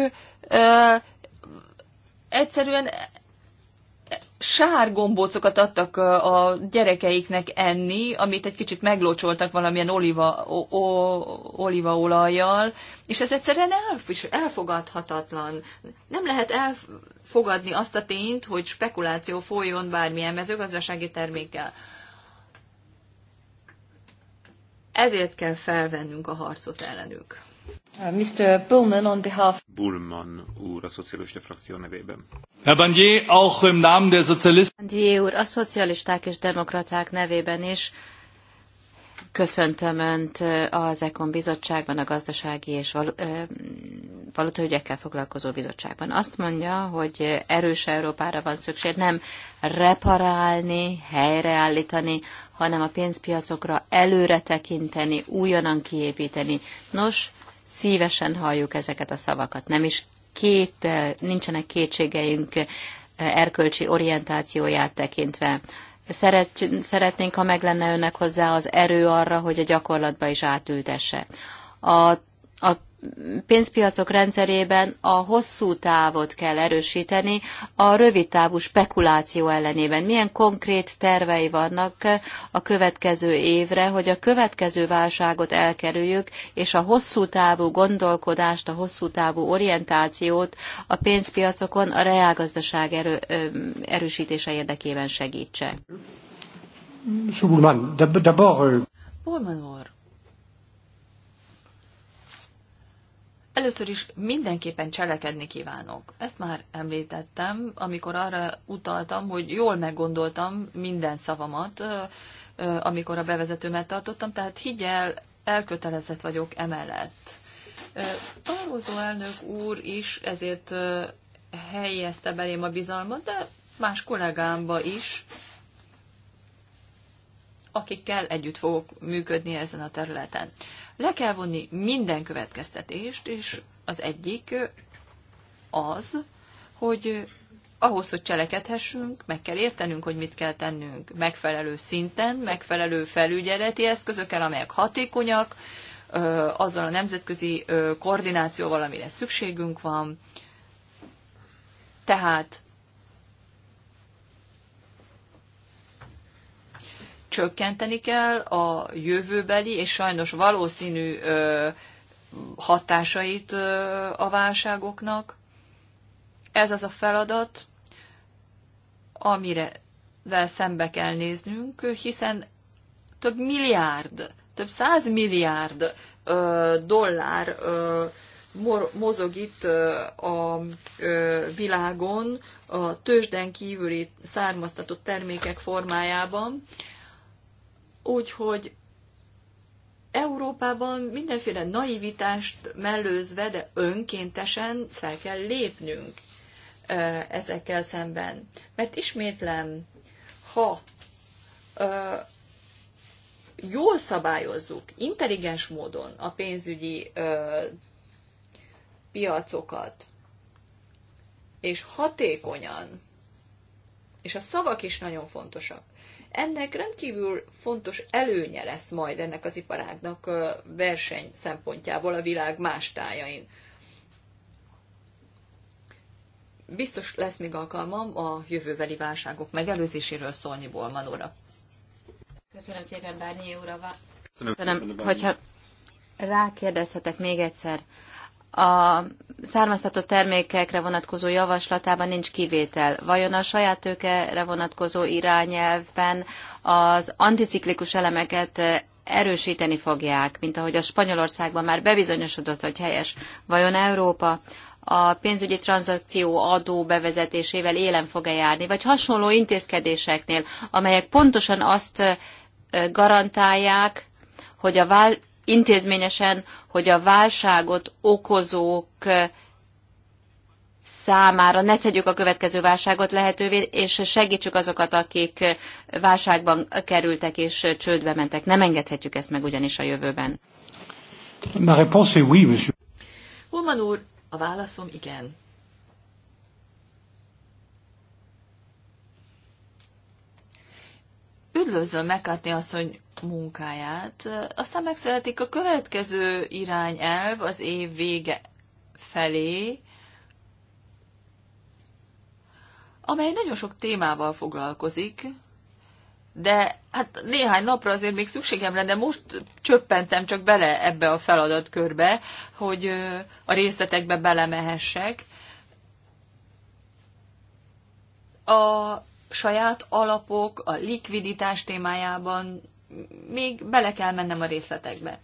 ö, egyszerűen sárgombócokat adtak a gyerekeiknek enni, amit egy kicsit meglocsoltak valamilyen oliva, o, o, olívaolajjal, és ez egyszerűen elf, elfogadhatatlan. Nem lehet elfogadni azt a tényt, hogy spekuláció folyjon bármilyen mezőgazdasági termékkel. Ezért kell felvennünk a harcot ellenük. Uh, Mr. Bullman on behalf... Bullman úr a szocialista frakció nevében. Herr Barnier, auch im Namen der Sozialisten... Barnier úr, a szocialisták és demokraták nevében is köszöntöm Önt uh, az EKON bizottságban, a gazdasági és val- uh, valutaügyekkel foglalkozó bizottságban. Azt mondja, hogy erős Európára van szükség, nem reparálni, helyreállítani, hanem a pénzpiacokra előre tekinteni, újonnan kiépíteni. Nos, szívesen halljuk ezeket a szavakat. Nem is két, eh, nincsenek kétségeink eh, erkölcsi orientációját tekintve. Szeret, szeretnénk, ha meg lenne önnek hozzá az erő arra, hogy a gyakorlatba is átültesse. A, a pénzpiacok rendszerében a hosszú távot kell erősíteni, a rövid távú spekuláció ellenében. Milyen konkrét tervei vannak a következő évre, hogy a következő válságot elkerüljük, és a hosszú távú gondolkodást, a hosszú távú orientációt a pénzpiacokon a reálgazdaság erő, erősítése érdekében segítse. Bulman euh, úr. Először is mindenképpen cselekedni kívánok. Ezt már említettem, amikor arra utaltam, hogy jól meggondoltam minden szavamat, amikor a bevezetőmet tartottam, tehát higgyel, elkötelezett vagyok emellett. Barroso elnök úr is ezért helyezte belém a bizalmat, de más kollégámba is, akikkel együtt fogok működni ezen a területen. Le kell vonni minden következtetést, és az egyik az, hogy ahhoz, hogy cselekedhessünk, meg kell értenünk, hogy mit kell tennünk megfelelő szinten, megfelelő felügyeleti eszközökkel, amelyek hatékonyak, azzal a nemzetközi koordinációval, amire szükségünk van. Tehát csökkenteni kell a jövőbeli és sajnos valószínű hatásait a válságoknak. Ez az a feladat, amire szembe kell néznünk, hiszen több milliárd, több száz milliárd dollár mozog itt a világon a tőzsden kívüli származtatott termékek formájában, Úgyhogy Európában mindenféle naivitást mellőzve, de önkéntesen fel kell lépnünk ezekkel szemben. Mert ismétlem, ha jól szabályozzuk, intelligens módon a pénzügyi piacokat, és hatékonyan, és a szavak is nagyon fontosak, ennek rendkívül fontos előnye lesz majd ennek az iparágnak verseny szempontjából a világ más tájain. Biztos lesz még alkalmam a jövőbeli válságok megelőzéséről szólni Bolman Köszönöm szépen, Bárnyi úr. Köszönöm, Köszönöm hogyha rákérdezhetek még egyszer a származtatott termékekre vonatkozó javaslatában nincs kivétel. Vajon a saját tőkere vonatkozó irányelvben az anticiklikus elemeket eh, erősíteni fogják, mint ahogy a Spanyolországban már bebizonyosodott, hogy helyes. Vajon Európa a pénzügyi tranzakció adó bevezetésével élen fog-e járni, vagy hasonló intézkedéseknél, amelyek pontosan azt eh, garantálják, hogy a vál intézményesen, hogy a válságot okozók számára ne tegyük a következő válságot lehetővé, és segítsük azokat, akik válságban kerültek és csődbe mentek. Nem engedhetjük ezt meg ugyanis a jövőben. Ma réponse est oui, monsieur. Ullman úr, a válaszom igen. üdvözlöm azt, hogy munkáját. Aztán megszületik a következő irányelv az év vége felé, amely nagyon sok témával foglalkozik, de hát néhány napra azért még szükségem lenne, most csöppentem csak bele ebbe a feladatkörbe, hogy a részletekbe belemehessek. A saját alapok, a likviditás témájában még bele kell mennem a részletekbe.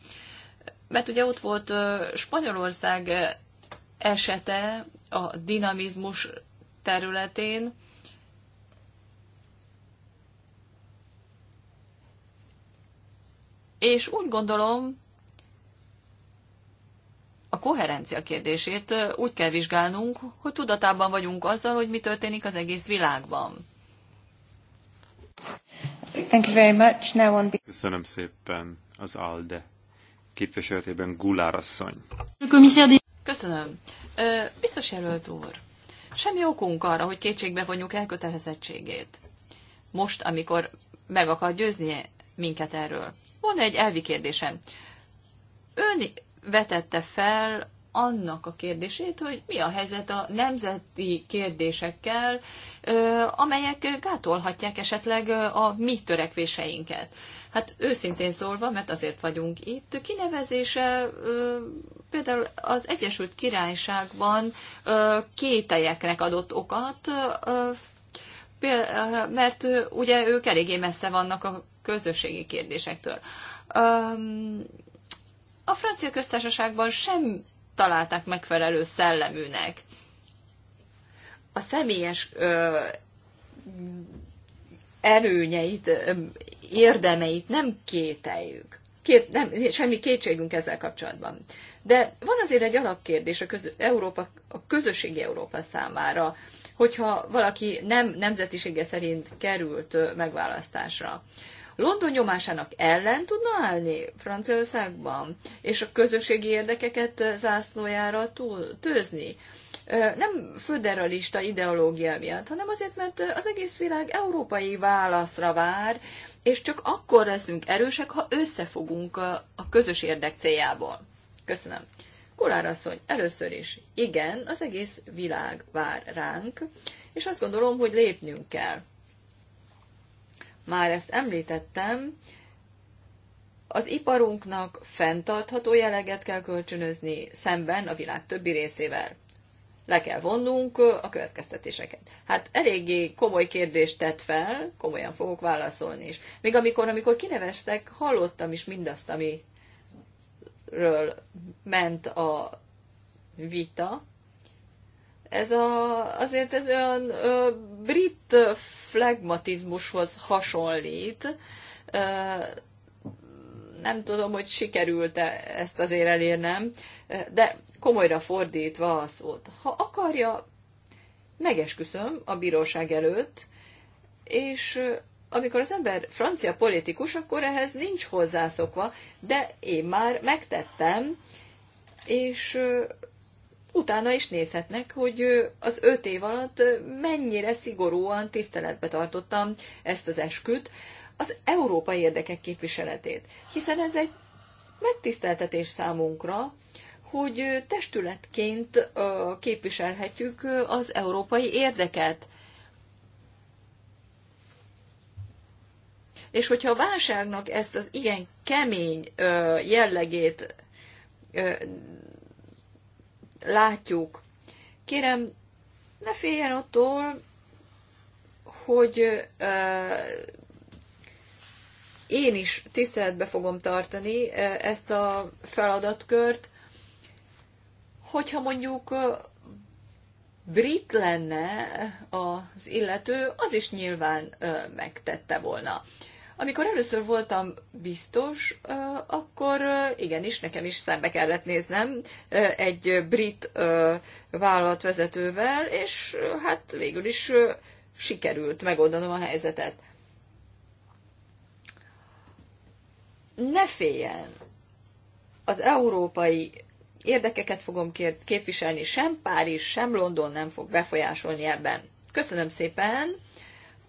Mert ugye ott volt Spanyolország esete a dinamizmus területén, és úgy gondolom, a koherencia kérdését úgy kell vizsgálnunk, hogy tudatában vagyunk azzal, hogy mi történik az egész világban. Thank you very much. Now on... Köszönöm szépen az ALDE képviseletében Gulár asszony. Köszönöm. Ö, biztos jelölt úr, semmi okunk arra, hogy kétségbe vonjuk elkötelezettségét. Most, amikor meg akar győzni minket erről. Van egy elvi kérdésem. Ön vetette fel annak a kérdését, hogy mi a helyzet a nemzeti kérdésekkel, amelyek gátolhatják esetleg a mi törekvéseinket. Hát őszintén szólva, mert azért vagyunk itt, kinevezése például az Egyesült Királyságban kételyeknek adott okat, mert ugye ők eléggé messze vannak a közösségi kérdésektől. A francia köztársaságban sem találták megfelelő szelleműnek. A személyes ö, előnyeit, érdemeit nem kételjük. Két, nem, semmi kétségünk ezzel kapcsolatban. De van azért egy alapkérdés a, köz, Európa, a közösségi Európa számára, hogyha valaki nem nemzetisége szerint került megválasztásra. London nyomásának ellen tudna állni Franciaországban, és a közösségi érdekeket zászlójára tőzni. Nem föderalista ideológia miatt, hanem azért, mert az egész világ európai válaszra vár, és csak akkor leszünk erősek, ha összefogunk a közös érdek céljából. Köszönöm. Kulár asszony, először is, igen, az egész világ vár ránk, és azt gondolom, hogy lépnünk kell már ezt említettem, az iparunknak fenntartható jelleget kell kölcsönözni szemben a világ többi részével. Le kell vonnunk a következtetéseket. Hát eléggé komoly kérdést tett fel, komolyan fogok válaszolni is. Még amikor, amikor kineveztek, hallottam is mindazt, amiről ment a vita, ez a, azért ez olyan ö, brit flegmatizmushoz hasonlít. Ö, nem tudom, hogy sikerült-e ezt azért elérnem, de komolyra fordítva a szót. Ha akarja, megesküszöm a bíróság előtt, és amikor az ember francia politikus, akkor ehhez nincs hozzászokva, de én már megtettem, és utána is nézhetnek, hogy az öt év alatt mennyire szigorúan tiszteletbe tartottam ezt az esküt, az európai érdekek képviseletét. Hiszen ez egy megtiszteltetés számunkra, hogy testületként képviselhetjük az európai érdeket. És hogyha a válságnak ezt az igen kemény jellegét látjuk. Kérem, ne féljen attól, hogy én is tiszteletbe fogom tartani ezt a feladatkört, hogyha mondjuk brit lenne az illető, az is nyilván megtette volna. Amikor először voltam biztos, akkor igenis, nekem is szembe kellett néznem egy brit vállalatvezetővel, és hát végül is sikerült megoldanom a helyzetet. Ne féljen! Az európai érdekeket fogom képviselni, sem Párizs, sem London nem fog befolyásolni ebben. Köszönöm szépen!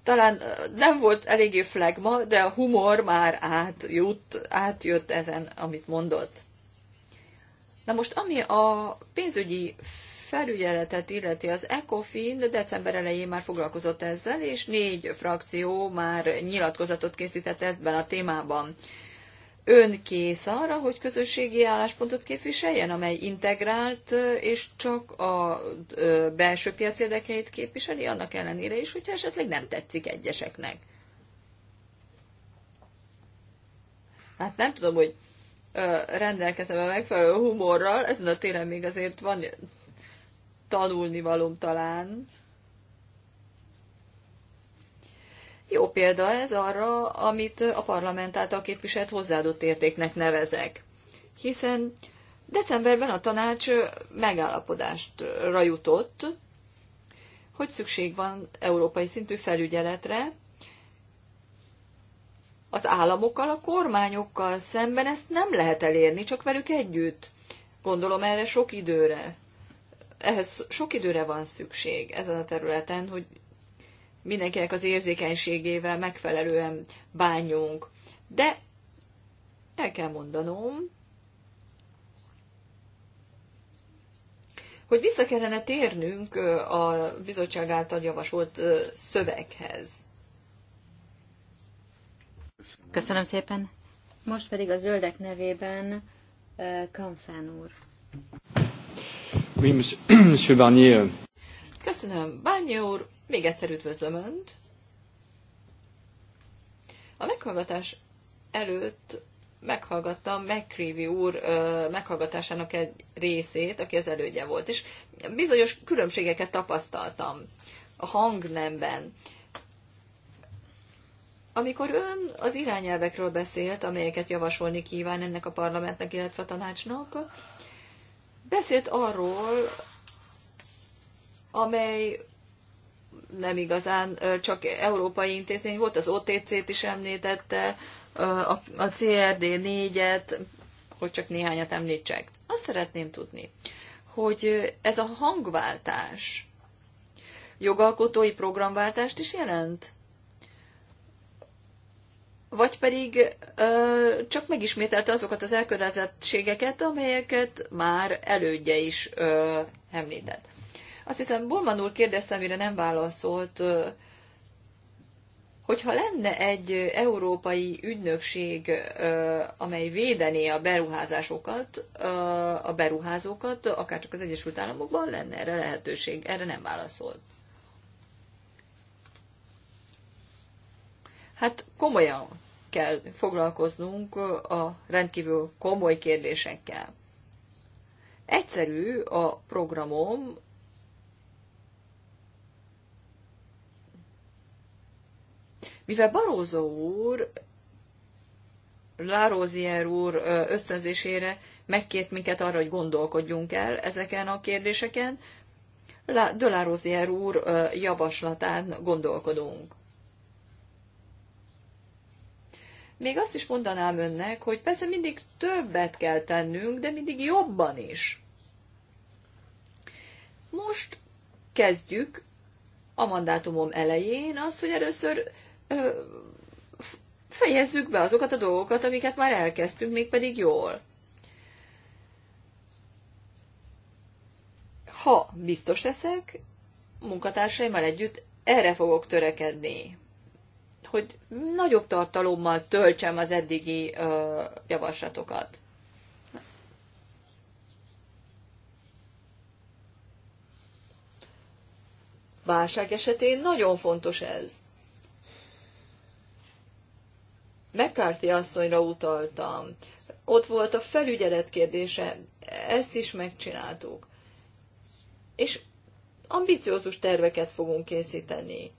talán nem volt eléggé flagma, de a humor már átjut, átjött ezen, amit mondott. Na most, ami a pénzügyi felügyeletet illeti, az ECOFIN december elején már foglalkozott ezzel, és négy frakció már nyilatkozatot készített ebben a témában ön kész arra, hogy közösségi álláspontot képviseljen, amely integrált és csak a belső piac érdekeit képviseli, annak ellenére is, hogyha esetleg nem tetszik egyeseknek. Hát nem tudom, hogy rendelkezem a megfelelő humorral, ezen a téren még azért van tanulni valóm talán. Jó példa ez arra, amit a parlament által képviselt hozzáadott értéknek nevezek. Hiszen decemberben a tanács megállapodást jutott, hogy szükség van európai szintű felügyeletre, az államokkal, a kormányokkal szemben ezt nem lehet elérni, csak velük együtt. Gondolom erre sok időre. Ehhez sok időre van szükség ezen a területen, hogy mindenkinek az érzékenységével megfelelően bánjunk. De el kell mondanom, hogy vissza kellene térnünk a bizottság által javasolt szöveghez. Köszönöm szépen. Most pedig a zöldek nevében Kamfán úr. Köszönöm, Bányi úr. Még egyszer üdvözlöm Önt. A meghallgatás előtt meghallgattam McCreevy úr ö, meghallgatásának egy részét, aki az elődje volt, és bizonyos különbségeket tapasztaltam a hangnemben. Amikor ön az irányelvekről beszélt, amelyeket javasolni kíván ennek a parlamentnek, illetve a tanácsnak, beszélt arról, amely nem igazán csak európai intézmény volt, az OTC-t is említette, a CRD 4-et, hogy csak néhányat említsek. Azt szeretném tudni, hogy ez a hangváltás jogalkotói programváltást is jelent? Vagy pedig ö, csak megismételte azokat az elkötelezettségeket, amelyeket már elődje is ö, említett. Azt hiszem, Bulman úr kérdezte, amire nem válaszolt, hogyha lenne egy európai ügynökség, amely védené a beruházásokat, a beruházókat, akár csak az Egyesült Államokban, lenne erre lehetőség. Erre nem válaszolt. Hát komolyan kell foglalkoznunk a rendkívül komoly kérdésekkel. Egyszerű a programom, Mivel Barózó úr Lárózier úr ösztönzésére megkért minket arra, hogy gondolkodjunk el ezeken a kérdéseken, de Lárózier úr javaslatán gondolkodunk. Még azt is mondanám önnek, hogy persze mindig többet kell tennünk, de mindig jobban is. Most kezdjük a mandátumom elején azt, hogy először fejezzük be azokat a dolgokat, amiket már elkezdtünk, mégpedig jól. Ha biztos leszek, munkatársaimmal együtt erre fogok törekedni, hogy nagyobb tartalommal töltsem az eddigi ö, javaslatokat. Válság esetén nagyon fontos ez. McCarthy asszonyra utaltam. Ott volt a felügyelet kérdése, ezt is megcsináltuk. És ambiciózus terveket fogunk készíteni.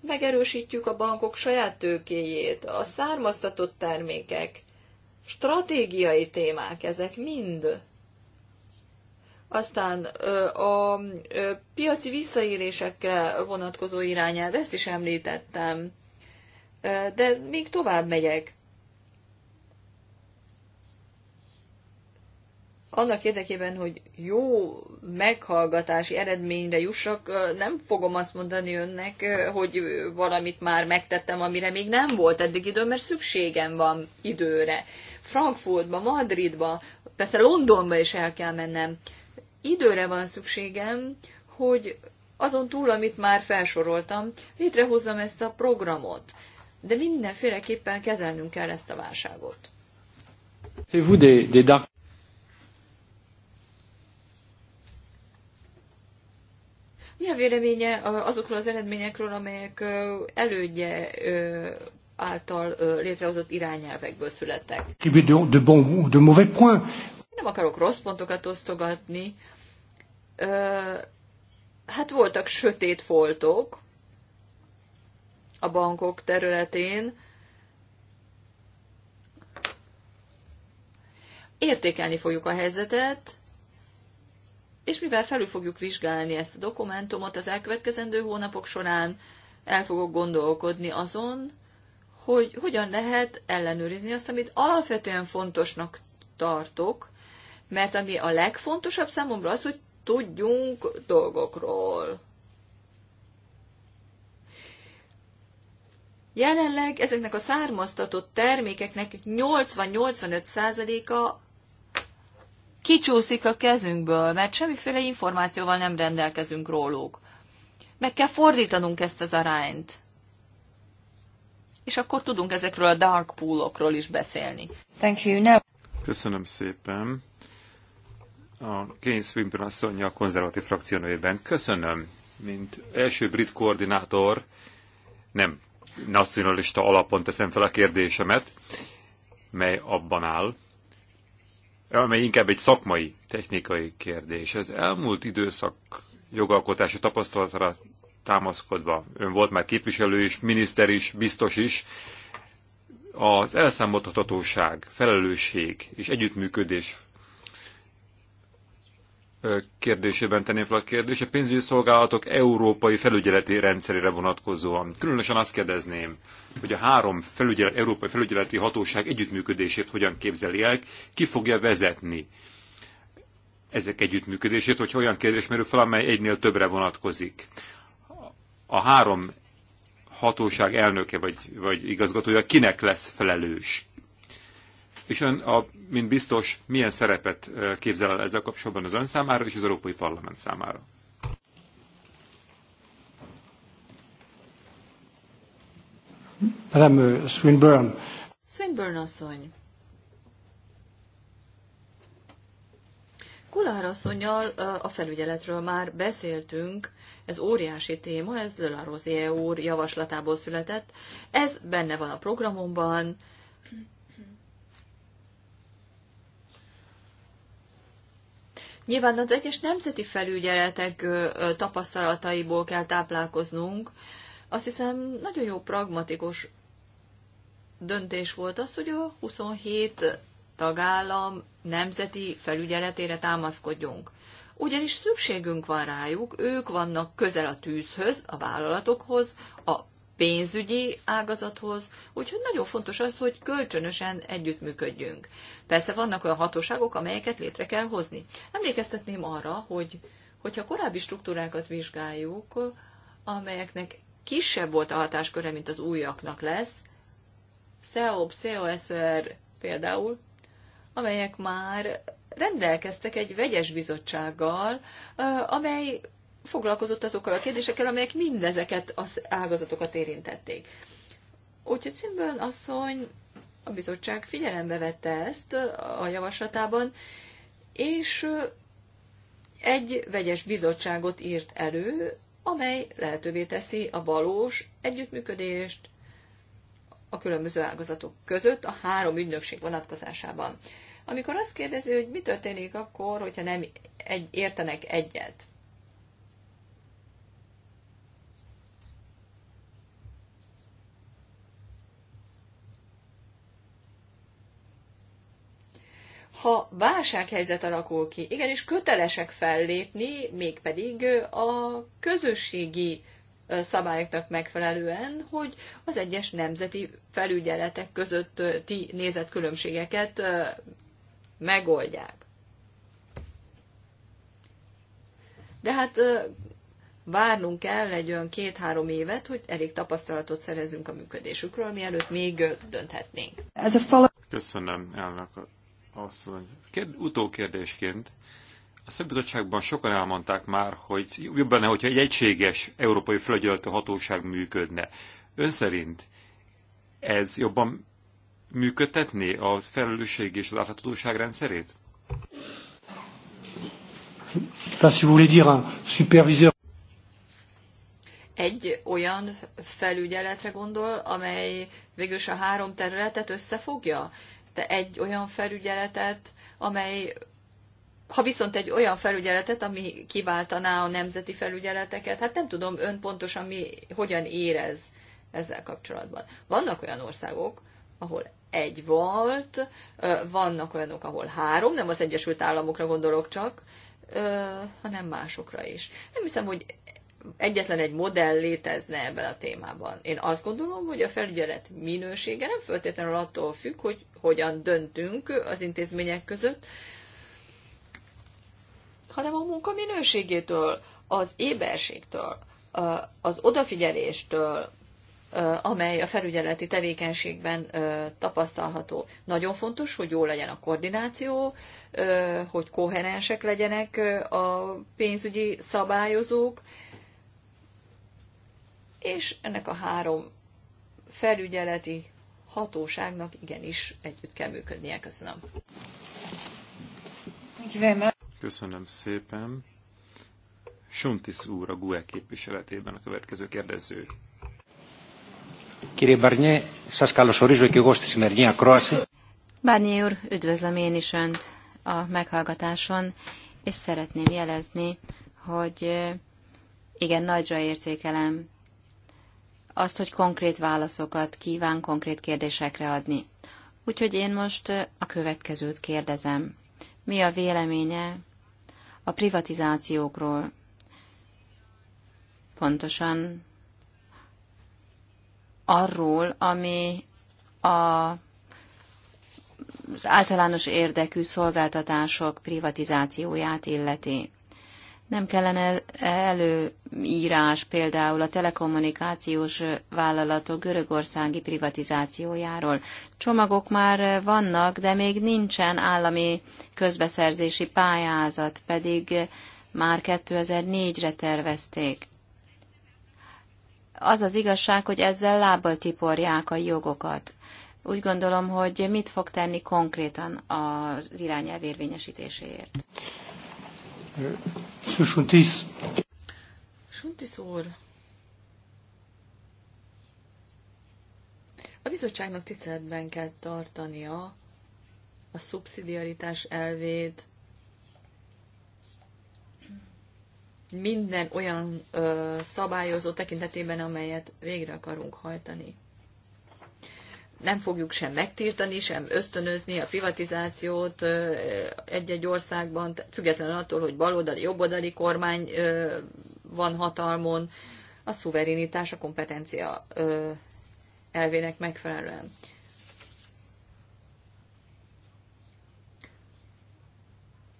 Megerősítjük a bankok saját tőkéjét, a származtatott termékek, stratégiai témák, ezek mind. Aztán a piaci visszaélésekre vonatkozó irányelv, ezt is említettem de még tovább megyek. Annak érdekében, hogy jó meghallgatási eredményre jussak, nem fogom azt mondani önnek, hogy valamit már megtettem, amire még nem volt eddig idő, mert szükségem van időre. Frankfurtba, Madridba, persze Londonba is el kell mennem. Időre van szükségem, hogy azon túl, amit már felsoroltam, létrehozzam ezt a programot de mindenféleképpen kezelnünk kell ezt a válságot. Mi a véleménye azokról az eredményekről, amelyek elődje által létrehozott irányelvekből születtek? De Nem akarok rossz pontokat osztogatni. Hát voltak sötét foltok, a bankok területén, értékelni fogjuk a helyzetet, és mivel felül fogjuk vizsgálni ezt a dokumentumot az elkövetkezendő hónapok során, el fogok gondolkodni azon, hogy hogyan lehet ellenőrizni azt, amit alapvetően fontosnak tartok, mert ami a legfontosabb számomra az, hogy tudjunk dolgokról. Jelenleg ezeknek a származtatott termékeknek 80-85%-a kicsúszik a kezünkből, mert semmiféle információval nem rendelkezünk róluk. Meg kell fordítanunk ezt az arányt. És akkor tudunk ezekről a dark poolokról is beszélni. Thank you. Now... Köszönöm szépen. A Keynes Wimper asszony a konzervatív frakció nevében. Köszönöm. Mint első brit koordinátor nem nacionalista alapon teszem fel a kérdésemet, mely abban áll, amely inkább egy szakmai, technikai kérdés. Az elmúlt időszak jogalkotási tapasztalatra támaszkodva, ön volt már képviselő is, miniszter is, biztos is, az elszámoltathatóság, felelősség és együttműködés kérdésében tenném fel a kérdést, a pénzügyi szolgálatok európai felügyeleti rendszerére vonatkozóan. Különösen azt kérdezném, hogy a három felügyelet, európai felügyeleti hatóság együttműködését hogyan képzeli el, ki fogja vezetni ezek együttműködését, hogy olyan kérdés merül fel, amely egynél többre vonatkozik. A három hatóság elnöke vagy, vagy igazgatója kinek lesz felelős? és ön, a, mint biztos, milyen szerepet képzel el ezzel kapcsolatban az ön számára és az Európai Parlament számára? Madame uh, Swinburne. Swinburne asszony. Kulár asszonyjal a felügyeletről már beszéltünk, ez óriási téma, ez Lola Rozier úr javaslatából született, ez benne van a programomban, Nyilván az egyes nemzeti felügyeletek tapasztalataiból kell táplálkoznunk. Azt hiszem, nagyon jó pragmatikus döntés volt az, hogy a 27 tagállam nemzeti felügyeletére támaszkodjunk. Ugyanis szükségünk van rájuk, ők vannak közel a tűzhöz, a vállalatokhoz, a pénzügyi ágazathoz, úgyhogy nagyon fontos az, hogy kölcsönösen együttműködjünk. Persze vannak olyan hatóságok, amelyeket létre kell hozni. Emlékeztetném arra, hogy hogyha korábbi struktúrákat vizsgáljuk, amelyeknek kisebb volt a hatásköre, mint az újaknak lesz, SEOB, COSR például, amelyek már rendelkeztek egy vegyes bizottsággal, amely foglalkozott azokkal a kérdésekkel, amelyek mindezeket az ágazatokat érintették. Úgyhogy Szimbőn asszony a bizottság figyelembe vette ezt a javaslatában, és egy vegyes bizottságot írt elő, amely lehetővé teszi a valós együttműködést a különböző ágazatok között a három ügynökség vonatkozásában. Amikor azt kérdezi, hogy mi történik akkor, hogyha nem egy, értenek egyet. ha válsághelyzet alakul ki, igenis kötelesek fellépni, mégpedig a közösségi szabályoknak megfelelően, hogy az egyes nemzeti felügyeletek közötti nézetkülönbségeket megoldják. De hát várnunk kell egy olyan két-három évet, hogy elég tapasztalatot szerezünk a működésükről, mielőtt még dönthetnénk. Ez a fal- Köszönöm, elnök asszony. Kérd, utókérdésként a szakbizottságban sokan elmondták már, hogy jobb lenne, hogyha egy egységes európai felügyelő hatóság működne. Ön szerint ez jobban működtetné a felelősség és az átláthatóság rendszerét? Egy olyan felügyeletre gondol, amely végülis a három területet összefogja? egy olyan felügyeletet, amely ha viszont egy olyan felügyeletet, ami kiváltaná a nemzeti felügyeleteket, hát nem tudom ön pontosan mi, hogyan érez ezzel kapcsolatban. Vannak olyan országok, ahol egy volt, vannak olyanok, ahol három, nem az Egyesült Államokra gondolok csak, hanem másokra is. Nem hiszem, hogy egyetlen egy modell létezne ebben a témában. Én azt gondolom, hogy a felügyelet minősége nem feltétlenül attól függ, hogy hogyan döntünk az intézmények között, hanem a munka minőségétől, az éberségtől, az odafigyeléstől, amely a felügyeleti tevékenységben tapasztalható. Nagyon fontos, hogy jó legyen a koordináció, hogy koherensek legyenek a pénzügyi szabályozók, és ennek a három felügyeleti hatóságnak igenis együtt kell működnie. Köszönöm. Köszönöm szépen. Suntis úr a GUE képviseletében a következő kérdező. Κύριε Μπαρνιέ, σας καλωσορίζω και εγώ στη σημερινή ακρόαση. úr, üdvözlöm én is Önt a meghallgatáson, és szeretném jelezni, hogy igen, nagyra értékelem azt, hogy konkrét válaszokat kíván konkrét kérdésekre adni. Úgyhogy én most a következőt kérdezem. Mi a véleménye a privatizációkról? Pontosan arról, ami a, az általános érdekű szolgáltatások privatizációját illeti. Nem kellene előírás például a telekommunikációs vállalatok görögországi privatizációjáról. Csomagok már vannak, de még nincsen állami közbeszerzési pályázat, pedig már 2004-re tervezték. Az az igazság, hogy ezzel lábbal tiporják a jogokat. Úgy gondolom, hogy mit fog tenni konkrétan az irányelv érvényesítéséért. Szüsuntis. Suntis úr. A bizottságnak tiszteletben kell tartania a szubszidiaritás elvét, minden olyan ö, szabályozó tekintetében, amelyet végre akarunk hajtani nem fogjuk sem megtiltani, sem ösztönözni a privatizációt egy-egy országban, függetlenül attól, hogy baloldali, jobboldali kormány van hatalmon, a szuverenitás, a kompetencia elvének megfelelően.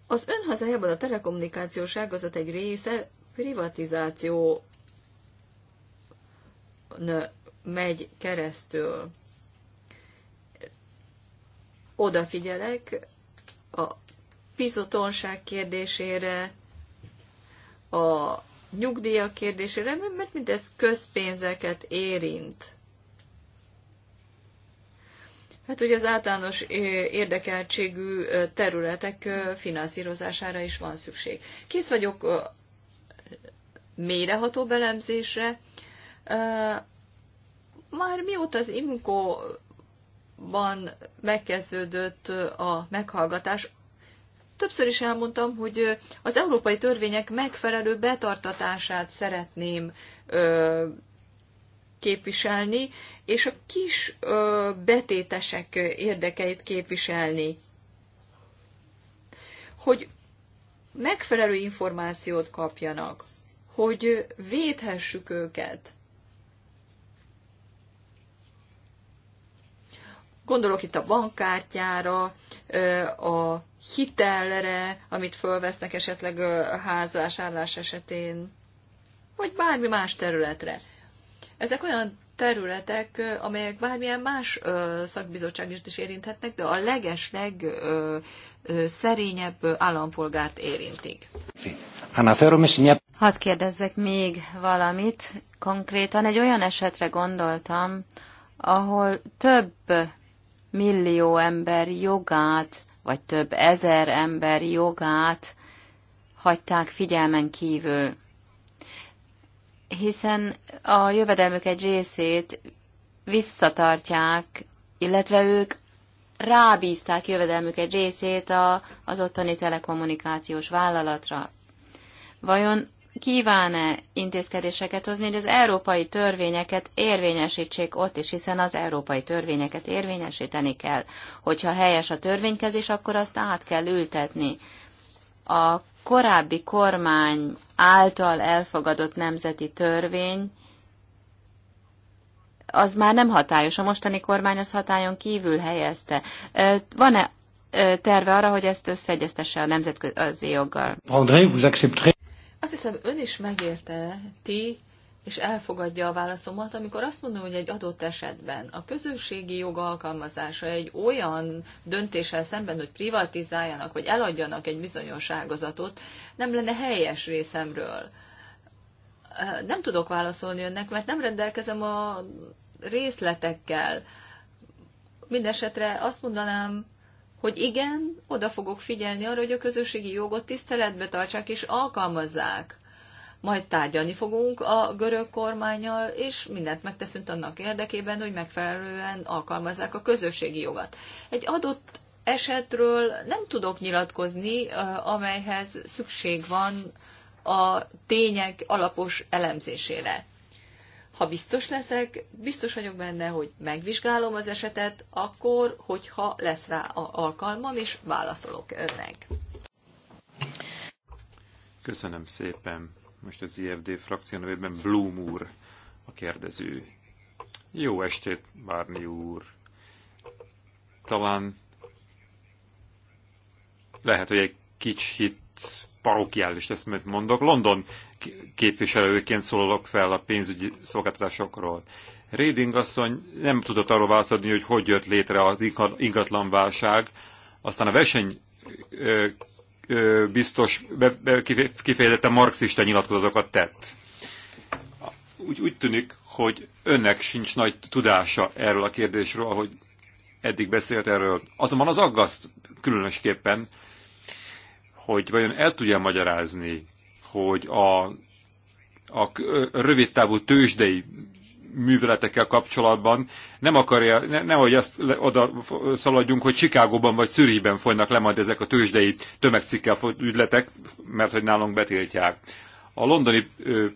Az ön a telekommunikációs ágazat egy része privatizáció megy keresztül odafigyelek a bizotonság kérdésére, a nyugdíjak kérdésére, mert mindez közpénzeket érint. Hát ugye az általános érdekeltségű területek finanszírozására is van szükség. Kész vagyok mélyreható belemzésre. Már mióta az IMCO ban megkezdődött a meghallgatás. Többször is elmondtam, hogy az európai törvények megfelelő betartatását szeretném ö, képviselni, és a kis ö, betétesek érdekeit képviselni. Hogy megfelelő információt kapjanak, hogy védhessük őket Gondolok itt a bankkártyára, a hitelre, amit fölvesznek esetleg házásárlás esetén, vagy bármi más területre. Ezek olyan területek, amelyek bármilyen más szakbizottság is érinthetnek, de a legesleg szerényebb állampolgárt érintik. Hadd kérdezzek még valamit. Konkrétan egy olyan esetre gondoltam, ahol több millió ember jogát, vagy több ezer ember jogát hagyták figyelmen kívül. Hiszen a jövedelmük egy részét visszatartják, illetve ők rábízták jövedelmük egy részét a, az ottani telekommunikációs vállalatra. Vajon kíván-e intézkedéseket hozni, hogy az európai törvényeket érvényesítsék ott is, hiszen az európai törvényeket érvényesíteni kell. Hogyha helyes a törvénykezés, akkor azt át kell ültetni. A korábbi kormány által elfogadott nemzeti törvény az már nem hatályos. A mostani kormány az hatályon kívül helyezte. Van-e terve arra, hogy ezt összeegyeztesse a nemzetközi joggal? André, vous accepterez azt hiszem, ön is megérte, ti, és elfogadja a válaszomat, amikor azt mondom, hogy egy adott esetben a közösségi jog alkalmazása egy olyan döntéssel szemben, hogy privatizáljanak, vagy eladjanak egy bizonyos ágazatot, nem lenne helyes részemről. Nem tudok válaszolni önnek, mert nem rendelkezem a részletekkel. Mindenesetre azt mondanám, hogy igen, oda fogok figyelni arra, hogy a közösségi jogot tiszteletbe tartsák és alkalmazzák. Majd tárgyalni fogunk a görög kormányal, és mindent megteszünk annak érdekében, hogy megfelelően alkalmazzák a közösségi jogat. Egy adott esetről nem tudok nyilatkozni, amelyhez szükség van a tények alapos elemzésére ha biztos leszek, biztos vagyok benne, hogy megvizsgálom az esetet, akkor, hogyha lesz rá alkalmam, és válaszolok önnek. Köszönöm szépen. Most az IFD frakció nevében Bloom úr a kérdező. Jó estét, Bárni úr. Talán lehet, hogy egy kicsit parokiális lesz, mert mondok. London képviselőként szólalok fel a pénzügyi szolgáltatásokról. Réding asszony nem tudott arról válaszolni, hogy hogy jött létre az ingatlanválság, aztán a verseny ö, ö, biztos be, be, kifejezetten marxista nyilatkozatokat tett. Úgy, úgy tűnik, hogy önnek sincs nagy tudása erről a kérdésről, ahogy eddig beszélt erről. Azonban az aggaszt különösképpen, hogy vajon el tudja magyarázni hogy a, a rövidtávú tőzsdei műveletekkel kapcsolatban nem akarja, ne, nehogy azt le, oda szaladjunk, hogy Csikágóban vagy Zürichben folynak le majd ezek a tőzsdei tömegcikkel ügyletek, mert hogy nálunk betiltják. A londoni ö,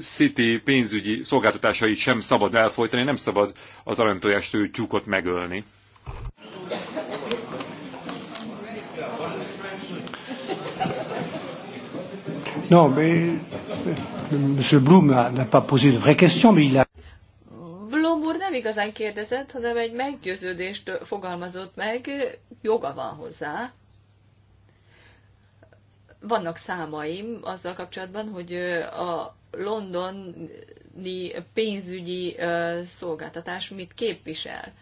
City pénzügyi szolgáltatásait sem szabad elfolytani, nem szabad az aranytojás tyúkot megölni. Non, mais M. Blum n'a pas posé de mais il a... Blum úr nem igazán kérdezett, hanem egy meggyőződést fogalmazott meg, joga van hozzá. Vannak számaim azzal kapcsolatban, hogy a londoni pénzügyi szolgáltatás mit képvisel.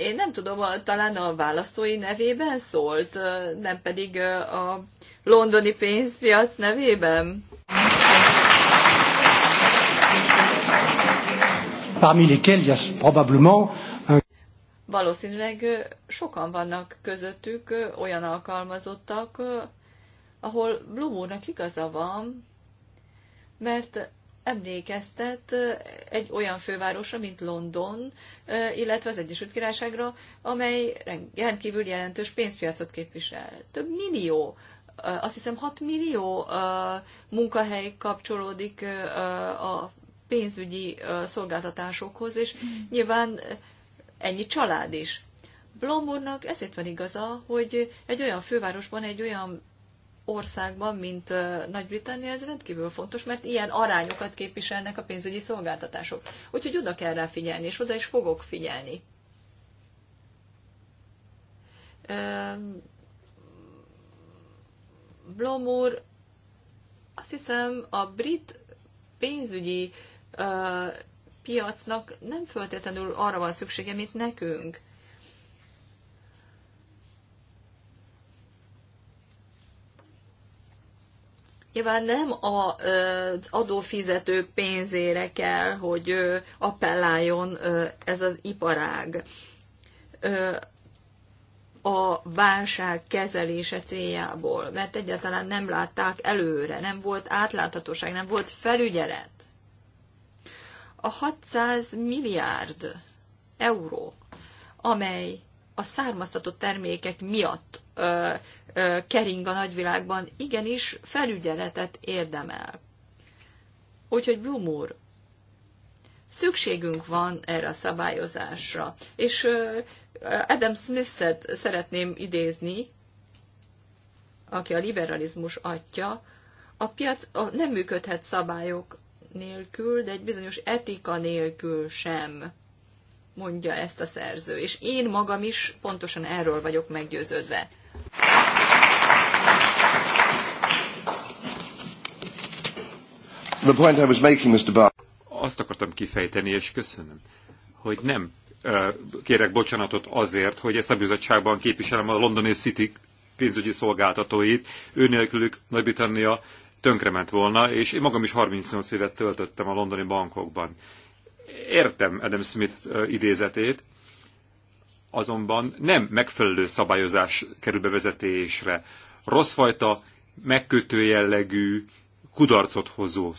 Én nem tudom, talán a választói nevében szólt, nem pedig a londoni pénzpiac nevében. Parmi lesquels, y a probablement Valószínűleg sokan vannak közöttük olyan alkalmazottak, ahol Blumónak igaza van, mert emlékeztet eh, egy olyan fővárosra, mint London, eh, illetve az Egyesült Királyságra, amely rendkívül jelentős pénzpiacot képvisel. Több millió, eh, azt hiszem 6 millió munkahely kapcsolódik a pénzügyi szolgáltatásokhoz, és hmm. nyilván ennyi család is. Blomburnak ezért van igaza, hogy egy olyan fővárosban, egy olyan országban, mint Nagy-Britannia, ez rendkívül fontos, mert ilyen arányokat képviselnek a pénzügyi szolgáltatások. Úgyhogy oda kell rá figyelni, és oda is fogok figyelni. Blom úr, azt hiszem a brit pénzügyi piacnak nem feltétlenül arra van szüksége, mint nekünk. Nyilván nem az adófizetők pénzére kell, hogy appelláljon ez az iparág. A válság kezelése céljából, mert egyáltalán nem látták előre, nem volt átláthatóság, nem volt felügyelet. A 600 milliárd euró, amely a származtatott termékek miatt kering a nagyvilágban, igenis felügyeletet érdemel. Úgyhogy Blum úr, szükségünk van erre a szabályozásra. És Adam Smith-et szeretném idézni, aki a liberalizmus atya, a piac nem működhet szabályok nélkül, de egy bizonyos etika nélkül sem mondja ezt a szerző. És én magam is pontosan erről vagyok meggyőződve. The point I was making, Mr. Bar Azt akartam kifejteni, és köszönöm, hogy nem kérek bocsánatot azért, hogy ezt a bizottságban képviselem a Londoni City pénzügyi szolgáltatóit. Ő nélkülük Nagy-Britannia tönkrement volna, és én magam is 38 évet töltöttem a londoni bankokban. Értem Adam Smith idézetét, azonban nem megfelelő szabályozás kerül bevezetésre. Rosszfajta megkötő jellegű kudarcot hozó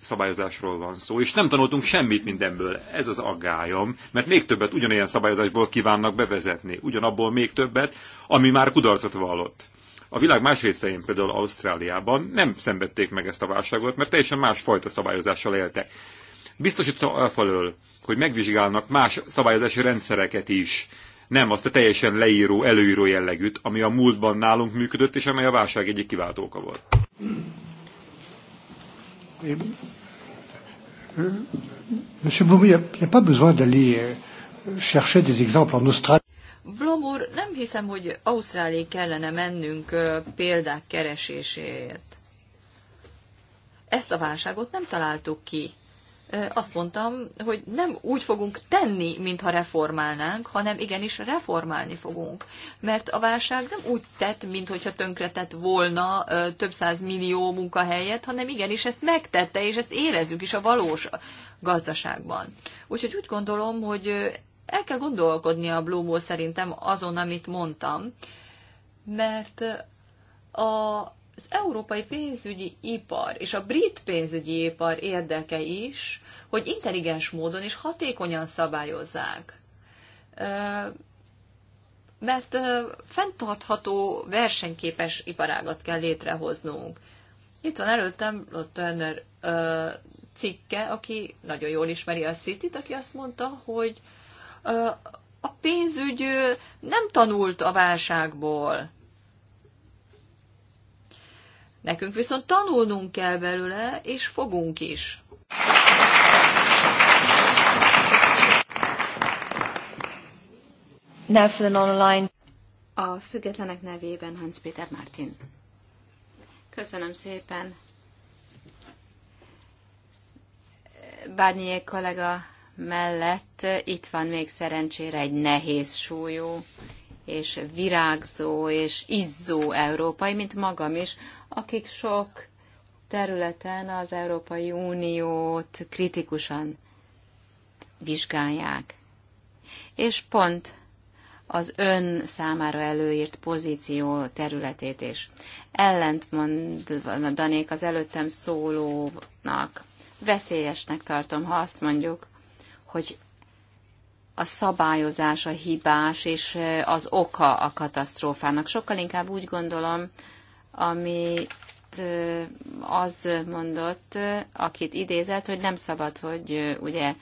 szabályozásról van szó, és nem tanultunk semmit mindenből. Ez az aggályom, mert még többet ugyanilyen szabályozásból kívánnak bevezetni, ugyanabból még többet, ami már kudarcot vallott. A világ más részein, például Ausztráliában nem szenvedték meg ezt a válságot, mert teljesen másfajta szabályozással éltek. Biztosítva felől, hogy megvizsgálnak más szabályozási rendszereket is, nem azt a teljesen leíró, előíró jellegűt, ami a múltban nálunk működött, és amely a válság egyik kiváltóka volt. Euh, Monsieur Blum, il n'y a, pas besoin d'aller euh, chercher des exemples en Australie. Blom úr, nem hiszem, hogy Ausztrália kellene mennünk példák kereséséért. Ezt a válságot nem találtuk ki azt mondtam, hogy nem úgy fogunk tenni, mintha reformálnánk, hanem igenis reformálni fogunk. Mert a válság nem úgy tett, mintha tönkretett volna több száz millió munkahelyet, hanem igenis ezt megtette, és ezt érezzük is a valós gazdaságban. Úgyhogy úgy gondolom, hogy el kell gondolkodni a Blumó szerintem azon, amit mondtam, mert a az európai pénzügyi ipar és a brit pénzügyi ipar érdeke is, hogy intelligens módon és hatékonyan szabályozzák. Mert fenntartható, versenyképes iparágat kell létrehoznunk. Itt van előttem Lotterner cikke, aki nagyon jól ismeri a city aki azt mondta, hogy a pénzügy nem tanult a válságból Nekünk viszont tanulnunk kell belőle, és fogunk is. Now for the online. A függetlenek nevében Hans Peter Martin. Köszönöm szépen. Bárnyiék kollega mellett itt van még szerencsére egy nehéz súlyú és virágzó és izzó európai, mint magam is, akik sok területen az Európai Uniót kritikusan vizsgálják. És pont az ön számára előírt pozíció területét is. Ellentmondanék az előttem szólónak. Veszélyesnek tartom, ha azt mondjuk, hogy a szabályozás a hibás és az oka a katasztrófának. Sokkal inkább úgy gondolom, amit az mondott, akit idézett, hogy nem szabad, hogy ugye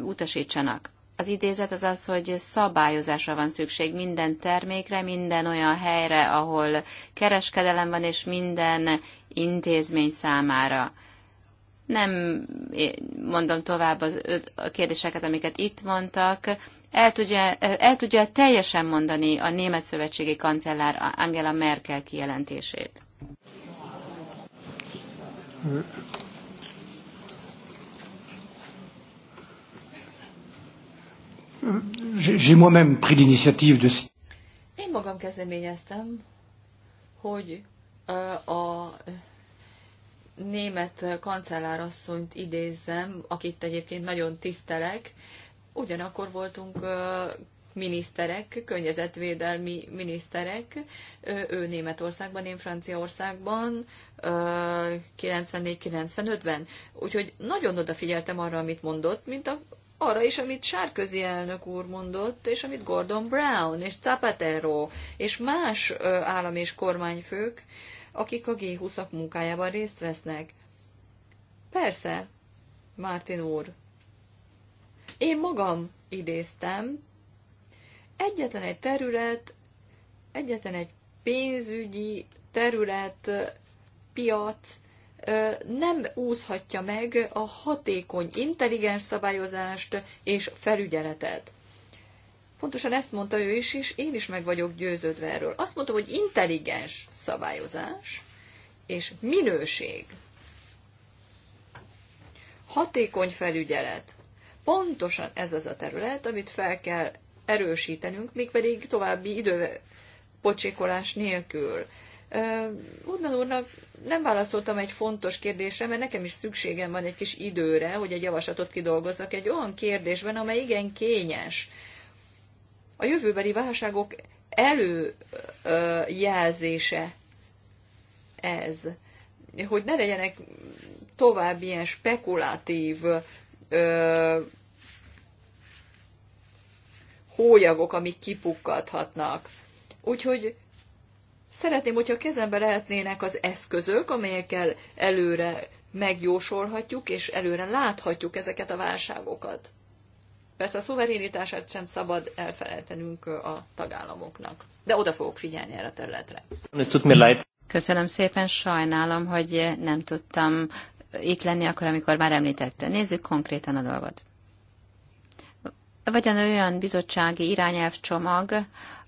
utasítsanak. Az idézet az az, hogy szabályozásra van szükség minden termékre, minden olyan helyre, ahol kereskedelem van, és minden intézmény számára. Nem mondom tovább az, a kérdéseket, amiket itt mondtak, el tudja, el tudja teljesen mondani a német szövetségi kancellár Angela Merkel kijelentését? Én magam kezdeményeztem, hogy a német kancellárasszonyt idézzem, akit egyébként nagyon tisztelek, ugyanakkor voltunk miniszterek, környezetvédelmi miniszterek, ő Németországban, én Franciaországban, 94-95-ben. Úgyhogy nagyon odafigyeltem arra, amit mondott, mint a, arra is, amit Sárközi elnök úr mondott, és amit Gordon Brown, és Zapatero, és más állam és kormányfők, akik a G20-ak munkájában részt vesznek. Persze, Martin úr, én magam idéztem, egyetlen egy terület, egyetlen egy pénzügyi terület, piac nem úszhatja meg a hatékony, intelligens szabályozást és felügyeletet. Pontosan ezt mondta ő is, és én is meg vagyok győződve erről. Azt mondtam, hogy intelligens szabályozás és minőség. Hatékony felügyelet pontosan ez az a terület, amit fel kell erősítenünk, mégpedig további időpocsékolás nélkül. Woodman úrnak nem válaszoltam egy fontos kérdésre, mert nekem is szükségem van egy kis időre, hogy egy javaslatot kidolgozzak egy olyan kérdésben, amely igen kényes. A jövőbeli válságok előjelzése ez, hogy ne legyenek tovább ilyen spekulatív ö, hólyagok, amik kipukkadhatnak. Úgyhogy szeretném, hogyha kezembe lehetnének az eszközök, amelyekkel előre megjósolhatjuk és előre láthatjuk ezeket a válságokat. Persze a szuverénitását sem szabad elfelejtenünk a tagállamoknak. De oda fogok figyelni erre a területre. Köszönöm szépen, sajnálom, hogy nem tudtam itt lenni akkor, amikor már említette. Nézzük konkrétan a dolgot. Vagy olyan bizottsági irányelvcsomag,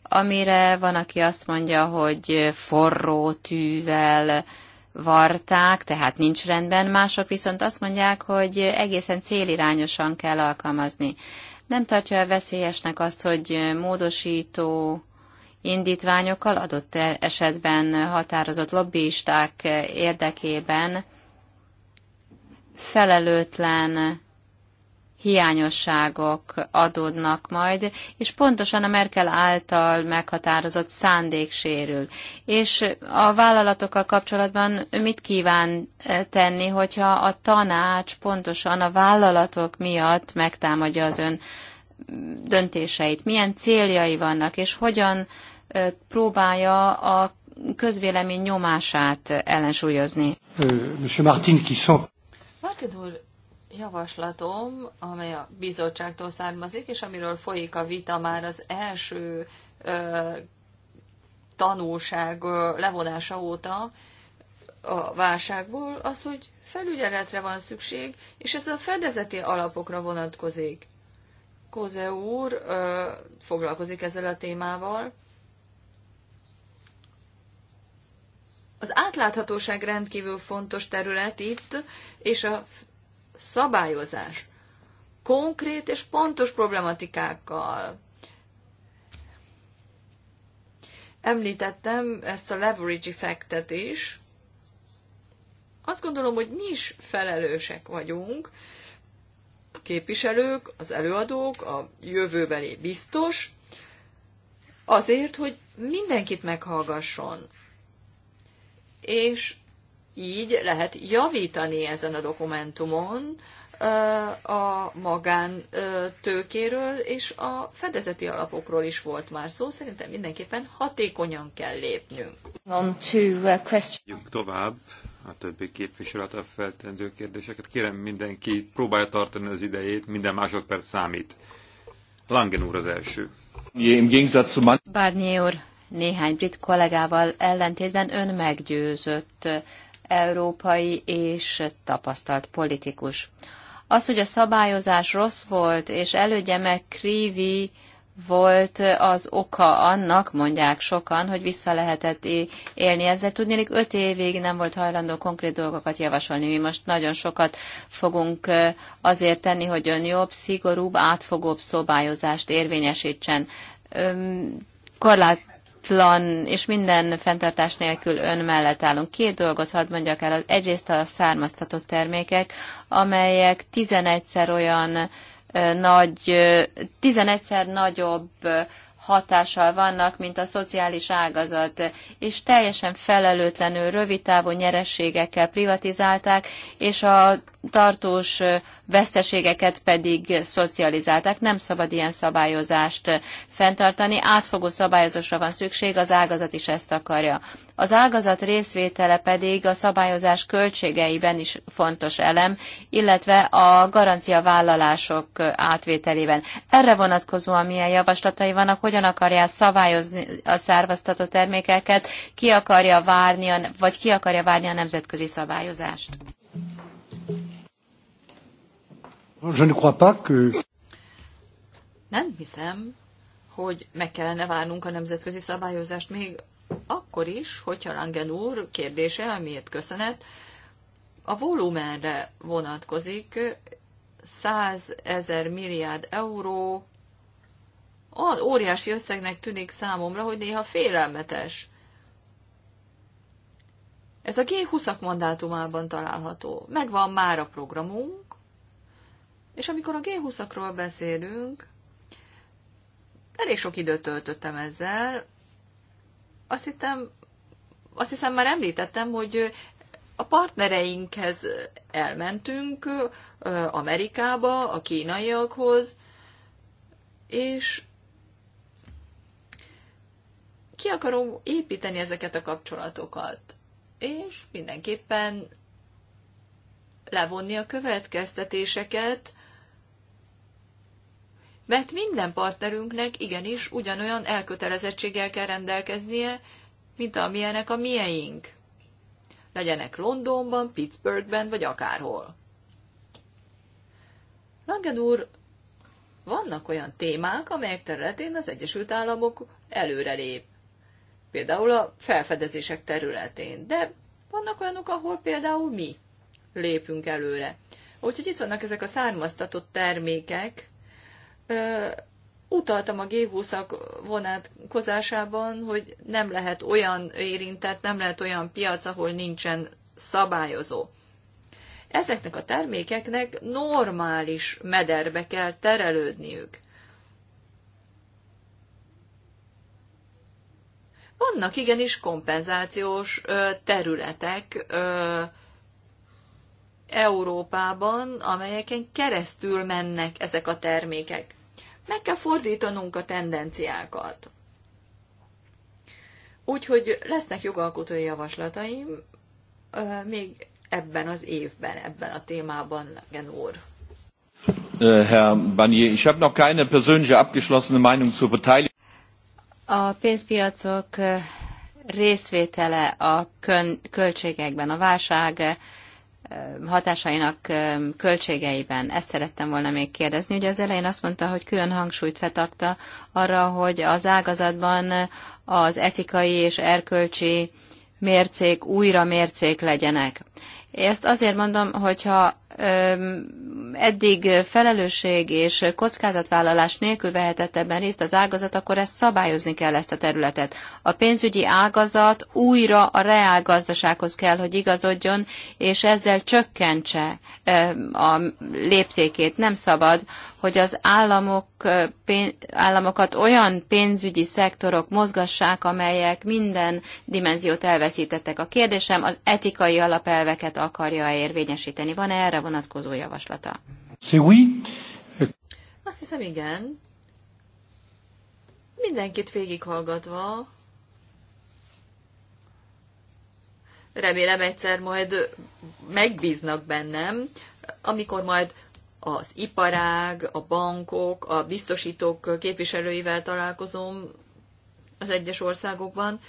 amire van, aki azt mondja, hogy forró tűvel varták, tehát nincs rendben, mások viszont azt mondják, hogy egészen célirányosan kell alkalmazni. Nem tartja el veszélyesnek azt, hogy módosító indítványokkal adott e- esetben határozott lobbyisták érdekében felelőtlen hiányosságok adódnak majd, és pontosan a Merkel által meghatározott szándék sérül. És a vállalatokkal kapcsolatban mit kíván eh, tenni, hogyha a tanács pontosan a vállalatok miatt megtámadja az ön mm, döntéseit? Milyen céljai vannak, és hogyan eh, próbálja a közvélemény nyomását ellensúlyozni? Euh, Monsieur Martin, ki sent Rátidul javaslatom, amely a bizottságtól származik, és amiről folyik a vita már az első ö, tanulság ö, levonása óta a válságból, az, hogy felügyeletre van szükség, és ez a fedezeti alapokra vonatkozik. Koze úr ö, foglalkozik ezzel a témával, Az átláthatóság rendkívül fontos terület itt, és a szabályozás konkrét és pontos problematikákkal. Említettem ezt a leverage effektet is. Azt gondolom, hogy mi is felelősek vagyunk, a képviselők, az előadók, a jövőbeli biztos, azért, hogy mindenkit meghallgasson, és így lehet javítani ezen a dokumentumon a magántőkéről és a fedezeti alapokról is volt már szó. Szerintem mindenképpen hatékonyan kell lépnünk. On to uh, question. Tovább a többi képviselet a feltendő kérdéseket. Kérem mindenki, próbálja tartani az idejét, minden másodperc számít. Langen úr az első. Bárnyi úr, néhány brit kollégával ellentétben ön meggyőzött európai és tapasztalt politikus. Az, hogy a szabályozás rossz volt, és elődje meg Krivi volt az oka annak, mondják sokan, hogy vissza lehetett élni ezzel. Tudnélik, öt évig nem volt hajlandó konkrét dolgokat javasolni. Mi most nagyon sokat fogunk azért tenni, hogy ön jobb, szigorúbb, átfogóbb szabályozást érvényesítsen. Korlát, pártatlan és minden fenntartás nélkül ön mellett állunk. Két dolgot hadd mondjak el. Egyrészt a származtatott termékek, amelyek 11-szer olyan nagy, 11-szer nagyobb hatással vannak, mint a szociális ágazat, és teljesen felelőtlenül rövidtávú nyerességekkel privatizálták, és a tartós veszteségeket pedig szocializálták. Nem szabad ilyen szabályozást fenntartani, átfogó szabályozásra van szükség, az ágazat is ezt akarja. Az ágazat részvétele pedig a szabályozás költségeiben is fontos elem, illetve a garanciavállalások átvételében. Erre vonatkozóan milyen javaslatai vannak, hogyan akarják szabályozni a szárvasztató termékeket, ki akarja várni, a, vagy ki akarja várni a nemzetközi szabályozást? Nem hiszem, hogy meg kellene várnunk a nemzetközi szabályozást még a akkor is, hogyha Langen úr kérdése, amiért köszönet, a volumenre vonatkozik 100 ezer milliárd euró, olyan óriási összegnek tűnik számomra, hogy néha félelmetes. Ez a G20-ak mandátumában található. Megvan már a programunk, és amikor a G20-akról beszélünk, elég sok időt töltöttem ezzel, azt hittem, azt hiszem már említettem, hogy a partnereinkhez elmentünk Amerikába, a kínaiakhoz, és ki akarom építeni ezeket a kapcsolatokat. És mindenképpen levonni a következtetéseket mert minden partnerünknek igenis ugyanolyan elkötelezettséggel kell rendelkeznie, mint amilyenek a mieink. Legyenek Londonban, Pittsburghben, vagy akárhol. Langen úr, vannak olyan témák, amelyek területén az Egyesült Államok előrelép. Például a felfedezések területén, de vannak olyanok, ahol például mi lépünk előre. Úgyhogy itt vannak ezek a származtatott termékek, utaltam a G20-ak vonatkozásában, hogy nem lehet olyan érintett, nem lehet olyan piac, ahol nincsen szabályozó. Ezeknek a termékeknek normális mederbe kell terelődniük. Vannak igenis kompenzációs területek, Európában, amelyeken keresztül mennek ezek a termékek. Meg kell fordítanunk a tendenciákat. Úgyhogy lesznek jogalkotói javaslataim még ebben az évben, ebben a témában, Langen úr. Herr Barnier, ich habe noch keine persönliche abgeschlossene Meinung zur Beteiligung. A pénzpiacok részvétele a költségekben, a válság hatásainak költségeiben. Ezt szerettem volna még kérdezni. Ugye az elején azt mondta, hogy külön hangsúlyt fetakta arra, hogy az ágazatban az etikai és erkölcsi mércék újra mércék legyenek. Ezt azért mondom, hogyha eddig felelősség és kockázatvállalás nélkül vehetett ebben részt az ágazat, akkor ezt szabályozni kell ezt a területet. A pénzügyi ágazat újra a reál gazdasághoz kell, hogy igazodjon, és ezzel csökkentse a léptékét. Nem szabad, hogy az államok, államokat olyan pénzügyi szektorok mozgassák, amelyek minden dimenziót elveszítettek. A kérdésem az etikai alapelveket akarja érvényesíteni. Van -e erre erre vonatkozó javaslata? Azt hiszem, igen. Mindenkit végighallgatva, remélem egyszer majd megbíznak bennem, amikor majd az iparág, a bankok, a biztosítók képviselőivel találkozom az egyes országokban.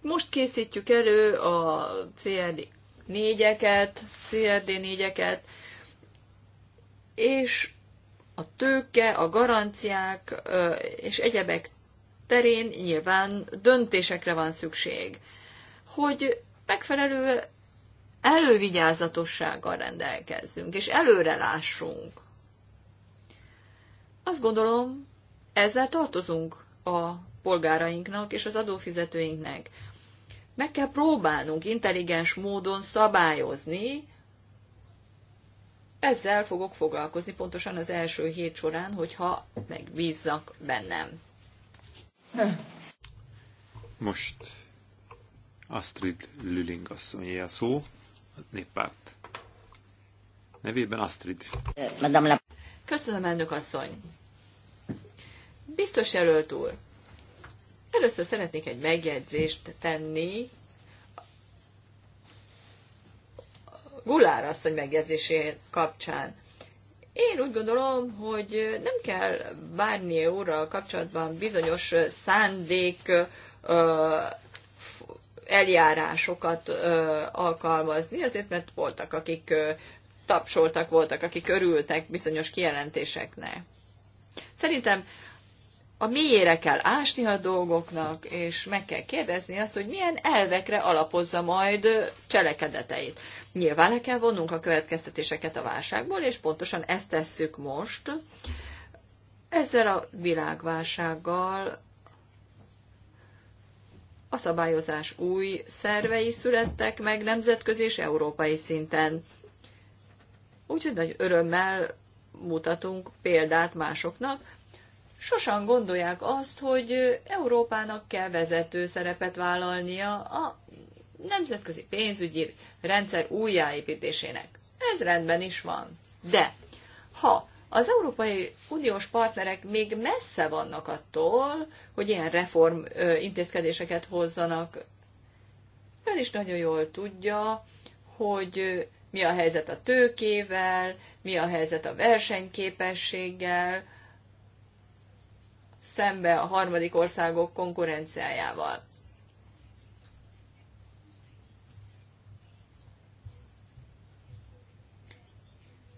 Most készítjük elő a CRD négyeket, CRD négyeket, és a tőke, a garanciák és egyebek terén nyilván döntésekre van szükség, hogy megfelelő elővigyázatossággal rendelkezzünk, és előre lássunk. Azt gondolom, ezzel tartozunk a polgárainknak és az adófizetőinknek meg kell próbálnunk intelligens módon szabályozni, ezzel fogok foglalkozni pontosan az első hét során, hogyha megbíznak bennem. Most Astrid Lüling asszonyé a szó, a néppárt. Nevében Astrid. Köszönöm, elnök asszony. Biztos jelölt úr, Először szeretnék egy megjegyzést tenni Gulár asszony megjegyzésé kapcsán. Én úgy gondolom, hogy nem kell bármi óra kapcsolatban bizonyos szándék eljárásokat alkalmazni, azért mert voltak, akik tapsoltak, voltak, akik örültek bizonyos kijelentéseknek. Szerintem a miére kell ásni a dolgoknak, és meg kell kérdezni azt, hogy milyen elvekre alapozza majd cselekedeteit. Nyilván le kell vonnunk a következtetéseket a válságból, és pontosan ezt tesszük most. Ezzel a világválsággal a szabályozás új szervei születtek meg nemzetközi és európai szinten. Úgyhogy nagy örömmel mutatunk példát másoknak, sosan gondolják azt, hogy Európának kell vezető szerepet vállalnia a nemzetközi pénzügyi rendszer újjáépítésének. Ez rendben is van. De ha az Európai Uniós partnerek még messze vannak attól, hogy ilyen reform intézkedéseket hozzanak, ön is nagyon jól tudja, hogy mi a helyzet a tőkével, mi a helyzet a versenyképességgel, szembe a harmadik országok konkurenciájával.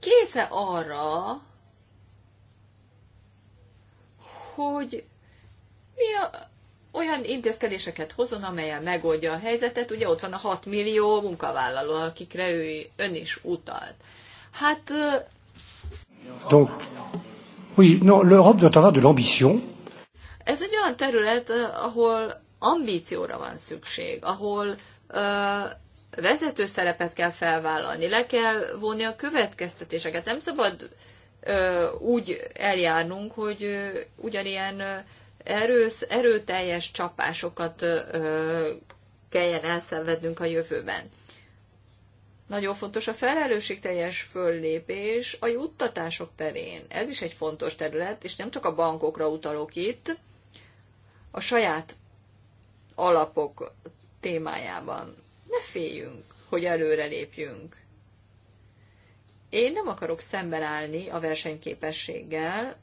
Késze arra, hogy mi a, olyan intézkedéseket hozon, amelyen megoldja a helyzetet. Ugye ott van a 6 millió munkavállaló, akikre ő ön is utalt. Hát... Donc, oui, non, l'Europe doit avoir de l'ambition. Ez egy olyan terület, ahol ambícióra van szükség, ahol vezető szerepet kell felvállalni, le kell vonni a következtetéseket. Nem szabad ö, úgy eljárnunk, hogy ö, ugyanilyen erősz, erőteljes csapásokat ö, kelljen elszenvednünk a jövőben. Nagyon fontos a felelősségteljes föllépés a juttatások terén. Ez is egy fontos terület, és nem csak a bankokra utalok itt, a saját alapok témájában. Ne féljünk, hogy előre lépjünk. Én nem akarok szemben állni a versenyképességgel.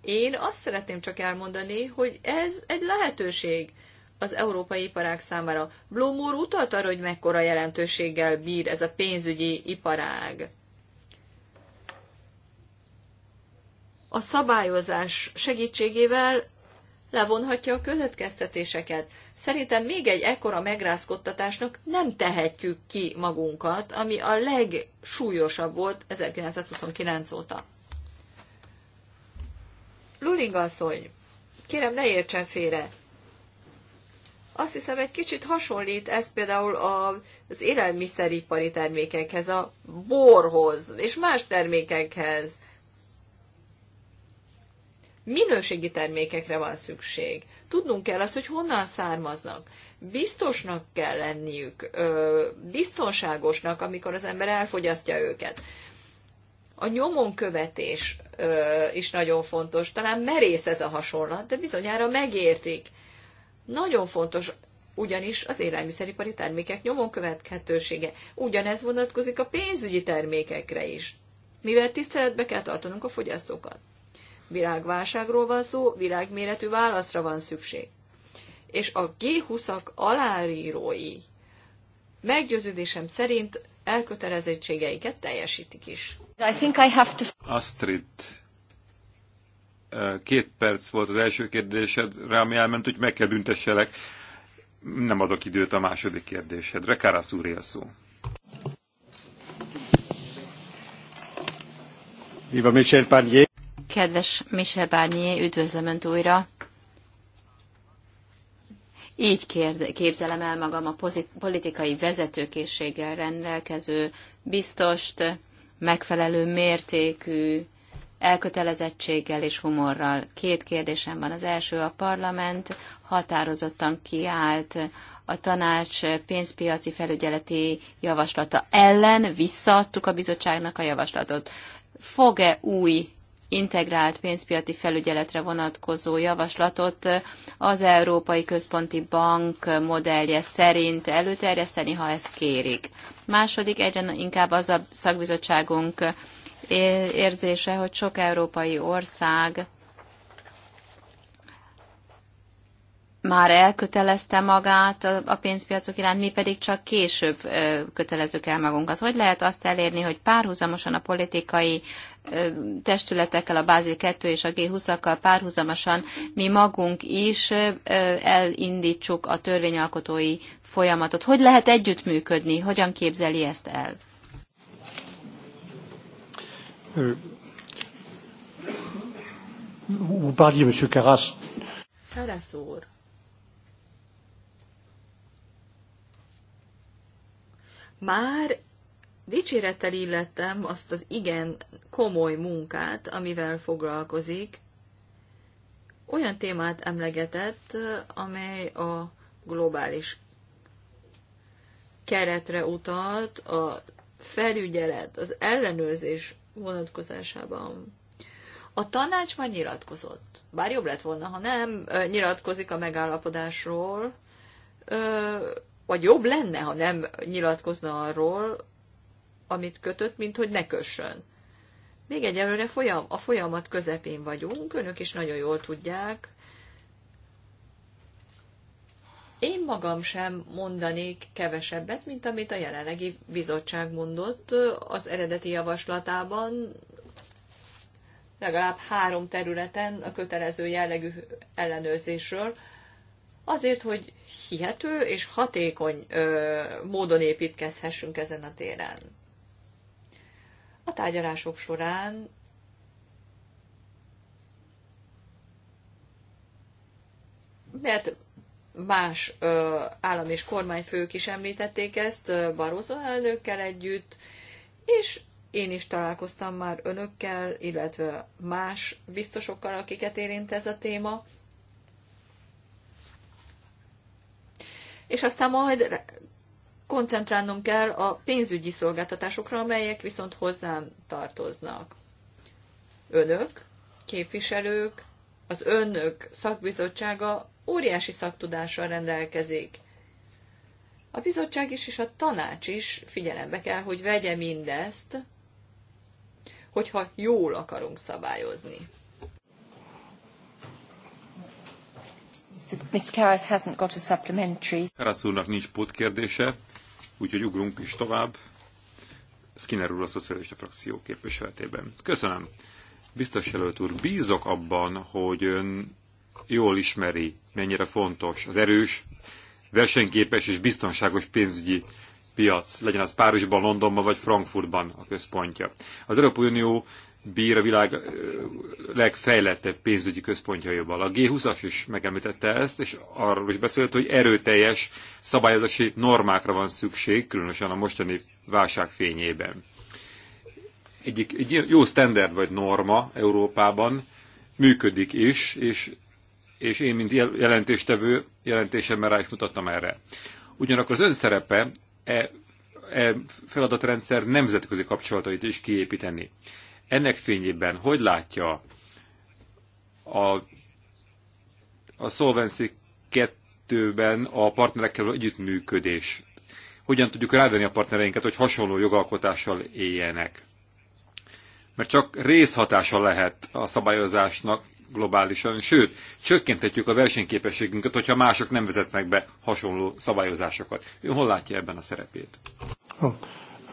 Én azt szeretném csak elmondani, hogy ez egy lehetőség az európai iparák számára. Blum úr utalt arra, hogy mekkora jelentőséggel bír ez a pénzügyi iparág. A szabályozás segítségével levonhatja a következtetéseket. Szerintem még egy ekkora megrázkodtatásnak nem tehetjük ki magunkat, ami a legsúlyosabb volt 1929 óta. Luling asszony, kérem ne értsen félre. Azt hiszem, egy kicsit hasonlít ez például az élelmiszeripari termékekhez, a borhoz és más termékekhez minőségi termékekre van szükség. Tudnunk kell azt, hogy honnan származnak. Biztosnak kell lenniük, biztonságosnak, amikor az ember elfogyasztja őket. A nyomon követés is nagyon fontos. Talán merész ez a hasonlat, de bizonyára megértik. Nagyon fontos ugyanis az élelmiszeripari termékek nyomon követhetősége. Ugyanez vonatkozik a pénzügyi termékekre is, mivel tiszteletbe kell tartanunk a fogyasztókat világválságról van szó, világméretű válaszra van szükség. És a G20-ak alárírói meggyőződésem szerint elkötelezettségeiket teljesítik is. I think I have to... Astrid, két perc volt az első kérdésed, ami elment, hogy meg kell büntesselek. Nem adok időt a második kérdésedre. Karasz úr él szó. Iva Michel Barnier. Kedves Michel Barnier, üdvözlöm Önt újra. Így kérd, képzelem el magam a pozit, politikai vezetőkészséggel rendelkező, biztost, megfelelő mértékű elkötelezettséggel és humorral. Két kérdésem van. Az első a parlament határozottan kiállt a tanács pénzpiaci felügyeleti javaslata ellen, visszaadtuk a bizottságnak a javaslatot. Fog-e új integrált pénzpiaci felügyeletre vonatkozó javaslatot az Európai Központi Bank modellje szerint előterjeszteni, ha ezt kérik. Második, egyre inkább az a szakbizottságunk érzése, hogy sok európai ország már elkötelezte magát a pénzpiacok iránt, mi pedig csak később kötelezzük el magunkat. Hogy lehet azt elérni, hogy párhuzamosan a politikai testületekkel, a Bázil 2 és a G20-akkal párhuzamosan mi magunk is elindítsuk a törvényalkotói folyamatot. Hogy lehet együttműködni? Hogyan képzeli ezt el? Euh, vous parliez, Monsieur úr. Már dicsérettel illettem azt az igen komoly munkát, amivel foglalkozik. Olyan témát emlegetett, amely a globális keretre utalt, a felügyelet, az ellenőrzés vonatkozásában. A tanács már nyilatkozott. Bár jobb lett volna, ha nem nyilatkozik a megállapodásról, vagy jobb lenne, ha nem nyilatkozna arról, amit kötött, mint hogy ne kössön. Még egyelőre folyam, a folyamat közepén vagyunk, önök is nagyon jól tudják. Én magam sem mondanék kevesebbet, mint amit a jelenlegi bizottság mondott az eredeti javaslatában, legalább három területen a kötelező jellegű ellenőrzésről, azért, hogy hihető és hatékony ö, módon építkezhessünk ezen a téren. A tárgyalások során mert más ö, állam és kormányfők is említették ezt Barroso elnökkel együtt, és én is találkoztam már önökkel, illetve más biztosokkal, akiket érint ez a téma. És aztán majd koncentrálnom kell a pénzügyi szolgáltatásokra, amelyek viszont hozzám tartoznak. Önök, képviselők, az önök szakbizottsága óriási szaktudással rendelkezik. A bizottság is és a tanács is figyelembe kell, hogy vegye mindezt, hogyha jól akarunk szabályozni. Mr. Karas hasn't got a supplementary. Karas úrnak nincs pótkérdése, úgyhogy ugrunk is tovább. Skinner úr a szocialista frakció képviseletében. Köszönöm. Biztos jelölt úr, bízok abban, hogy ön jól ismeri, mennyire fontos az erős, versenyképes és biztonságos pénzügyi piac, legyen az Párizsban, Londonban vagy Frankfurtban a központja. Az Európai Unió bír a világ legfejlettebb pénzügyi központjaival. A G20-as is megemlítette ezt, és arról is beszélt, hogy erőteljes szabályozási normákra van szükség, különösen a mostani válság fényében. Egyik, egy jó standard vagy norma Európában működik is, és, és én, mint jelentéstevő, jelentésemmel rá is mutattam erre. Ugyanakkor az önszerepe e, e feladatrendszer nemzetközi kapcsolatait is kiépíteni. Ennek fényében hogy látja a, a Solvency 2-ben a partnerekkel együttműködés? Hogyan tudjuk rávenni a partnereinket, hogy hasonló jogalkotással éljenek? Mert csak részhatása lehet a szabályozásnak globálisan, sőt, csökkenthetjük a versenyképességünket, hogyha mások nem vezetnek be hasonló szabályozásokat. Ő hol látja ebben a szerepét? Oh.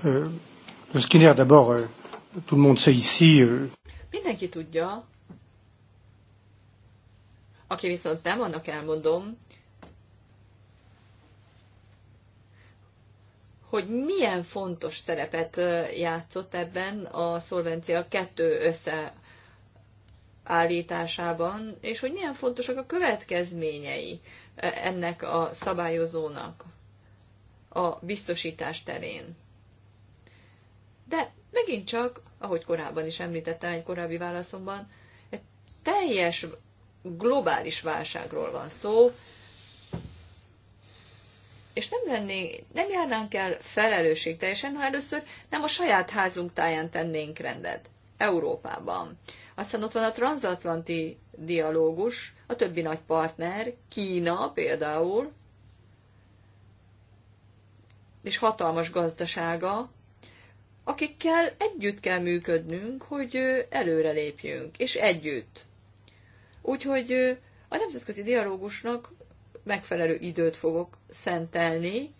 Euh, tout le monde sait ici. Euh, Mindenki tudja. Aki viszont nem, annak elmondom, hogy milyen fontos szerepet játszott ebben a szolvencia kettő összeállításában, és hogy milyen fontosak a következményei ennek a szabályozónak a biztosítás terén. De Megint csak, ahogy korábban is említettem egy korábbi válaszomban, egy teljes globális válságról van szó, és nem, lenné, nem járnánk el teljesen ha először nem a saját házunk táján tennénk rendet, Európában. Aztán ott van a transatlanti dialógus, a többi nagy partner, Kína például, és hatalmas gazdasága, akikkel együtt kell működnünk, hogy előrelépjünk, és együtt. Úgyhogy a nemzetközi dialógusnak megfelelő időt fogok szentelni.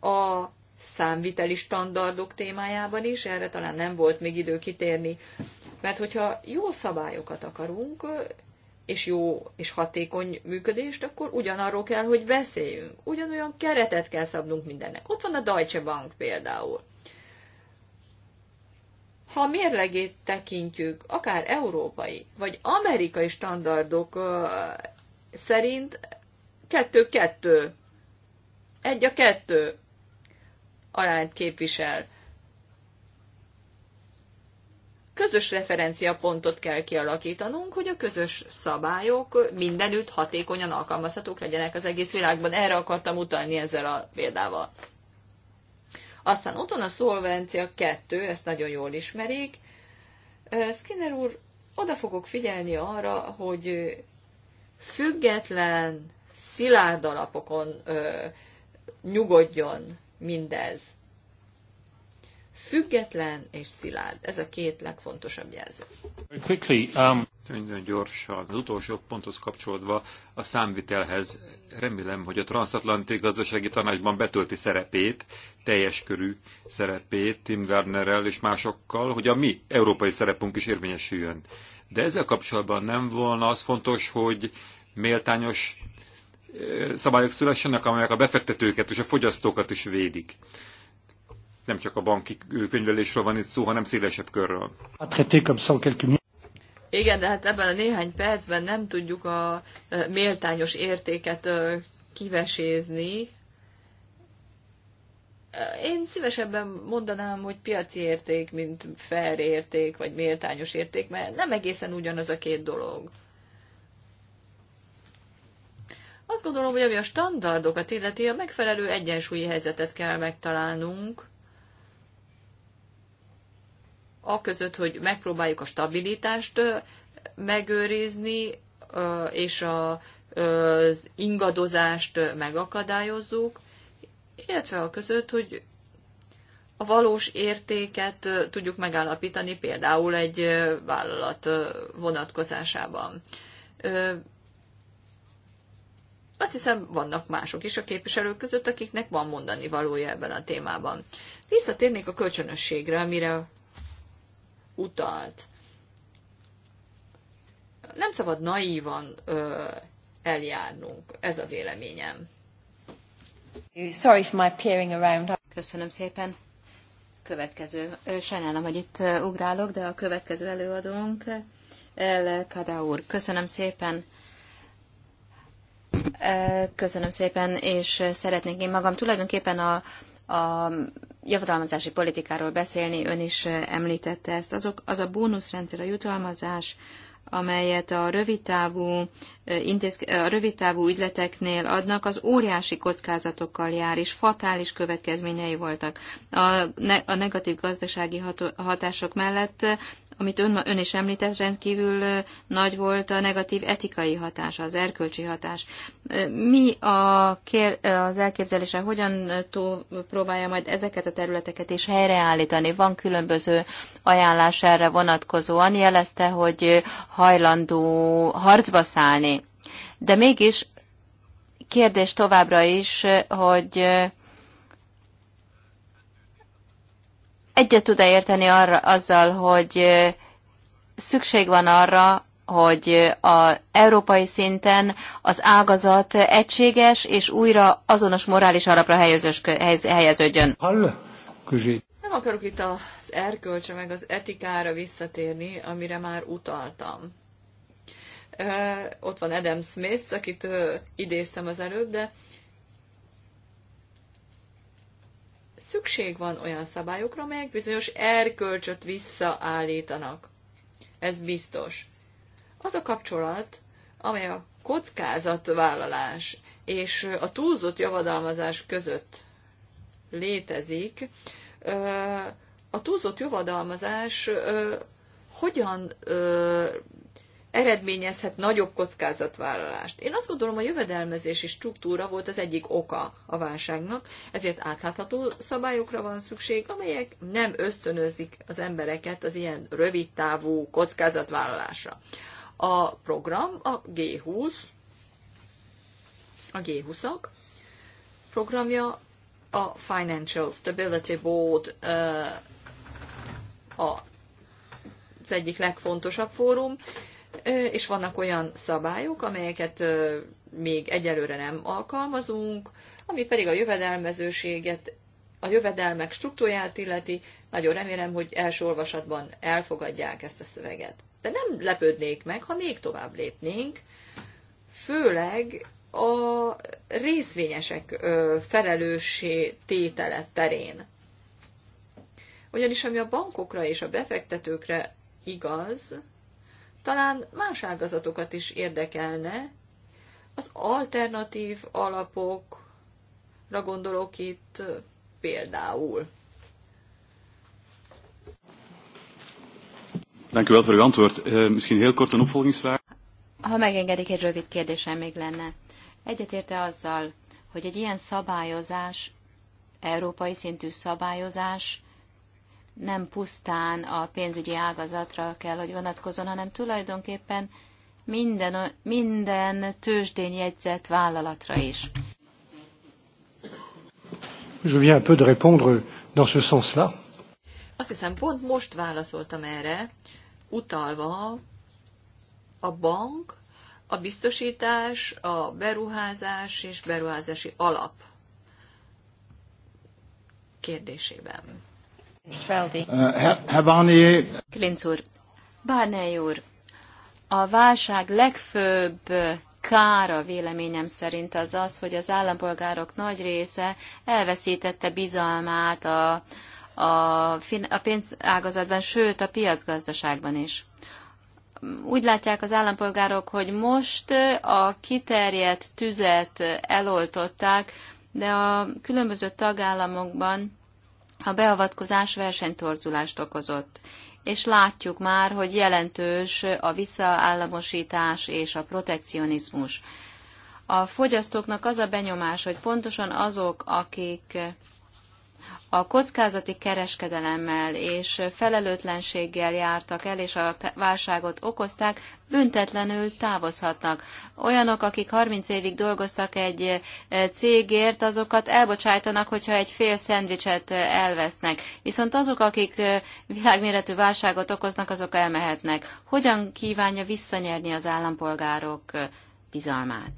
A számviteli standardok témájában is, erre talán nem volt még idő kitérni, mert hogyha jó szabályokat akarunk, és jó és hatékony működést, akkor ugyanarról kell, hogy beszéljünk. Ugyanolyan keretet kell szabnunk mindennek. Ott van a Deutsche Bank például. Ha a mérlegét tekintjük, akár európai vagy amerikai standardok uh, szerint kettő-kettő, egy a kettő arányt képvisel közös referenciapontot kell kialakítanunk, hogy a közös szabályok mindenütt hatékonyan alkalmazhatók legyenek az egész világban. Erre akartam utalni ezzel a példával. Aztán ott van a szolvencia 2, ezt nagyon jól ismerik. Skinner úr, oda fogok figyelni arra, hogy független, szilárd alapokon ö, nyugodjon mindez független és szilárd. Ez a két legfontosabb jelző. Quickly, um... Nagyon gyorsan, az utolsó ponthoz kapcsolódva a számvitelhez remélem, hogy a transatlanti gazdasági tanácsban betölti szerepét, teljes körű szerepét Tim Gardnerrel és másokkal, hogy a mi európai szerepünk is érvényesüljön. De ezzel kapcsolatban nem volna az fontos, hogy méltányos eh, szabályok szülessenek, amelyek a befektetőket és a fogyasztókat is védik nem csak a banki könyvelésről van itt szó, hanem szélesebb körről. Igen, de hát ebben a néhány percben nem tudjuk a méltányos értéket kivesézni. Én szívesebben mondanám, hogy piaci érték, mint fair érték, vagy méltányos érték, mert nem egészen ugyanaz a két dolog. Azt gondolom, hogy ami a standardokat illeti, a megfelelő egyensúlyi helyzetet kell megtalálnunk, aközött, hogy megpróbáljuk a stabilitást megőrizni, és az ingadozást megakadályozzuk, illetve a között, hogy a valós értéket tudjuk megállapítani például egy vállalat vonatkozásában. Azt hiszem, vannak mások is a képviselők között, akiknek van mondani valója ebben a témában. Visszatérnék a kölcsönösségre, amire utalt. Nem szabad naívan ö, eljárnunk, ez a véleményem. Sorry for my peering around. Köszönöm szépen. Következő. Sajnálom, hogy itt ugrálok, de a következő előadónk El Kada úr. Köszönöm szépen. Köszönöm szépen, és szeretnék én magam tulajdonképpen a, a jutalmazási politikáról beszélni, ön is eh, említette ezt. Azok, az a bónuszrendszer, a jutalmazás, amelyet a rövidtávú, intézk- a rövidtávú ügyleteknél adnak, az óriási kockázatokkal jár, és fatális következményei voltak. A, ne- a negatív gazdasági hatások mellett, amit ön, ön is említett, rendkívül nagy volt a negatív etikai hatás, az erkölcsi hatás. Mi a kér- az elképzelése, hogyan tó- próbálja majd ezeket a területeket is helyreállítani? Van különböző ajánlás erre vonatkozóan. Jelezte, hogy hajlandó harcba szállni. De mégis kérdés továbbra is, hogy egyet tud-e érteni arra, azzal, hogy szükség van arra, hogy a európai szinten az ágazat egységes és újra azonos morális alapra helyeződjön. Nem akarok itt a Erkölcse meg az etikára visszatérni, amire már utaltam. Ott van Adam Smith, akit idéztem az előbb, de szükség van olyan szabályokra, amelyek bizonyos erkölcsöt visszaállítanak. Ez biztos. Az a kapcsolat, amely a kockázatvállalás és a túlzott javadalmazás között létezik, a túlzott jövadalmazás ö, hogyan ö, eredményezhet nagyobb kockázatvállalást. Én azt gondolom, a jövedelmezési struktúra volt az egyik oka a válságnak, ezért átlátható szabályokra van szükség, amelyek nem ösztönözik az embereket az ilyen rövid távú kockázatvállalásra. A program a G20, a G20-ak programja a Financial Stability Board az egyik legfontosabb fórum, és vannak olyan szabályok, amelyeket még egyelőre nem alkalmazunk, ami pedig a jövedelmezőséget, a jövedelmek struktúráját illeti. Nagyon remélem, hogy első olvasatban elfogadják ezt a szöveget. De nem lepődnék meg, ha még tovább lépnénk, főleg a részvényesek felelőssé tétele terén. Ugyanis ami a bankokra és a befektetőkre igaz, talán más ágazatokat is érdekelne. Az alternatív alapokra gondolok itt például. Dank u wel voor uw antwoord. Uh, misschien heel kort een opvolgingsvraag. Ha megengedik, egy rövid kérdésem még lenne. Egyetérte azzal, hogy egy ilyen szabályozás, európai szintű szabályozás nem pusztán a pénzügyi ágazatra kell, hogy vonatkozon, hanem tulajdonképpen minden, minden tőzsdén jegyzett vállalatra is. Je viens un peu de répondre dans ce sens-là. Azt hiszem, pont most válaszoltam erre, utalva a bank, a biztosítás, a beruházás és beruházási alap kérdésében. Barnier. Uh, Klinc úr, Barney úr, a válság legfőbb uh, kára véleményem szerint az az, hogy az állampolgárok nagy része elveszítette bizalmát a, a, a pénzágazatban, sőt a piacgazdaságban is. Úgy látják az állampolgárok, hogy most uh, a kiterjedt tüzet eloltották, de a különböző tagállamokban a beavatkozás versenytorzulást okozott, és látjuk már, hogy jelentős a visszaállamosítás és a protekcionizmus. A fogyasztóknak az a benyomás, hogy pontosan azok, akik a kockázati kereskedelemmel és felelőtlenséggel jártak el, és a válságot okozták, büntetlenül távozhatnak. Olyanok, akik 30 évig dolgoztak egy eh, cégért, azokat elbocsájtanak, hogyha egy fél szendvicset eh, elvesznek. Viszont azok, akik eh, világméretű válságot okoznak, azok elmehetnek. Hogyan kívánja visszanyerni az állampolgárok bizalmát?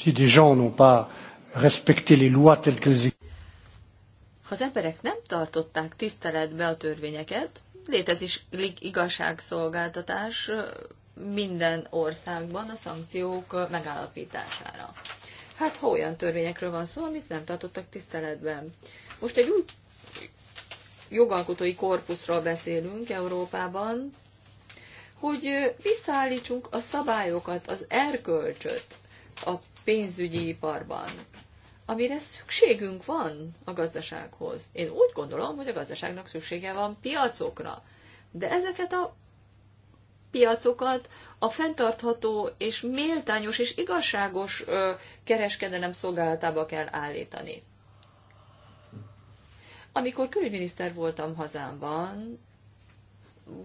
Si des gens n'ont pas respecté les lois telles qu'elles ha az emberek nem tartották tiszteletbe a törvényeket, létezik igazságszolgáltatás minden országban a szankciók megállapítására. Hát ha olyan törvényekről van szó, amit nem tartottak tiszteletben. Most egy új jogalkotói korpuszról beszélünk Európában, hogy visszaállítsunk a szabályokat, az erkölcsöt, a pénzügyi iparban, amire szükségünk van a gazdasághoz. Én úgy gondolom, hogy a gazdaságnak szüksége van piacokra, de ezeket a piacokat a fenntartható és méltányos és igazságos kereskedelem szolgálatába kell állítani. Amikor külügyminiszter voltam hazámban,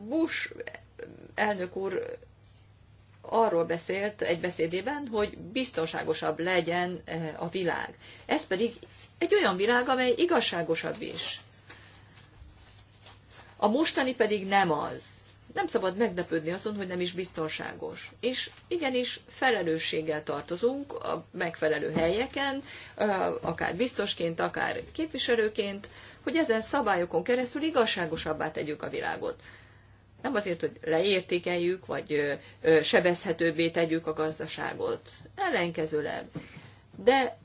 Bush elnök úr arról beszélt egy beszédében, hogy biztonságosabb legyen eh, a világ. Ez pedig egy olyan világ, amely igazságosabb is. A mostani pedig nem az. Nem szabad meglepődni azon, hogy nem is biztonságos. És igenis felelősséggel tartozunk a megfelelő helyeken, eh, akár biztosként, akár képviselőként, hogy ezen szabályokon keresztül igazságosabbá tegyük a világot. Nem azért, hogy leértékeljük, vagy sebezhetőbbé tegyük a gazdaságot. Ellenkezőleg. De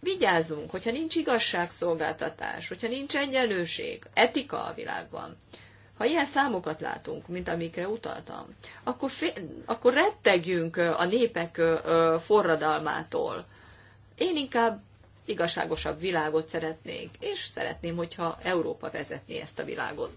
vigyázzunk, hogyha nincs igazságszolgáltatás, hogyha nincs egyenlőség, etika a világban, ha ilyen számokat látunk, mint amikre utaltam, akkor, fél, akkor rettegjünk a népek forradalmától. Én inkább igazságosabb világot szeretnék, és szeretném, hogyha Európa vezetné ezt a világot.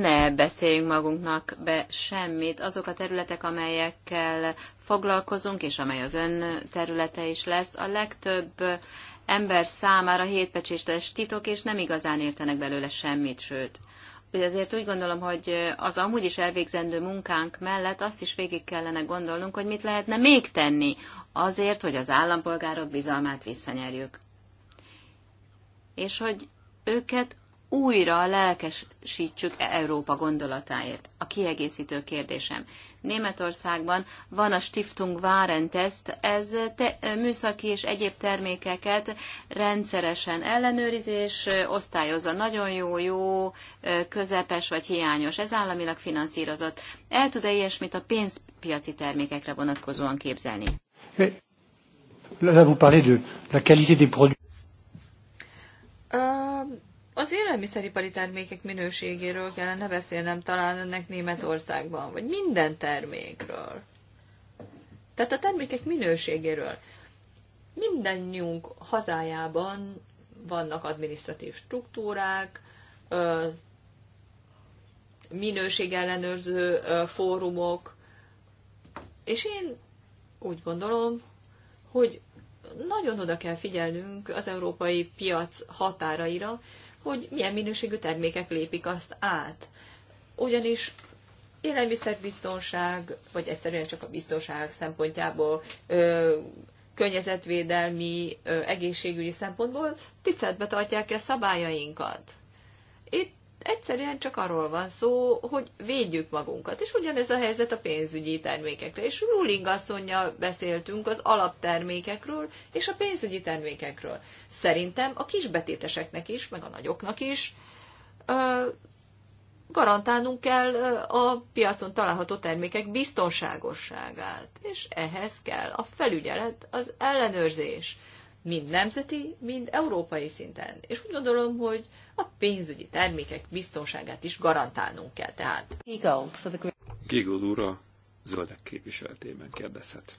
Ne beszéljünk magunknak be semmit. Azok a területek, amelyekkel foglalkozunk, és amely az ön területe is lesz, a legtöbb ember számára hétpecséstes titok, és nem igazán értenek belőle semmit, sőt, hogy azért úgy gondolom, hogy az amúgy is elvégzendő munkánk mellett azt is végig kellene gondolnunk, hogy mit lehetne még tenni azért, hogy az állampolgárok bizalmát visszanyerjük. És hogy őket újra lelkesítsük Európa gondolatáért. A kiegészítő kérdésem. Németországban van a Stiftung Warentest, ez te, műszaki és egyéb termékeket rendszeresen ellenőrizés, osztályozza nagyon jó, jó, közepes vagy hiányos. Ez államilag finanszírozott. El tud-e ilyesmit a pénzpiaci termékekre vonatkozóan képzelni? Eh, là, vous parlez de la qualité des produits. Euh, az élelmiszeripari termékek minőségéről kellene beszélnem talán önnek Németországban, vagy minden termékről. Tehát a termékek minőségéről. Mindennyiunk hazájában vannak administratív struktúrák, minőségellenőrző fórumok, és én úgy gondolom, hogy nagyon oda kell figyelnünk az európai piac határaira, hogy milyen minőségű termékek lépik azt át. Ugyanis élelmiszerbiztonság, vagy egyszerűen csak a biztonság szempontjából, ö, környezetvédelmi, ö, egészségügyi szempontból tiszteletbe tartják-e szabályainkat. Itt egyszerűen csak arról van szó, hogy védjük magunkat. És ugyanez a helyzet a pénzügyi termékekre. És Ruling asszonynal beszéltünk az alaptermékekről és a pénzügyi termékekről. Szerintem a kisbetéteseknek is, meg a nagyoknak is ö, garantálnunk kell a piacon található termékek biztonságosságát. És ehhez kell a felügyelet, az ellenőrzés. Mind nemzeti, mind európai szinten. És úgy gondolom, hogy a pénzügyi termékek biztonságát is garantálnunk kell tehát. Szóval Gigold úr a zöldek képviseletében kérdezhet.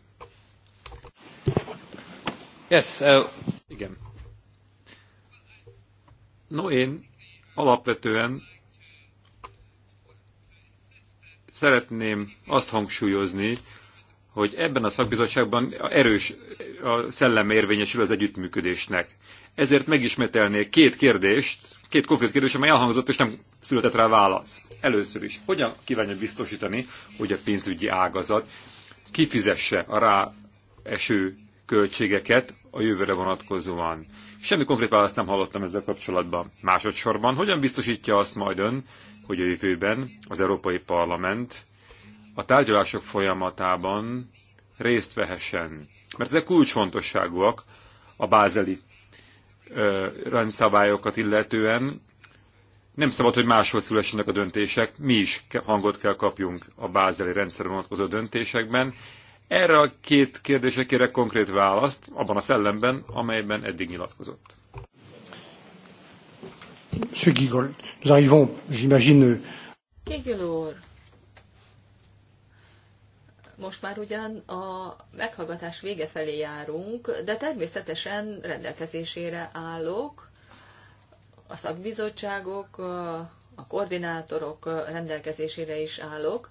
Yes, uh... Igen. No, én alapvetően szeretném azt hangsúlyozni, hogy ebben a szakbizottságban erős a szellem érvényesül az együttműködésnek. Ezért megismételnék két kérdést, két konkrét kérdés, amely elhangzott, és nem született rá válasz. Először is, hogyan kívánja biztosítani, hogy a pénzügyi ágazat kifizesse a rá eső költségeket a jövőre vonatkozóan? Semmi konkrét választ nem hallottam ezzel kapcsolatban. Másodszorban, hogyan biztosítja azt majd ön, hogy a jövőben az Európai Parlament a tárgyalások folyamatában részt vehessen? Mert ezek kulcsfontosságúak a bázeli rendszabályokat illetően nem szabad, hogy máshol szülessenek a döntések, mi is hangot kell kapjunk a bázeli rendszer vonatkozó döntésekben. Erre a két kérdésre kérek konkrét választ, abban a szellemben, amelyben eddig nyilatkozott. Monsieur Gigold, nous arrivons, j'imagine... Gigold, most már ugyan a meghallgatás vége felé járunk, de természetesen rendelkezésére állok. A szakbizottságok, a koordinátorok rendelkezésére is állok,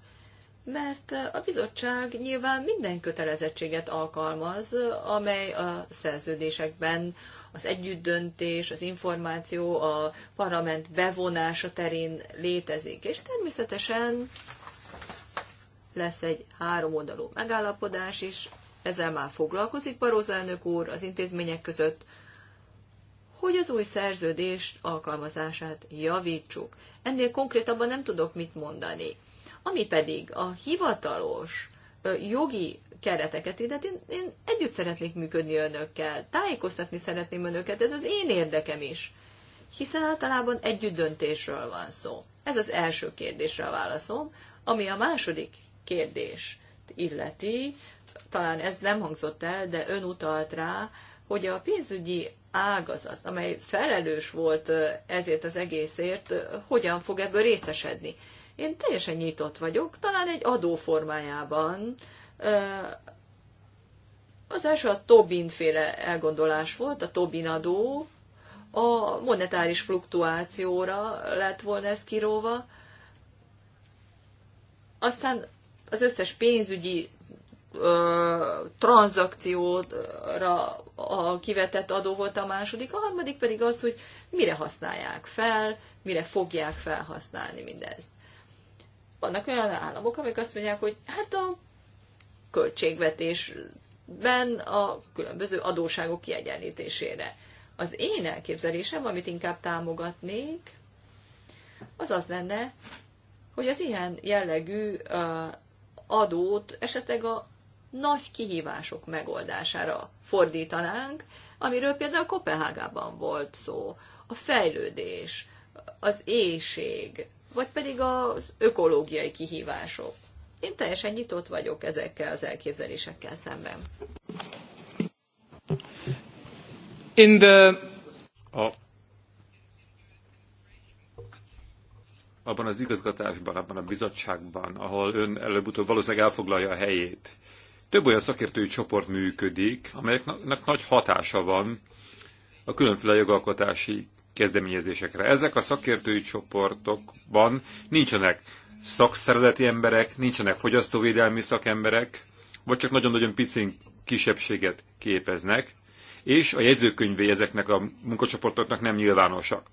mert a bizottság nyilván minden kötelezettséget alkalmaz, amely a szerződésekben az együttdöntés, az információ, a parlament bevonása terén létezik. És természetesen lesz egy háromoldalú megállapodás is, ezzel már foglalkozik Barózó elnök úr az intézmények között, hogy az új szerződés alkalmazását javítsuk. Ennél konkrétabban nem tudok mit mondani. Ami pedig a hivatalos jogi kereteket illeti, én, én együtt szeretnék működni önökkel, tájékoztatni szeretném önöket, ez az én érdekem is. Hiszen általában együtt döntésről van szó. Ez az első kérdésre a válaszom, ami a második kérdés illeti, talán ez nem hangzott el, de ön utalt rá, hogy a pénzügyi ágazat, amely felelős volt ezért az egészért, hogyan fog ebből részesedni. Én teljesen nyitott vagyok, talán egy adó formájában. Az első a Tobin féle elgondolás volt, a Tobin adó, a monetáris fluktuációra lett volna ez kiróva. Aztán az összes pénzügyi ö, tranzakcióra a kivetett adó volt a második, a harmadik pedig az, hogy mire használják fel, mire fogják felhasználni mindezt. Vannak olyan államok, amik azt mondják, hogy hát a költségvetésben a különböző adóságok kiegyenlítésére. Az én elképzelésem, amit inkább támogatnék, az az lenne, hogy az ilyen jellegű adót esetleg a nagy kihívások megoldására fordítanánk, amiről például Kopenhágában volt szó, a fejlődés, az éjség, vagy pedig az ökológiai kihívások. Én teljesen nyitott vagyok ezekkel az elképzelésekkel szemben. In the... A abban az igazgatásban, abban a bizottságban, ahol ön előbb-utóbb valószínűleg elfoglalja a helyét. Több olyan szakértői csoport működik, amelyeknek nagy hatása van a különféle jogalkotási kezdeményezésekre. Ezek a szakértői csoportokban nincsenek szakszervezeti emberek, nincsenek fogyasztóvédelmi szakemberek, vagy csak nagyon-nagyon picin kisebbséget képeznek, és a jegyzőkönyvé ezeknek a munkacsoportoknak nem nyilvánosak.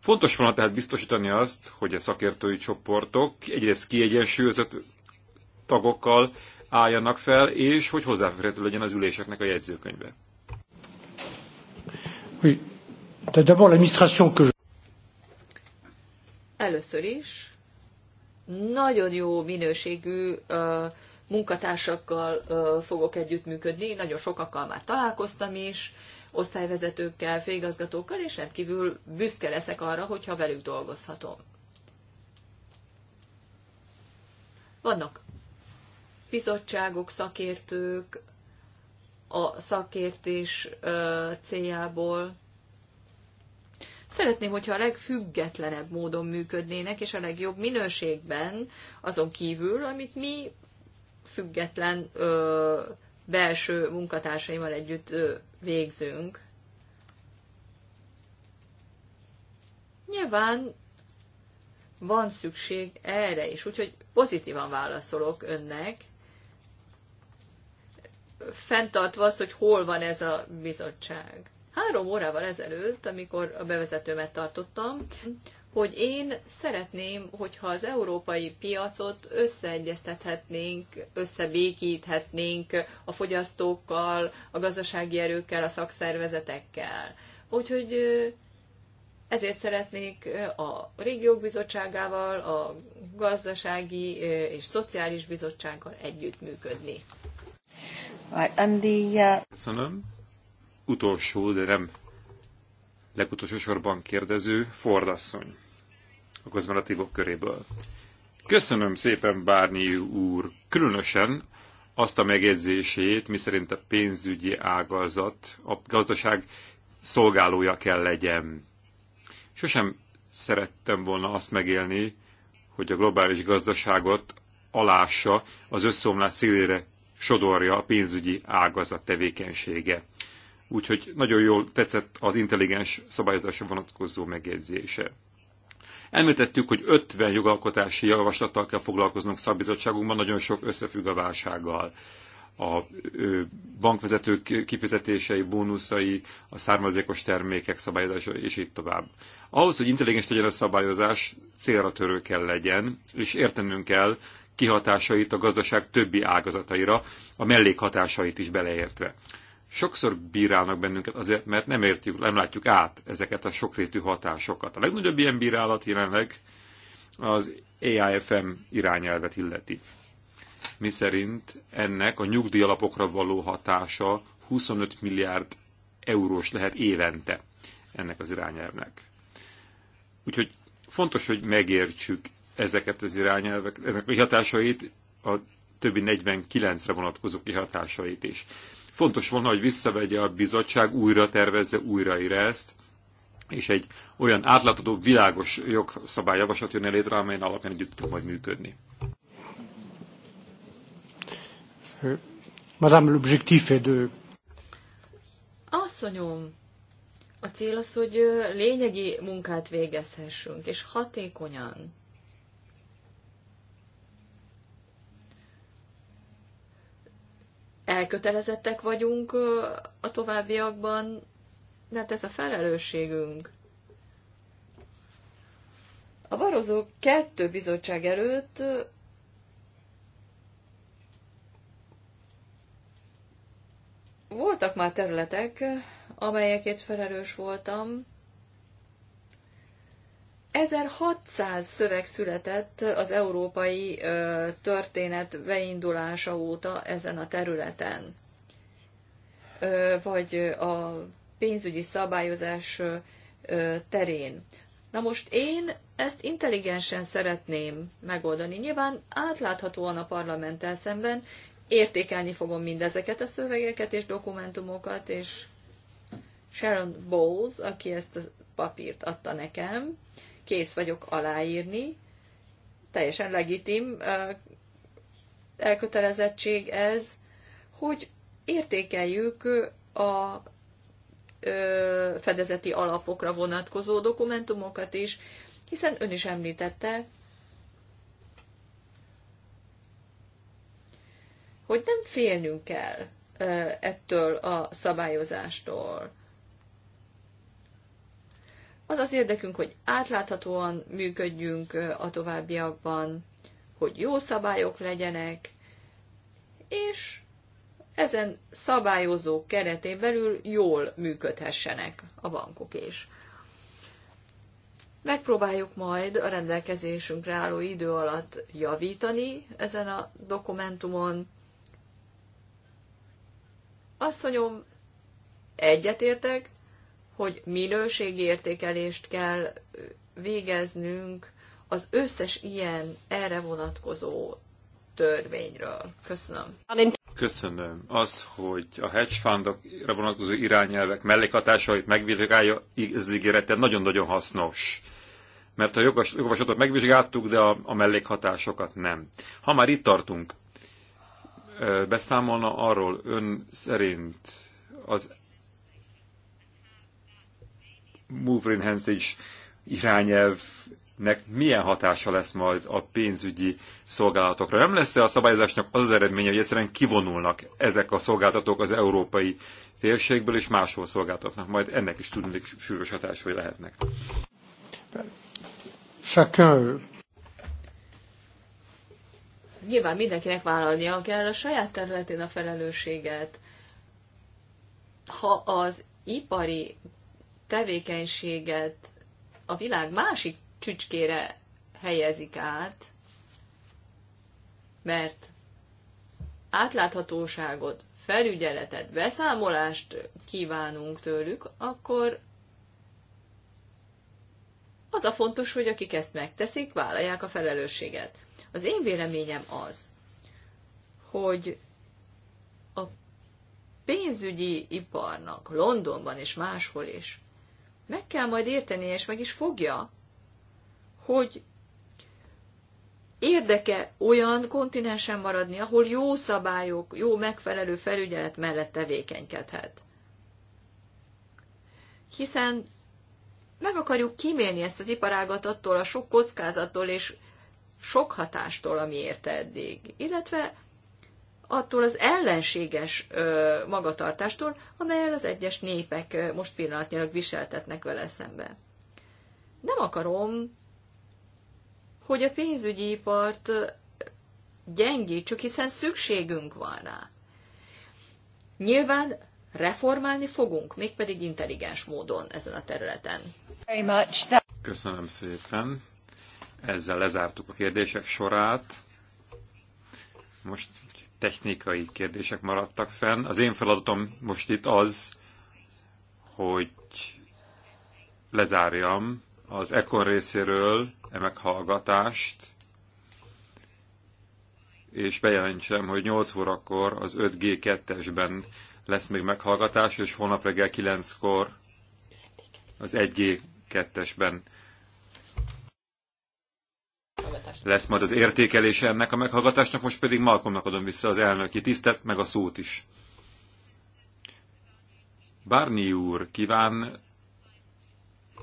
Fontos volna tehát biztosítani azt, hogy a szakértői csoportok egyrészt kiegyensúlyozott tagokkal álljanak fel, és hogy hozzáférhető legyen az üléseknek a jegyzőkönyve. Először is nagyon jó minőségű uh, munkatársakkal fogok együttműködni, nagyon sokakkal már találkoztam is, osztályvezetőkkel, főigazgatókkal, és rendkívül büszke leszek arra, hogyha velük dolgozhatom. Vannak bizottságok, szakértők a szakértés céljából. Szeretném, hogyha a legfüggetlenebb módon működnének, és a legjobb minőségben, azon kívül, amit mi független ö, belső munkatársaimmal együtt végzünk. Nyilván van szükség erre is, úgyhogy pozitívan válaszolok önnek, fenntartva azt, hogy hol van ez a bizottság. Három órával ezelőtt, amikor a bevezetőmet tartottam, hogy én szeretném, hogyha az európai piacot összeegyeztethetnénk, összebékíthetnénk a fogyasztókkal, a gazdasági erőkkel, a szakszervezetekkel. Úgyhogy ezért szeretnék a régiók bizottságával, a gazdasági és szociális bizottsággal együttműködni. Uh, Köszönöm. Utolsó, de nem legutolsó sorban kérdező, Ford asszony a kozmonatívok köréből. Köszönöm szépen Bárnyi úr, különösen azt a megjegyzését, miszerint a pénzügyi ágazat a gazdaság szolgálója kell legyen. Sosem szerettem volna azt megélni, hogy a globális gazdaságot alássa, az összeomlás szélére sodorja a pénzügyi ágazat tevékenysége. Úgyhogy nagyon jól tetszett az intelligens szabályozásra vonatkozó megjegyzése. Említettük, hogy 50 jogalkotási javaslattal kell foglalkoznunk szakbizottságunkban, nagyon sok összefügg a válsággal. A bankvezetők kifizetései, bónuszai, a származékos termékek szabályozása, és így tovább. Ahhoz, hogy intelligens legyen a szabályozás, célra törő kell legyen, és értenünk kell kihatásait a gazdaság többi ágazataira, a mellékhatásait is beleértve sokszor bírálnak bennünket azért, mert nem értjük, nem látjuk át ezeket a sokrétű hatásokat. A legnagyobb ilyen bírálat jelenleg az AIFM irányelvet illeti. Mi szerint ennek a nyugdíjalapokra való hatása 25 milliárd eurós lehet évente ennek az irányelvnek. Úgyhogy fontos, hogy megértsük ezeket az irányelvek, ezek a hatásait, a többi 49-re vonatkozó kihatásait is. Fontos volna, hogy visszavegye a bizottság, újra tervezze, újraír ezt, és egy olyan átlátható, világos jogszabályjavaslat jönne létre, amelyen alapján együtt tud majd működni. Madame, l'objectif est de... Asszonyom, a cél az, hogy lényegi munkát végezhessünk, és hatékonyan. elkötelezettek vagyunk a továbbiakban, mert hát ez a felelősségünk. A Barozó kettő bizottság előtt voltak már területek, amelyekért felelős voltam, 1600 szöveg született az európai történet beindulása óta ezen a területen, vagy a pénzügyi szabályozás terén. Na most én ezt intelligensen szeretném megoldani. Nyilván átláthatóan a parlamenttel szemben értékelni fogom mindezeket a szövegeket és dokumentumokat, és Sharon Bowles, aki ezt a papírt adta nekem, kész vagyok aláírni, teljesen legitim elkötelezettség ez, hogy értékeljük a fedezeti alapokra vonatkozó dokumentumokat is, hiszen ön is említette, hogy nem félnünk kell ettől a szabályozástól. Az az érdekünk, hogy átláthatóan működjünk a továbbiakban, hogy jó szabályok legyenek, és ezen szabályozó keretén belül jól működhessenek a bankok is. Megpróbáljuk majd a rendelkezésünkre álló idő alatt javítani ezen a dokumentumon. Asszonyom, egyetértek, hogy minőségi értékelést kell végeznünk az összes ilyen erre vonatkozó törvényről. Köszönöm. Köszönöm. Az, hogy a hedge fundokra vonatkozó irányelvek mellékhatásait megvizsgálja, ez ígérete nagyon-nagyon hasznos. Mert a jogos, megvizsgáltuk, de a, a mellékhatásokat nem. Ha már itt tartunk, beszámolna arról ön szerint az Mover is irányelvnek milyen hatása lesz majd a pénzügyi szolgálatokra. Nem lesz-e a szabályozásnak az, az eredménye, hogy egyszerűen kivonulnak ezek a szolgáltatók az európai térségből, és máshol szolgáltatnak? Majd ennek is tudnék sűrűs hatásai lehetnek. nyilván mindenkinek vállalnia kell a saját területén a felelősséget. Ha az ipari tevékenységet a világ másik csücskére helyezik át, mert átláthatóságot, felügyeletet, beszámolást kívánunk tőlük, akkor az a fontos, hogy akik ezt megteszik, vállalják a felelősséget. Az én véleményem az, hogy a pénzügyi iparnak Londonban és máshol is meg kell majd érteni, és meg is fogja, hogy érdeke olyan kontinensen maradni, ahol jó szabályok, jó megfelelő felügyelet mellett tevékenykedhet. Hiszen meg akarjuk kimélni ezt az iparágat attól a sok kockázattól és sok hatástól, ami érte eddig. Illetve attól az ellenséges magatartástól, amelyel az egyes népek most pillanatnyilag viseltetnek vele szembe. Nem akarom, hogy a pénzügyi ipart gyengítsük, hiszen szükségünk van rá. Nyilván reformálni fogunk, mégpedig intelligens módon ezen a területen. Köszönöm szépen. Ezzel lezártuk a kérdések sorát. Most technikai kérdések maradtak fenn. Az én feladatom most itt az, hogy lezárjam az Ekon részéről e meghallgatást, és bejelentsem, hogy 8 órakor az 5G2-esben lesz még meghallgatás, és holnap reggel 9-kor az 1G2-esben lesz majd az értékelése ennek a meghallgatásnak, most pedig Malcolmnak adom vissza az elnöki tisztet, meg a szót is. Barni úr kíván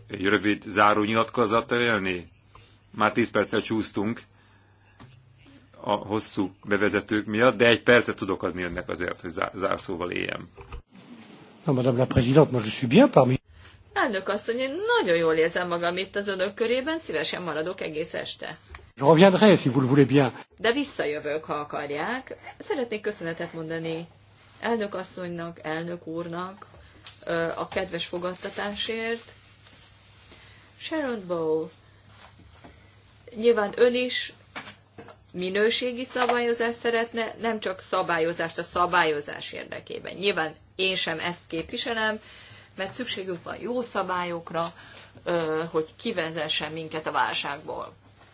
egy rövid záró nyilatkozattal élni? Már 10 perccel csúsztunk a hosszú bevezetők miatt, de egy percet tudok adni önnek azért, hogy zárszóval éljem. Non, Madame la Présidente, moi je suis bien parmi... Elnök asszony, én nagyon jól érzem magam itt az önök körében, szívesen maradok egész este. Je reviendrai, si vous le voulez bien. De visszajövök, ha akarják. Szeretnék köszönetet mondani elnök asszonynak, elnök úrnak a kedves fogadtatásért. Sharon Bowl, nyilván ön is minőségi szabályozást szeretne, nem csak szabályozást a szabályozás érdekében. Nyilván én sem ezt képviselem, mert szükségünk van jó szabályokra, hogy kivezessen minket a válságból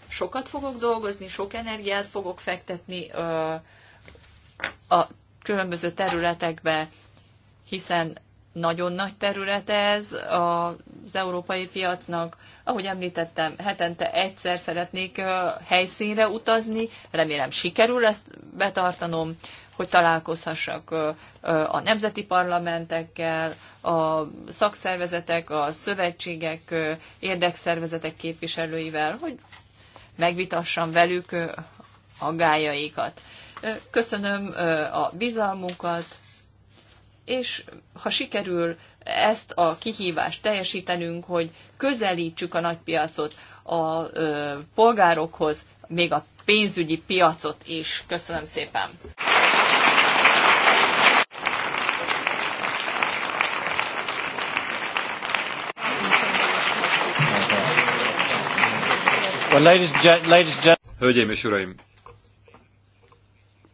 sokat fogok dolgozni, sok energiát fogok fektetni a különböző területekbe, hiszen nagyon nagy terület ez az európai piacnak. Ahogy említettem, hetente egyszer szeretnék helyszínre utazni, remélem sikerül ezt betartanom, hogy találkozhassak a nemzeti parlamentekkel, a szakszervezetek, a szövetségek, érdekszervezetek képviselőivel, hogy megvitassam velük aggájaikat. Köszönöm a bizalmukat, és ha sikerül ezt a kihívást teljesítenünk, hogy közelítsük a nagypiacot a polgárokhoz, még a pénzügyi piacot is. Köszönöm szépen! Hölgyeim és uraim,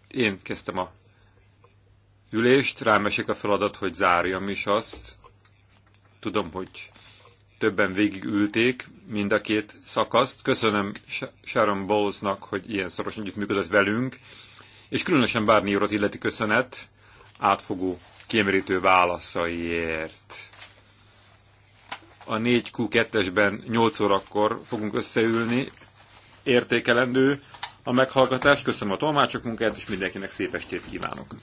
én kezdtem a ülést, rám esik a feladat, hogy zárjam is azt. Tudom, hogy többen végigülték mind a két szakaszt. Köszönöm Sharon Bowlesnak, hogy ilyen szorosan együttműködött velünk, és különösen Bárni urat illeti köszönet átfogó, kiemelítő válaszaiért a 4Q2-esben 8 órakor fogunk összeülni, értékelendő a meghallgatás. Köszönöm a tolmácsok munkáját, és mindenkinek szép estét kívánok!